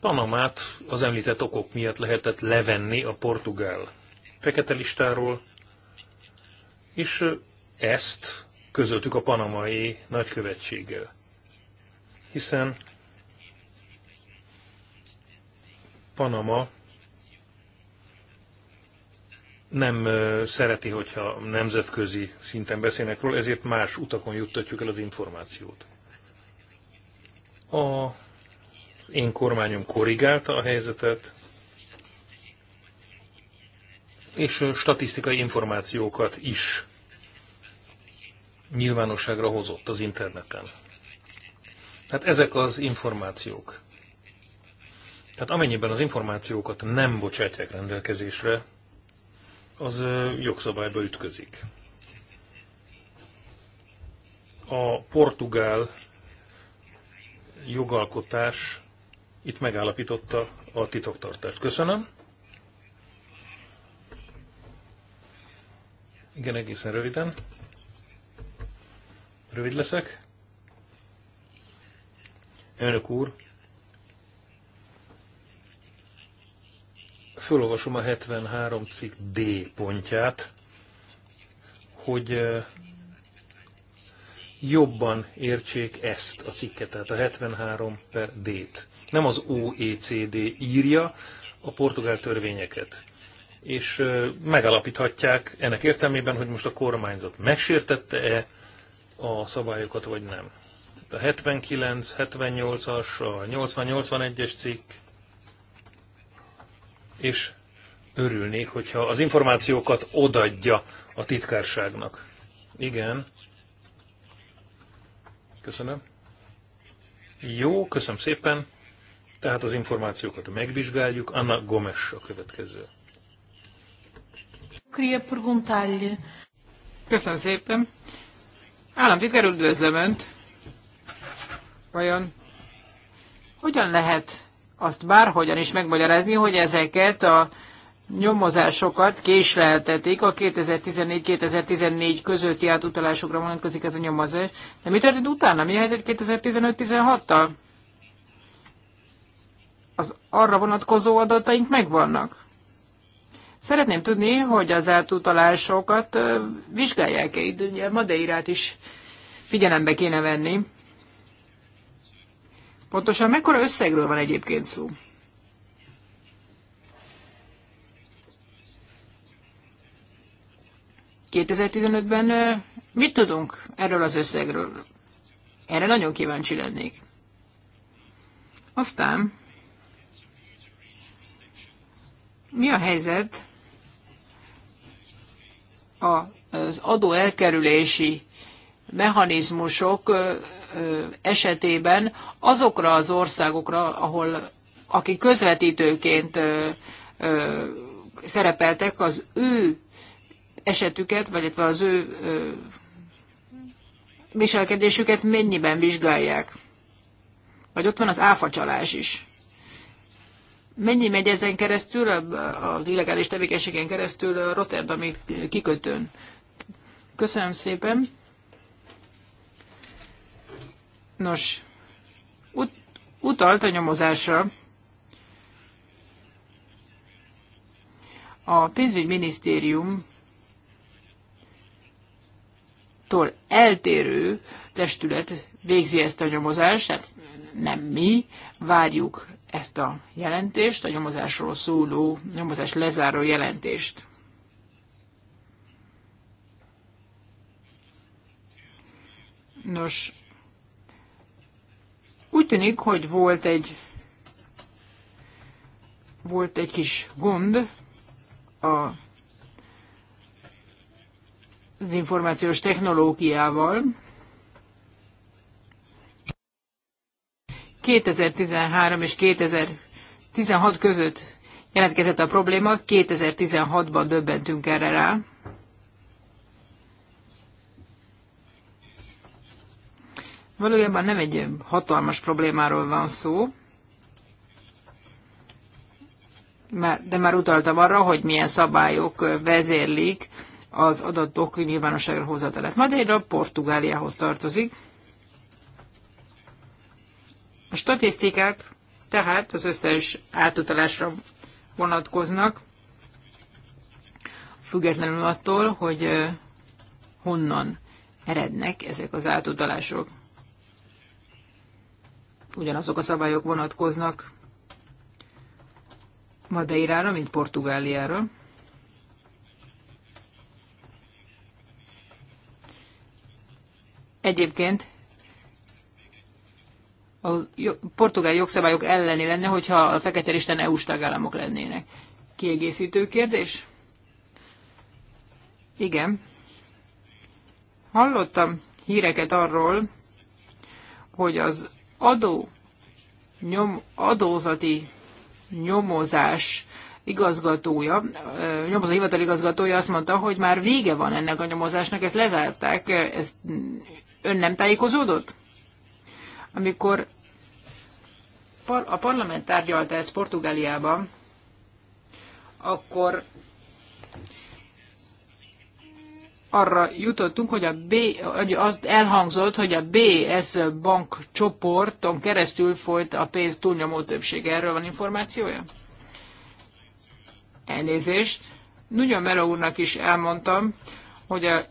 Panamát az említett okok miatt lehetett levenni a portugál fekete listáról, és ezt közöltük a panamai nagykövetséggel. Hiszen Panama nem szereti, hogyha nemzetközi szinten beszélnek róla, ezért más utakon juttatjuk el az információt. A én kormányom korrigálta a helyzetet, és statisztikai információkat is nyilvánosságra hozott az interneten. Tehát ezek az információk. Tehát amennyiben az információkat nem bocsátják rendelkezésre, az jogszabályba ütközik. A portugál jogalkotás itt megállapította a titoktartást. Köszönöm. Igen, egészen röviden. Rövid leszek. Elnök úr, fölolvasom a 73 cikk D pontját, hogy jobban értsék ezt a cikket, tehát a 73 per D-t. Nem az OECD írja a portugál törvényeket. És megalapíthatják ennek értelmében, hogy most a kormányzat megsértette-e a szabályokat, vagy nem. A 79, 78-as, a 80-81-es cikk, és örülnék, hogyha az információkat odadja a titkárságnak. Igen. Köszönöm. Jó, köszönöm szépen. Tehát az információkat megvizsgáljuk. Anna Gomes a következő. Köszönöm szépen. Államtitkár, üdvözlöm Önt! Vajon hogyan lehet azt bárhogyan is megmagyarázni, hogy ezeket a nyomozásokat késleltetik, a 2014-2014 közötti átutalásokra vonatkozik ez a nyomozás. De mi történt utána? Mi a helyzet 2015-16-tal? Az arra vonatkozó adataink megvannak. Szeretném tudni, hogy az átutalásokat vizsgálják-e itt, ugye Madeirát is figyelembe kéne venni. Pontosan mekkora összegről van egyébként szó? ...2015-ben mit tudunk erről az összegről? Erre nagyon kíváncsi lennék. Aztán mi a helyzet az adó elkerülési mechanizmusok esetében azokra az országokra, ahol akik közvetítőként szerepeltek, az ő esetüket, vagy az ő viselkedésüket mennyiben vizsgálják. Vagy ott van az áfacsalás is mennyi megy ezen keresztül, az illegális tevékenységen keresztül a Rotterdami kikötőn? Köszönöm szépen. Nos, ut- utalt a nyomozásra a pénzügyminisztérium tól eltérő testület végzi ezt a nyomozást, hát nem mi, várjuk ezt a jelentést, a nyomozásról szóló, nyomozás lezáró jelentést. Nos, úgy tűnik, hogy volt egy volt egy kis gond a, az információs technológiával, 2013 és 2016 között jelentkezett a probléma, 2016-ban döbbentünk erre rá. Valójában nem egy hatalmas problémáról van szó, de már utaltam arra, hogy milyen szabályok vezérlik az adatok nyilvánosságra hozatalát. Madeira Portugáliához tartozik, a statisztikák tehát az összes átutalásra vonatkoznak, függetlenül attól, hogy honnan erednek ezek az átutalások. Ugyanazok a szabályok vonatkoznak Madeirára, mint Portugáliára. Egyébként a portugál jogszabályok elleni lenne, hogyha a fekete listán EU-s tagállamok lennének. Kiegészítő kérdés? Igen. Hallottam híreket arról, hogy az adó nyom, adózati nyomozás igazgatója, nyomozó hivatal igazgatója azt mondta, hogy már vége van ennek a nyomozásnak, ezt lezárták, ez ön nem tájékozódott? Amikor a parlament tárgyalta ezt Portugáliában, akkor arra jutottunk, hogy a B, hogy az elhangzott, hogy a BS bank csoporton keresztül folyt a pénz túlnyomó többsége. Erről van információja? Elnézést. Nagyon Melo úrnak is elmondtam, hogy a,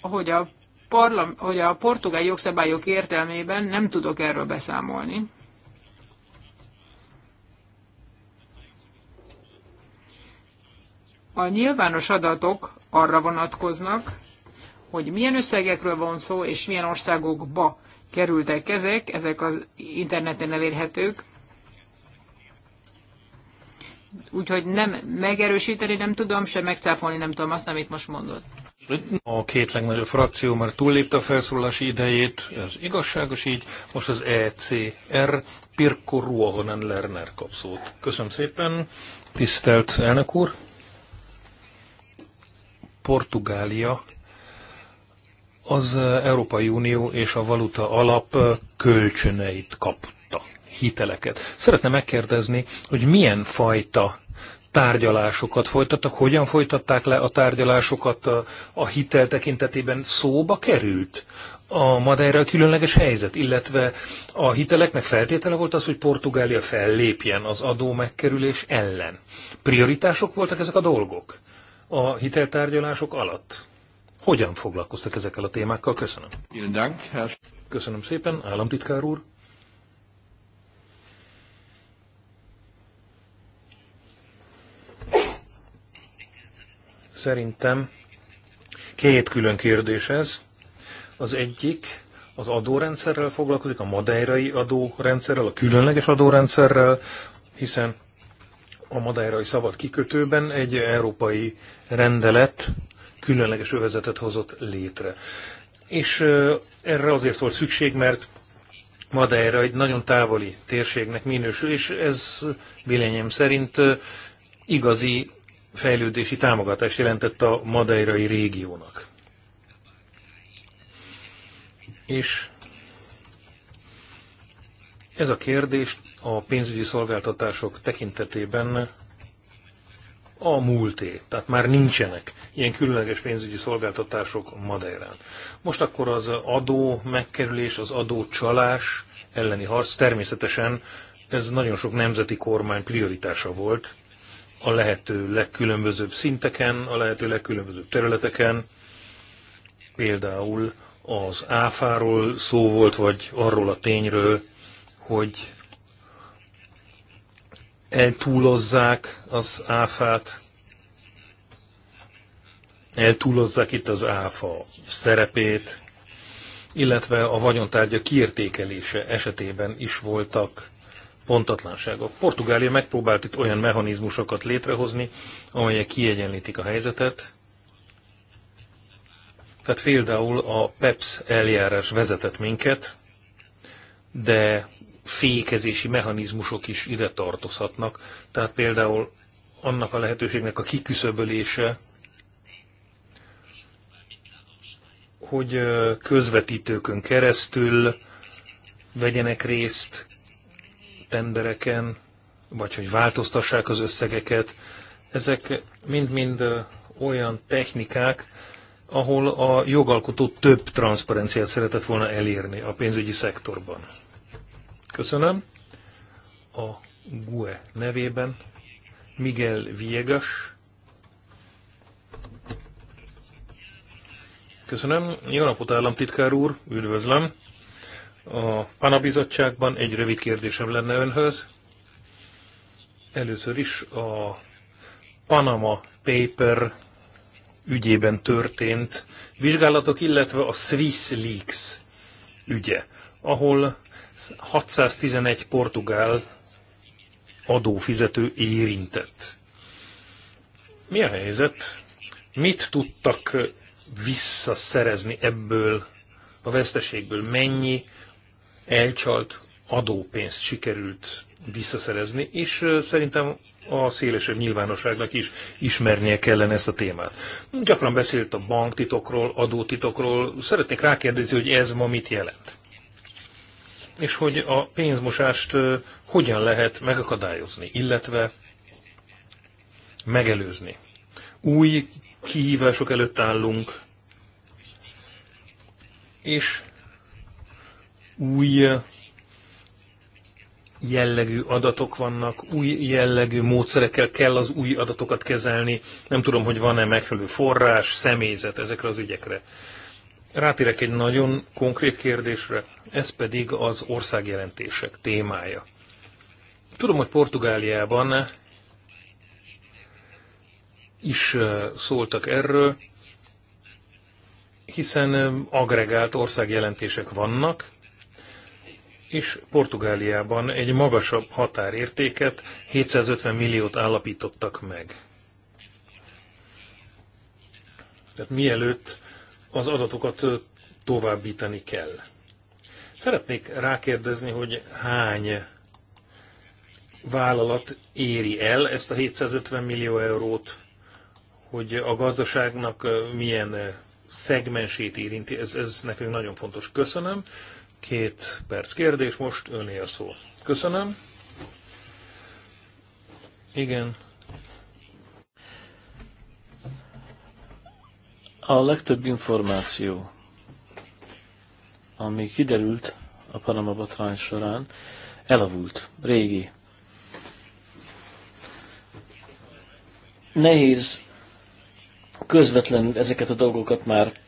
hogy a parlam, hogy a portugál jogszabályok értelmében nem tudok erről beszámolni. A nyilvános adatok arra vonatkoznak, hogy milyen összegekről van szó, és milyen országokba kerültek ezek, ezek az interneten elérhetők. Úgyhogy nem megerősíteni nem tudom, sem megcáfolni nem tudom azt, amit most mondod. A két legnagyobb frakció már túllépte a felszólalási idejét, ez igazságos így. Most az ECR Pirko Ruohonen Lerner kap szót. Köszönöm szépen, tisztelt elnök úr. Portugália az Európai Unió és a Valuta Alap kölcsöneit kapta, hiteleket. Szeretne megkérdezni, hogy milyen fajta tárgyalásokat folytattak, hogyan folytatták le a tárgyalásokat a, a hitel tekintetében szóba került a Madeira különleges helyzet, illetve a hiteleknek feltétele volt az, hogy Portugália fellépjen az adó megkerülés ellen. Prioritások voltak ezek a dolgok a hiteltárgyalások alatt. Hogyan foglalkoztak ezekkel a témákkal? Köszönöm. Köszönöm szépen, államtitkár úr. Szerintem két külön kérdés ez. Az egyik az adórendszerrel foglalkozik, a madeirai adórendszerrel, a különleges adórendszerrel, hiszen a madeirai szabad kikötőben egy európai rendelet különleges övezetet hozott létre. És erre azért volt szükség, mert Madeira egy nagyon távoli térségnek minősül, és ez véleményem szerint igazi fejlődési támogatást jelentett a madeirai régiónak. És ez a kérdés a pénzügyi szolgáltatások tekintetében a múlté, tehát már nincsenek ilyen különleges pénzügyi szolgáltatások Madeirán. Most akkor az adó megkerülés, az adó csalás elleni harc, természetesen ez nagyon sok nemzeti kormány prioritása volt, a lehető legkülönbözőbb szinteken, a lehető legkülönbözőbb területeken, például az áfáról szó volt, vagy arról a tényről, hogy eltúlozzák az áfát, eltúlozzák itt az áfa szerepét, illetve a vagyontárgya kiértékelése esetében is voltak Pontatlanságok. Portugália megpróbált itt olyan mechanizmusokat létrehozni, amelyek kiegyenlítik a helyzetet. Tehát például a PEPS eljárás vezetett minket, de fékezési mechanizmusok is ide tartozhatnak. Tehát például annak a lehetőségnek a kiküszöbölése, hogy közvetítőkön keresztül vegyenek részt embereken, vagy hogy változtassák az összegeket. Ezek mind-mind olyan technikák, ahol a jogalkotó több transzparenciát szeretett volna elérni a pénzügyi szektorban. Köszönöm. A GUE nevében Miguel Viegas. Köszönöm. Jó napot, államtitkár úr. Üdvözlöm a bizottságban Egy rövid kérdésem lenne önhöz. Először is a Panama Paper ügyében történt vizsgálatok, illetve a Swiss Leaks ügye, ahol 611 portugál adófizető érintett. Mi a helyzet? Mit tudtak visszaszerezni ebből a veszteségből? Mennyi elcsalt adópénzt sikerült visszaszerezni, és szerintem a szélesebb nyilvánosságnak is ismernie kellene ezt a témát. Gyakran beszélt a banktitokról, adótitokról. Szeretnék rákérdezni, hogy ez ma mit jelent? És hogy a pénzmosást hogyan lehet megakadályozni, illetve megelőzni. Új kihívások előtt állunk, és új jellegű adatok vannak, új jellegű módszerekkel kell az új adatokat kezelni. Nem tudom, hogy van-e megfelelő forrás, személyzet ezekre az ügyekre. Rátérek egy nagyon konkrét kérdésre, ez pedig az országjelentések témája. Tudom, hogy Portugáliában is szóltak erről, hiszen agregált országjelentések vannak, és Portugáliában egy magasabb határértéket, 750 milliót állapítottak meg. Tehát mielőtt az adatokat továbbítani kell. Szeretnék rákérdezni, hogy hány vállalat éri el ezt a 750 millió eurót, hogy a gazdaságnak milyen szegmensét érinti. Ez, ez nekünk nagyon fontos. Köszönöm. Két perc kérdés, most öné a szó. Köszönöm. Igen. A legtöbb információ, ami kiderült a Panama botrány során, elavult, régi. Nehéz közvetlenül ezeket a dolgokat már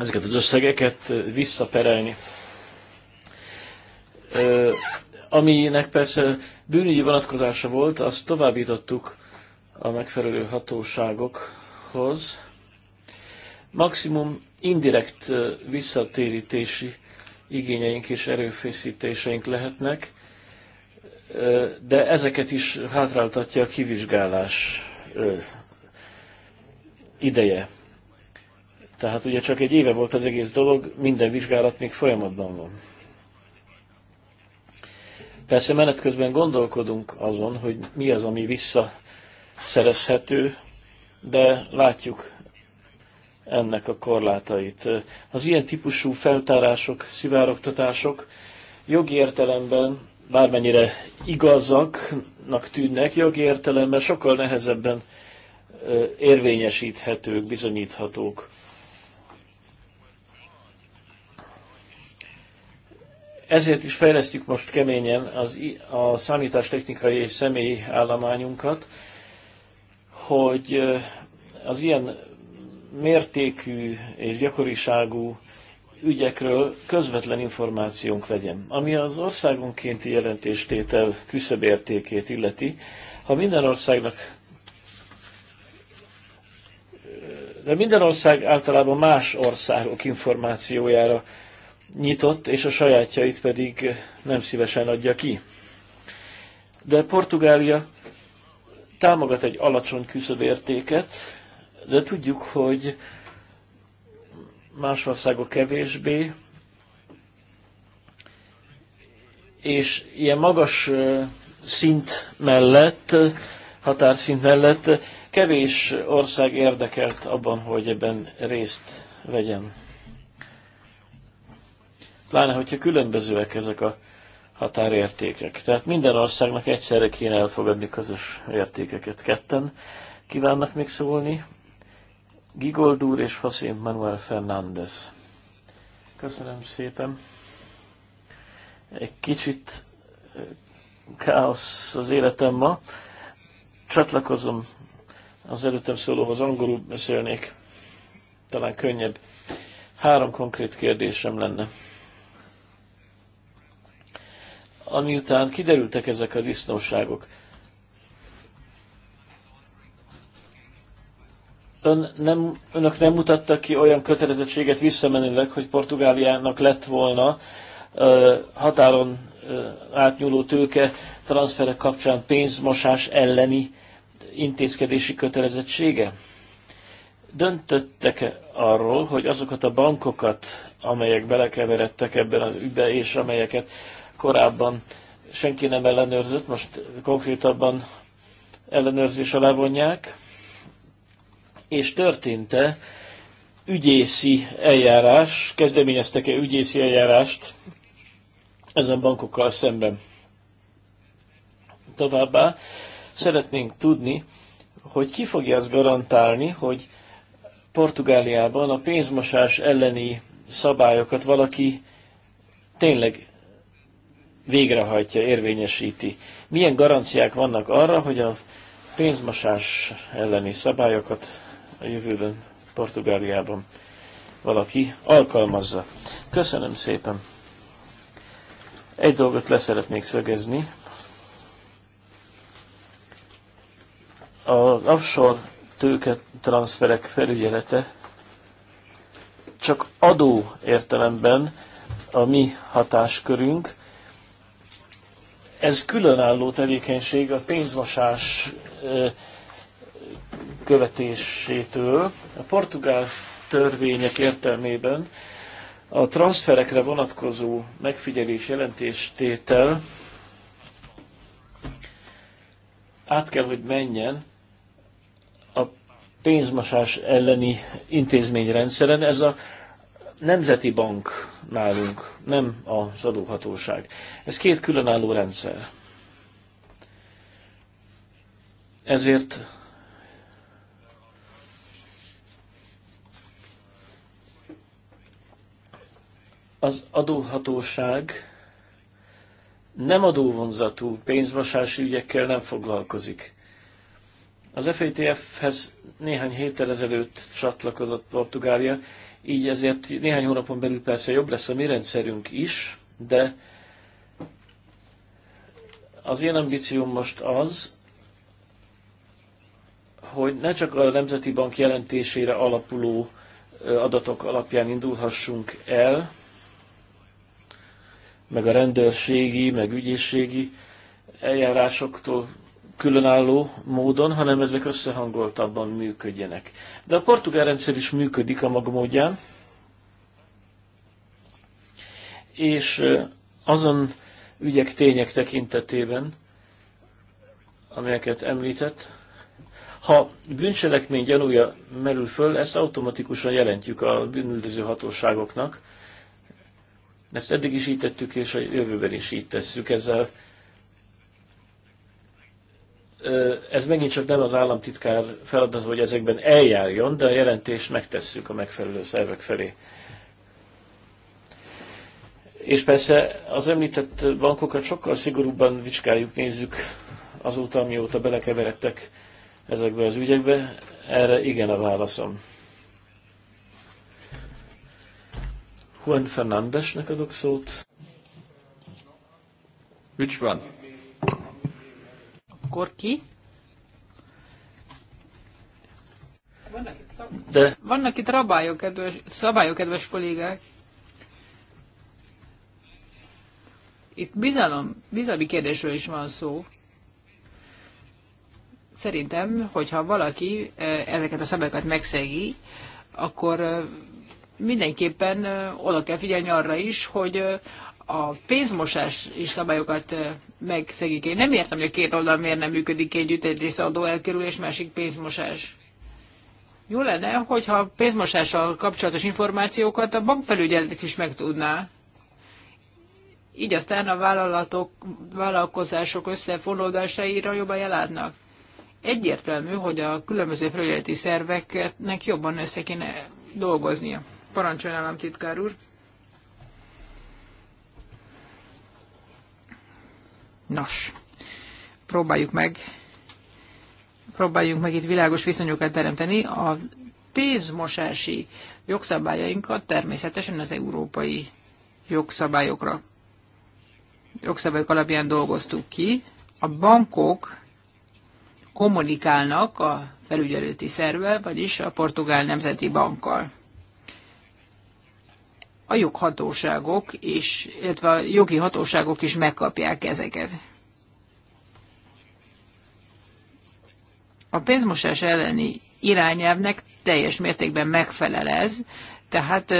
ezeket az összegeket visszaperelni. Aminek persze bűnügyi vonatkozása volt, azt továbbítottuk a megfelelő hatóságokhoz. Maximum indirekt visszatérítési igényeink és erőfeszítéseink lehetnek, de ezeket is hátráltatja a kivizsgálás ideje. Tehát ugye csak egy éve volt az egész dolog, minden vizsgálat még folyamatban van. Persze menet közben gondolkodunk azon, hogy mi az, ami visszaszerezhető, de látjuk ennek a korlátait. Az ilyen típusú feltárások, szivárogtatások jogi értelemben bármennyire igazaknak tűnnek, jogi értelemben sokkal nehezebben érvényesíthetők, bizonyíthatók. Ezért is fejlesztjük most keményen az, a számítástechnikai és személyi állományunkat, hogy az ilyen mértékű és gyakoriságú ügyekről közvetlen információnk legyen. Ami az országonkénti jelentéstétel értékét illeti, ha minden országnak de minden ország általában más országok információjára nyitott, és a sajátjait pedig nem szívesen adja ki. De Portugália támogat egy alacsony küszöbértéket, de tudjuk, hogy más országok kevésbé, és ilyen magas szint mellett, határszint mellett kevés ország érdekelt abban, hogy ebben részt vegyen pláne hogyha különbözőek ezek a határértékek. Tehát minden országnak egyszerre kéne elfogadni közös értékeket. Ketten kívánnak még szólni. Gigold úr és José Manuel Fernández. Köszönöm szépen. Egy kicsit káosz az életem ma. Csatlakozom az előttem szólóhoz, angolul beszélnék. Talán könnyebb. Három konkrét kérdésem lenne amiután kiderültek ezek a disznóságok. Ön nem, önök nem mutattak ki olyan kötelezettséget visszamenőleg, hogy Portugáliának lett volna ö, határon ö, átnyúló tőke transferek kapcsán pénzmosás elleni intézkedési kötelezettsége? Döntöttek -e arról, hogy azokat a bankokat, amelyek belekeveredtek ebben az ügybe, és amelyeket korábban senki nem ellenőrzött, most konkrétabban ellenőrzés alá vonják, és történt-e ügyészi eljárás, kezdeményeztek-e ügyészi eljárást ezen bankokkal szemben. Továbbá szeretnénk tudni, hogy ki fogja azt garantálni, hogy Portugáliában a pénzmosás elleni szabályokat valaki tényleg végrehajtja, érvényesíti. Milyen garanciák vannak arra, hogy a pénzmosás elleni szabályokat a jövőben Portugáliában valaki alkalmazza. Köszönöm szépen! Egy dolgot leszeretnék szögezni. Az offshore tőke transferek felügyelete csak adó értelemben a mi hatáskörünk, ez különálló tevékenység a pénzmosás követésétől. A portugál törvények értelmében a transferekre vonatkozó megfigyelés jelentéstétel át kell, hogy menjen a pénzmasás elleni intézményrendszeren. Ez a nemzeti bank nálunk, nem az adóhatóság. Ez két különálló rendszer. Ezért az adóhatóság nem adóvonzatú pénzvasási ügyekkel nem foglalkozik. Az FATF-hez néhány héttel ezelőtt csatlakozott Portugália, így ezért néhány hónapon belül persze jobb lesz a mi rendszerünk is, de az én ambícióm most az, hogy ne csak a Nemzeti Bank jelentésére alapuló adatok alapján indulhassunk el, meg a rendőrségi, meg ügyészségi eljárásoktól különálló módon, hanem ezek összehangoltabban működjenek. De a portugál rendszer is működik a maga módján, és azon ügyek, tények tekintetében, amelyeket említett, ha bűncselekmény gyanúja merül föl, ezt automatikusan jelentjük a bűnüldöző hatóságoknak. Ezt eddig is így tettük, és a jövőben is így tesszük. Ezzel ez megint csak nem az államtitkár feladata, hogy ezekben eljárjon, de a jelentést megtesszük a megfelelő szervek felé. És persze az említett bankokat sokkal szigorúbban vizsgáljuk, nézzük azóta, mióta belekeveredtek ezekbe az ügyekbe. Erre igen a válaszom. Juan Fernandesnek adok szót. Which one? akkor ki? De... Vannak itt rabályok, kedves, szabályok, kedves kollégák. Itt bizalom, bizalmi kérdésről is van szó. Szerintem, hogyha valaki e, ezeket a szabályokat megszegi, akkor e, mindenképpen e, oda kell figyelni arra is, hogy a pénzmosás is szabályokat megszegik. Én nem értem, hogy a két oldal miért nem működik együtt, része adó elkerülés, másik pénzmosás. Jó lenne, hogyha a pénzmosással kapcsolatos információkat a bankfelügyelet is megtudná. Így aztán a vállalatok, vállalkozások összefonódásaira jobban jeládnak. Egyértelmű, hogy a különböző felügyeleti szerveknek jobban össze kéne dolgoznia. Parancsoljon államtitkár úr! Nos, próbáljuk meg, próbáljunk meg itt világos viszonyokat teremteni. A pénzmosási jogszabályainkat természetesen az európai jogszabályokra, jogszabályok alapján dolgoztuk ki. A bankok kommunikálnak a felügyelőti szervvel, vagyis a Portugál Nemzeti Bankkal a joghatóságok is, illetve a jogi hatóságok is megkapják ezeket. A pénzmosás elleni irányelvnek teljes mértékben megfelel ez, tehát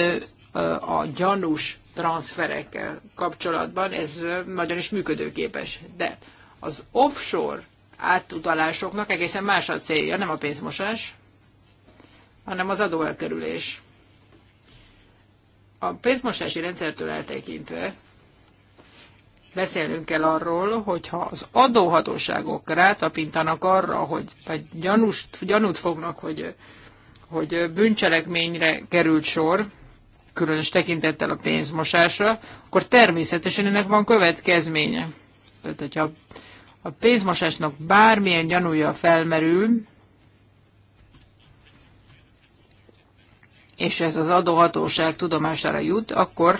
a gyanús transferekkel kapcsolatban ez nagyon is működőképes. De az offshore átutalásoknak egészen más a célja, nem a pénzmosás, hanem az adóelkerülés a pénzmosási rendszertől eltekintve beszélnünk kell arról, hogyha az adóhatóságok rátapintanak arra, hogy vagy gyanust, gyanút fognak, hogy, hogy bűncselekményre került sor, különös tekintettel a pénzmosásra, akkor természetesen ennek van következménye. Tehát, hogyha a pénzmosásnak bármilyen gyanúja felmerül, és ez az adóhatóság tudomására jut, akkor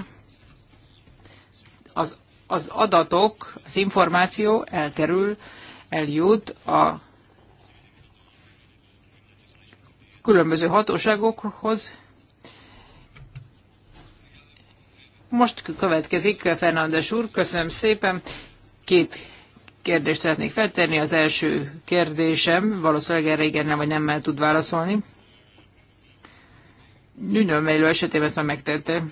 az, az adatok, az információ elkerül, eljut a különböző hatóságokhoz. Most következik Fernandes úr, köszönöm szépen. Két kérdést szeretnék feltenni. Az első kérdésem, valószínűleg erre igen nem vagy nem tud válaszolni. Nuno esetében ezt már megtette.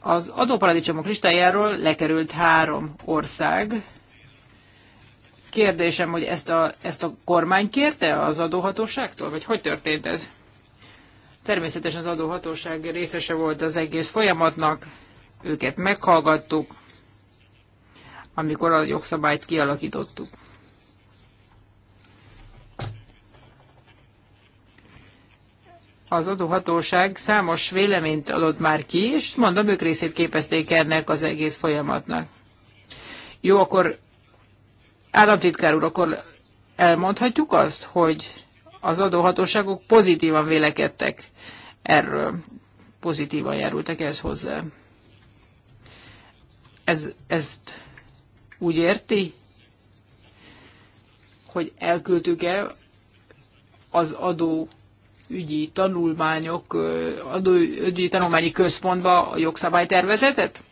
Az adóparadicsomok listájáról lekerült három ország. Kérdésem, hogy ezt a, ezt a kormány kérte az adóhatóságtól, vagy hogy történt ez? Természetesen az adóhatóság részese volt az egész folyamatnak, őket meghallgattuk, amikor a jogszabályt kialakítottuk. az adóhatóság számos véleményt adott már ki, és mondom, ők részét képezték ennek az egész folyamatnak. Jó, akkor államtitkár úr, akkor elmondhatjuk azt, hogy az adóhatóságok pozitívan vélekedtek erről, pozitívan járultak ez hozzá. Ez, ezt úgy érti, hogy elküldtük-e az adó ügyi tanulmányok, adóügyi tanulmányi központba a jogszabálytervezetet?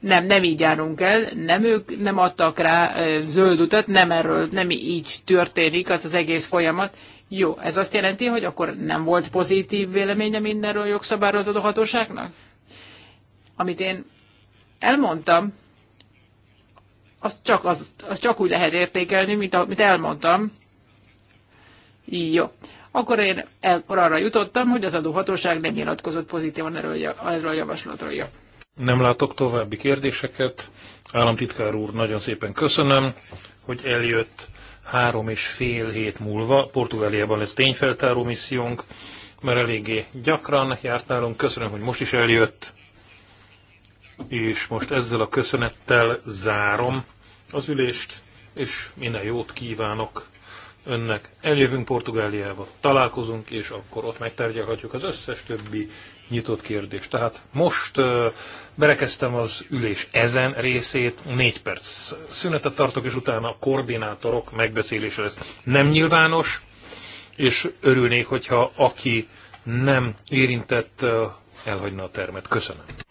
Nem, nem így járunk el, nem ők nem adtak rá zöld utat, nem erről, nem így történik az, az egész folyamat. Jó, ez azt jelenti, hogy akkor nem volt pozitív véleménye mindenről a az hatóságnak? Amit én elmondtam, Az csak, az, az csak úgy lehet értékelni, mint amit elmondtam. jó akkor én akkor arra jutottam, hogy az adóhatóság nem nyilatkozott pozitívan erről, erről a javaslatról. Nem látok további kérdéseket. Államtitkár úr, nagyon szépen köszönöm, hogy eljött három és fél hét múlva. Portugáliában lesz tényfeltáró missziónk, mert eléggé gyakran járt nálunk. Köszönöm, hogy most is eljött. És most ezzel a köszönettel zárom az ülést, és minden jót kívánok önnek. Eljövünk Portugáliába, találkozunk, és akkor ott megtárgyalhatjuk az összes többi nyitott kérdést. Tehát most berekeztem az ülés ezen részét, négy perc szünetet tartok, és utána a koordinátorok megbeszélése lesz. Nem nyilvános, és örülnék, hogyha aki nem érintett, elhagyna a termet. Köszönöm.